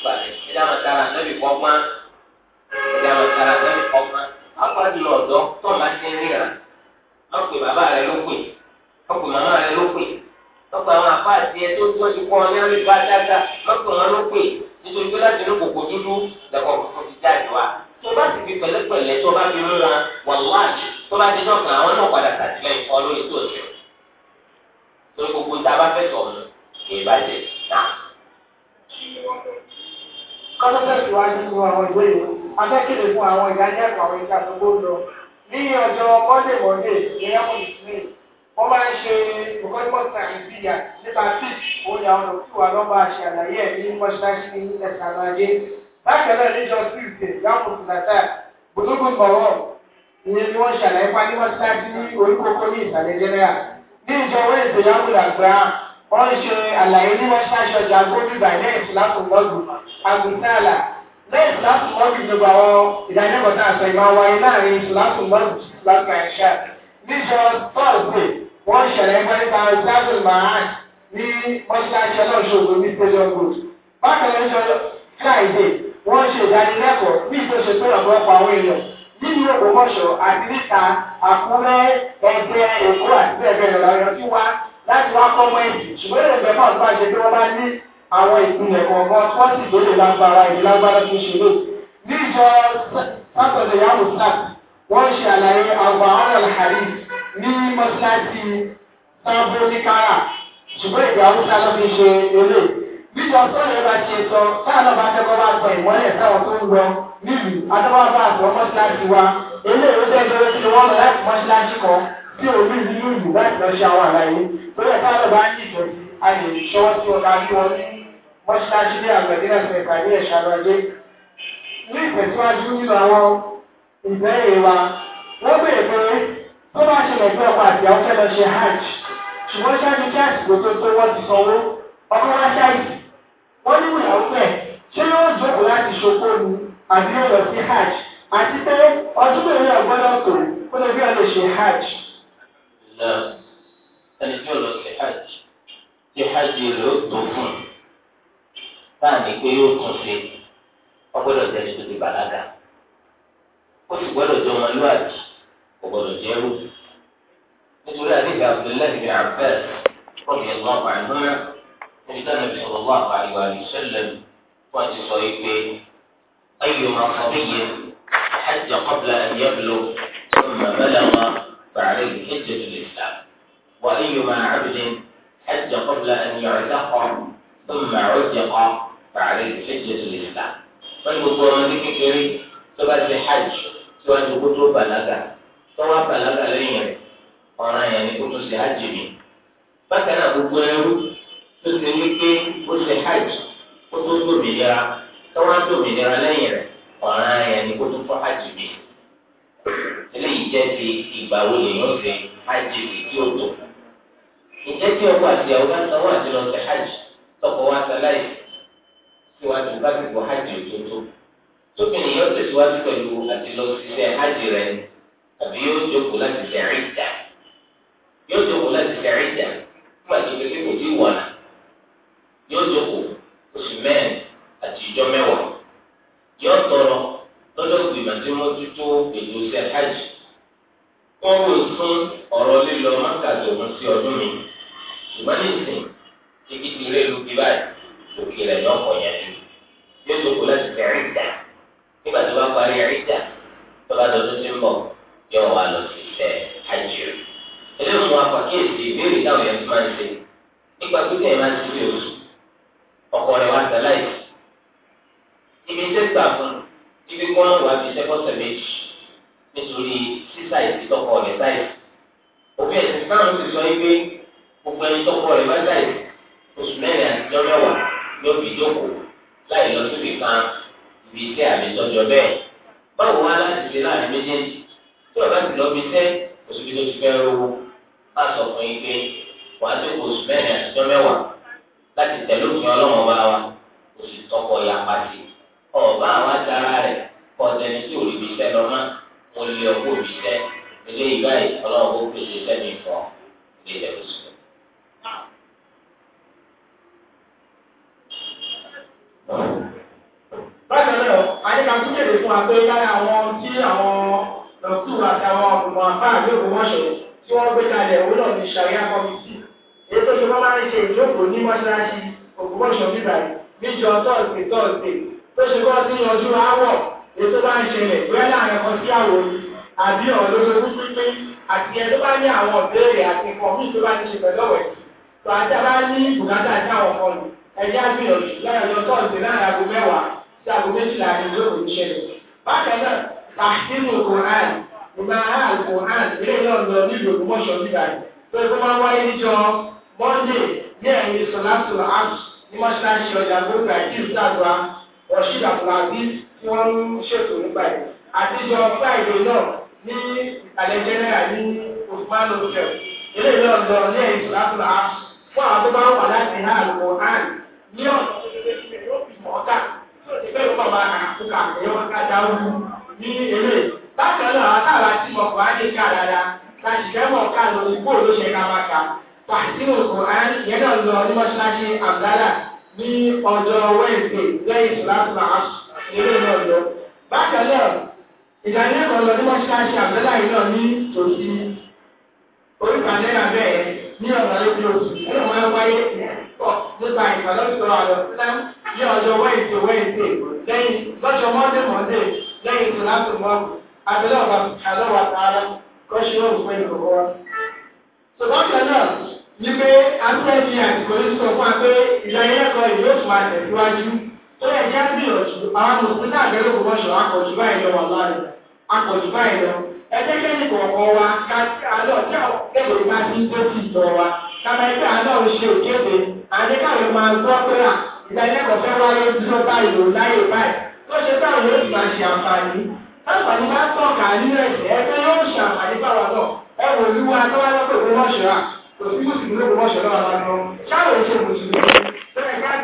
gbàgbé ẹ̀dá máa tara àtẹ́bí kọ́gbọ́n ẹ̀dá máa tara àtẹ́bí kọ́gbọ́n apájú lọ ọ̀dọ́ tó máa ti ń ríra wọ́n pè bàbá rẹ ló pè wọ́n pè màmá rẹ ló pè wọ́n pè àwọn apá àti ẹ tó tó ti kọ́ ọ ní àmì bá dáadáa wọ́n pè wọn ló pè nítorí pé láti inú kòkò dúdú lẹ́kọ̀ọ́ kòkò ti jáde wá tó bá ti fi pẹ̀lẹ́pẹ̀lẹ́ tó bá fi múra wàláàjì tó bá ti dọ̀kan àwọn náà padà sàtìlẹ́yìn kọ́ lórí tó ṣe torí gbogbo tá bá fẹ́ sọ̀rọ̀ kì í bàjẹ́ náà kọ́ńtẹ́ẹ̀tì wa ní gbogbo àwọn ìwé ìwé akẹ́kẹ̀lé fún àwọn ìdánilẹ́kọ̀ọ́ àwọn ìjà tó gbó lọ ní ọjọ́ monday monday ìyẹn mú ìsinmi wọ́n máa ń ṣe ìkọ́jọ́ sàìsíyà nípa fíìs òun ni àwọn òkú wa lọ́ba àṣẹ àlàyé ẹ̀ ní mọ́ṣáláṣí ní ẹ̀sán àlàyé bákan náà níjọ tuesday láwọn òkúta gbogbo gbọ̀wọ́ ìyẹn ni wọ́n ṣàlàyé pa ní mọ́ṣáláṣí ní orí kókó ní ìsàlẹ̀ jẹ́nẹ́rà ní ìjọ wẹ́ẹ̀sì yàgùn làgbà wọ́n ṣe àlàyé ní wọ́n ṣáṣọ ìjà gbójú ìgbà ilé ìsìláàfù mọ́ọ̀dù àgùntàlà lẹ́yìn ìsìláàfù mọ́ọ̀dù ìjọba àwọn ìdánilẹ́kọ̀ọ́ náà sọ ìmọ̀ àwọn ayé láàrin ìsìláàfù mọ́ọ̀dù ìsìláàfù àṣà níjọ tọ́ọ̀gbè wọ́n ṣẹlẹ̀ ẹgbẹ́ nípa ìsìláàfù mahad ní mọ́ṣáláṣí ọlọ́ṣogbo ní stadium road bákan náà jọ friday wọ́n ṣe ìdánilẹ́kọ̀ọ́ bí ìtòṣe tó rọ̀ lọ́pọ̀ àwọn èèyàn nínú Ògbómọ̀ṣọ́ àti níta Àkúrẹ́ Ẹ̀gbẹ́ Èkó àti bẹ́ẹ̀ bẹ́ẹ̀ lọ láti wá kọ́ ọmọ ẹ̀yìn ṣùgbọ́n èrè bẹ́ẹ̀ máa bá ṣe pé wọ́n bá ní àwọn ìpìlẹ̀ kọ̀ọ̀kan tí wọ́n sì lóye lágbára ìlú lágbára tó ṣe lò. ní ìjọ sátọ̀dẹ̀ yàrá sáà wọ́n ṣe àlàyé àwọn àwọn àlàyé ní mọ́ṣáàtì sábó ní kára ṣùgbọ́n èdè haúsá ló fi ṣe eré. níjọ sọ́ọ̀lù bá ṣe sọ káàlọ́ bá tẹ́kọ́ bá sọ ìmọ́lẹ̀ sáwọn tó ń lọ nílùú adọ́bàbà àtọ́ mọ́ṣáàtì wa eléyìí ó dẹ́ tí o rí nínú ìlú láti lọ ṣe àwọn àlàyé lórí ẹ̀ka àlọ́bà ń yìí tọ́jú a lè ṣọwọ́ tí ọba ní wọn ní mọ́ṣáláṣí ní àgbẹ̀dẹ́ náà ṣẹ̀ka ní ẹ̀ṣà lọ́jẹ́. ní ìtẹ̀síwájú nínú àwọn ìbéèrè wa wọ́n béèrè pé tó bá ṣẹlẹ̀ pé ọkọ̀ àti àwọn fẹ́lọ ṣe hajj ṣùgbọ́n ṣáájú kí àsìkò tó tó wọ́n ti sanwó ọkọ̀ wá ṣáàjì wọ́n ní ìyàwó pẹ̀ ṣé yóò jókòó láti ṣokó ni àbí yóò lọ sí hajj àti pé ọdún mẹ́rin ọgbọ́n tó kó lè bí ọ lè ṣe hajj. hajj rẹ̀ ó tó fún báàmì pé yóò tún ṣe ó gbọ́dọ̀ jẹ́ ní tó ti bàlágà ó sì gbọ́dọ̀ jẹ́ ọmọlúwàbí kò gbọ́dọ̀ jẹ́ ẹrú nítorí àdéhùn Abdullahi bin Abbas rọ̀bì ẹ̀gbọ́n ọ̀pá níbi tí wọn sọ̀rọ̀ wá àpàlùwà ìṣẹ̀lẹ̀ wọn ti sọ yìí pé ayò máa fọ bí yẹ hajj qabla an yablugh thumma balagha fa'alayhi hajjatul islam wa ayò máa 'abdin حج قبل أن يعتق ثم عتق فعليه حجة الإسلام فالبطوة من ذكر تبقى الحج سواء تبطوة بلغة سواء بلغة لين ọ̀ràn yẹn ni kó tó ṣe hajj mi bákan náà gbogbo ẹrú tó ṣe wípé ó ṣe hajj kó tó tómìnira tọ́wọ́n tómìnira lẹ́yìn rẹ̀ ọ̀ràn yẹn ni kó tó fọ́ hajj mi eléyìí jẹ́ ti ìgbà wo lèyìn ó ṣe hajj mi tí ó tó kù ìjẹ́ tí ọkọ àti ìyàwó bá ń sanwó àti lọ sí hajj tọkọ wa sáláì síwájú lásìkò hajj òtútù tóbìnrin yóò tẹ̀síwájú pẹ̀lú àti lọ síṣẹ́ hajj rẹ̀ àbí yóò jókòó láti ṣe àìjà yóò jókòó láti ṣe àìjà fún àtúntò kò tí wọ̀nà yóò jókòó oṣù mẹ́rin àti ìjọ mẹ́wàá yóò tọrọ lọ́dọ̀ gbìmọ̀ tí wọ́n tútó ètò ṣe hajj kó o fún ọ̀rọ̀ lílọ mákàtó sí ọdún mi ṣùgbọ́n nísìnyí ibi ti ilé lu bíbá òkè rẹ̀ ní ọkọ̀ yẹn ju yóò tó kó láti fẹ́ rí ìjà nígbà tó bá parí rí ìjà tó bá dọdún tí ń bọ̀ yóò wá lọ sí ìfẹ́ àjò. eléyìí wọn àpàkíyèsí ìbéèrè táwọn yẹn ti máa ń ṣe nígbà tó kẹ́ ẹ̀ máa ń ṣe bí oṣù ọkọ rẹ̀ wá sẹ́láìsì ibi tẹ́ gbà fún ibi kọ́ wà fi sẹ́kọ̀sẹ̀ méjì nítorí sísáìsì tọkọ rẹ̀ sáìsì gbogbo ẹni tọkọ rẹ̀ bá jáde oṣù mẹ́rin àtijọ́ mẹ́wàá ló fi jókòó láì lọ síbi kan ibi iṣẹ́ àmì ìtọjọ báwo wá láti ṣe láàrin méjèèjì tí ọba ti lọ bí iṣẹ́ oṣù bí lóṣù fẹ́ rówó bá sọ fún yín pé wàá jókòó oṣù mẹ́rin àtijọ́ mẹ́wàá láti tẹ̀lé òfin ọlọ́mọ bá wa oṣù tọkọ yà pàṣẹ ọba àwọn àtàrà rẹ̀ kọ̀ọ̀tẹ̀ni tí òrì bí iṣẹ́ lọ mọ́ mo lè ọkọ̀ bí iṣẹ́ eléyìí báyìí ọlọ́run ó pèsè sẹ́mi fún ọ ilé ìjẹ̀bùsọ. bákan náà àyíká tún kéde fún wa pé lára àwọn tí àwọn dọ̀tú àti àwọn ọ̀gbọ̀n àbá àbí ògbómọ̀ṣọ́ tí wọ́n gbé kalẹ̀ òun náà ní sàríà kọ́mítì èyí tó ṣe wọ́n máa ń ṣe ìjókòó ní mọ́ṣáláṣí ògbómọ̀ṣọ́ bíbá níjọ tọ́ọ̀sì tọ́ọ̀sì tó ṣe kọ́ sí ọjọ́ àwọ̀ èyí tó bá ń ṣẹlẹ̀ bẹ́ẹ̀ láàrin kan sí àwọ̀ yìí àbí ọ̀rọ̀ ló ṣe wípé pé àti ẹ tó bá ní àwọn ìbéèrè àti nǹkan míì tó bá ní ṣe pẹ̀lú ọ̀wẹ̀ tó àti àbá ní bùkátà àti àwọn kan lò ẹjẹ́ àgbìyànjú láàrin ọjọ́ ọ̀sẹ̀ láàrin aago mẹ́wàá sí aago méjìlá ní ìlú òkú ṣẹlẹ̀. bákan náà tàṣínú koran ìgbà àhàn koran ilé náà lọ nílùú ògbómọ̀ṣọ́ nígbà tó ẹgbẹ́ máa wáyé níjọ monday ní ẹ̀yìn sọ̀lásù àṣù ní mọ́ṣáláṣí ọjà gbogbo àti ìsàdùá rọ̀ṣíd àfúlàbí tí wọ́n ń ṣètò nígbà yìí àtijọ́ friday náà ní ìpàdé general ní osman hotel ilé náà lọ ní ẹ̀yìn sọ̀lásù àṣù fún àwọn tó bá wà láti hàn koran ní ọ̀nà tó ṣe pé ṣe yóò fi mọ̀ ọ́ta tí ó ti fẹ́ lọ́pọ̀ bá àkókò àkóyọ́ kájà ó ní eré bákan náà àtàrà tí mo kọ́ á lè ká dáadáa ká ṣìṣẹ́ mọ̀ ká lọ ikú ló ṣe ká máa ka pàṣípò kò á yẹn náà lọ ní mọ́ṣáláṣí àbúdádà ní ọjọ́ wẹ́ẹ̀sì lẹ́yìn ìṣúná eré náà lọ bákan náà ìdánilẹ́kọ̀ọ́ lọ ní mọ́ṣáláṣí àbúdádà yìí náà ní tòṣì oríkà náírà bẹ́ẹ̀ ní ọ̀nà lójú oṣù ní ọ̀nà wáyé pọ̀ nípa ìpàdánù sọ̀rọ̀ àlọ́ sílẹ̀ ní ọjọ́ wẹ́ẹ̀sì wẹ́ẹ̀sì lẹ́yìn lọ́jọ́ mọ́ndé mọ́ndé lẹ́yìn tó láti mọ́ọ̀kù abẹ́lẹ́ ọ̀gá àlọ́wà tààrà kọ́ ṣe ó fún ìkọ̀kọ́ wa. sọ̀tọ́jọ́ náà ní pé àtúnyẹ̀dì àtìkò ní sọ fún wa pé ìlànà ẹ̀kọ́ yóò tún máa tẹ̀síwájú tó yẹ jẹ́ gbìyànjú àwọn mùsùlùmí náà gẹ́gẹ́ bó wọ́n ṣọ akọ̀jú báyìí lọ wà láàyè akọ̀jú báyìí lọ ẹgbẹ́ kẹ́ni kọ̀ọ̀kan wa ká lọ sí àwọn ẹgbẹ́ ìgbà tí ń tó sì jọ wa kàmá ẹgbẹ́ àná ṣe òkéde àdékàwé máa gbọ́ pé à ìdánilẹ́kọ̀ọ́ fẹ́ wáyé dúró báyìí ò láyè báyìí tó ṣe báwo yóò sì máa ṣe àǹfààní láǹfààní bá tàn ká nínú ẹ̀sẹ̀ ẹgbẹ́ yóò ṣe àǹfààní báwa náà ẹ wò ní wa tó wá lọ́pọ̀ ìwé wọ́ṣọ́ kò sí mùsùlùmí ló wọ́ṣọ́ lọ́wọ́ lọ́wọ́ ṣáà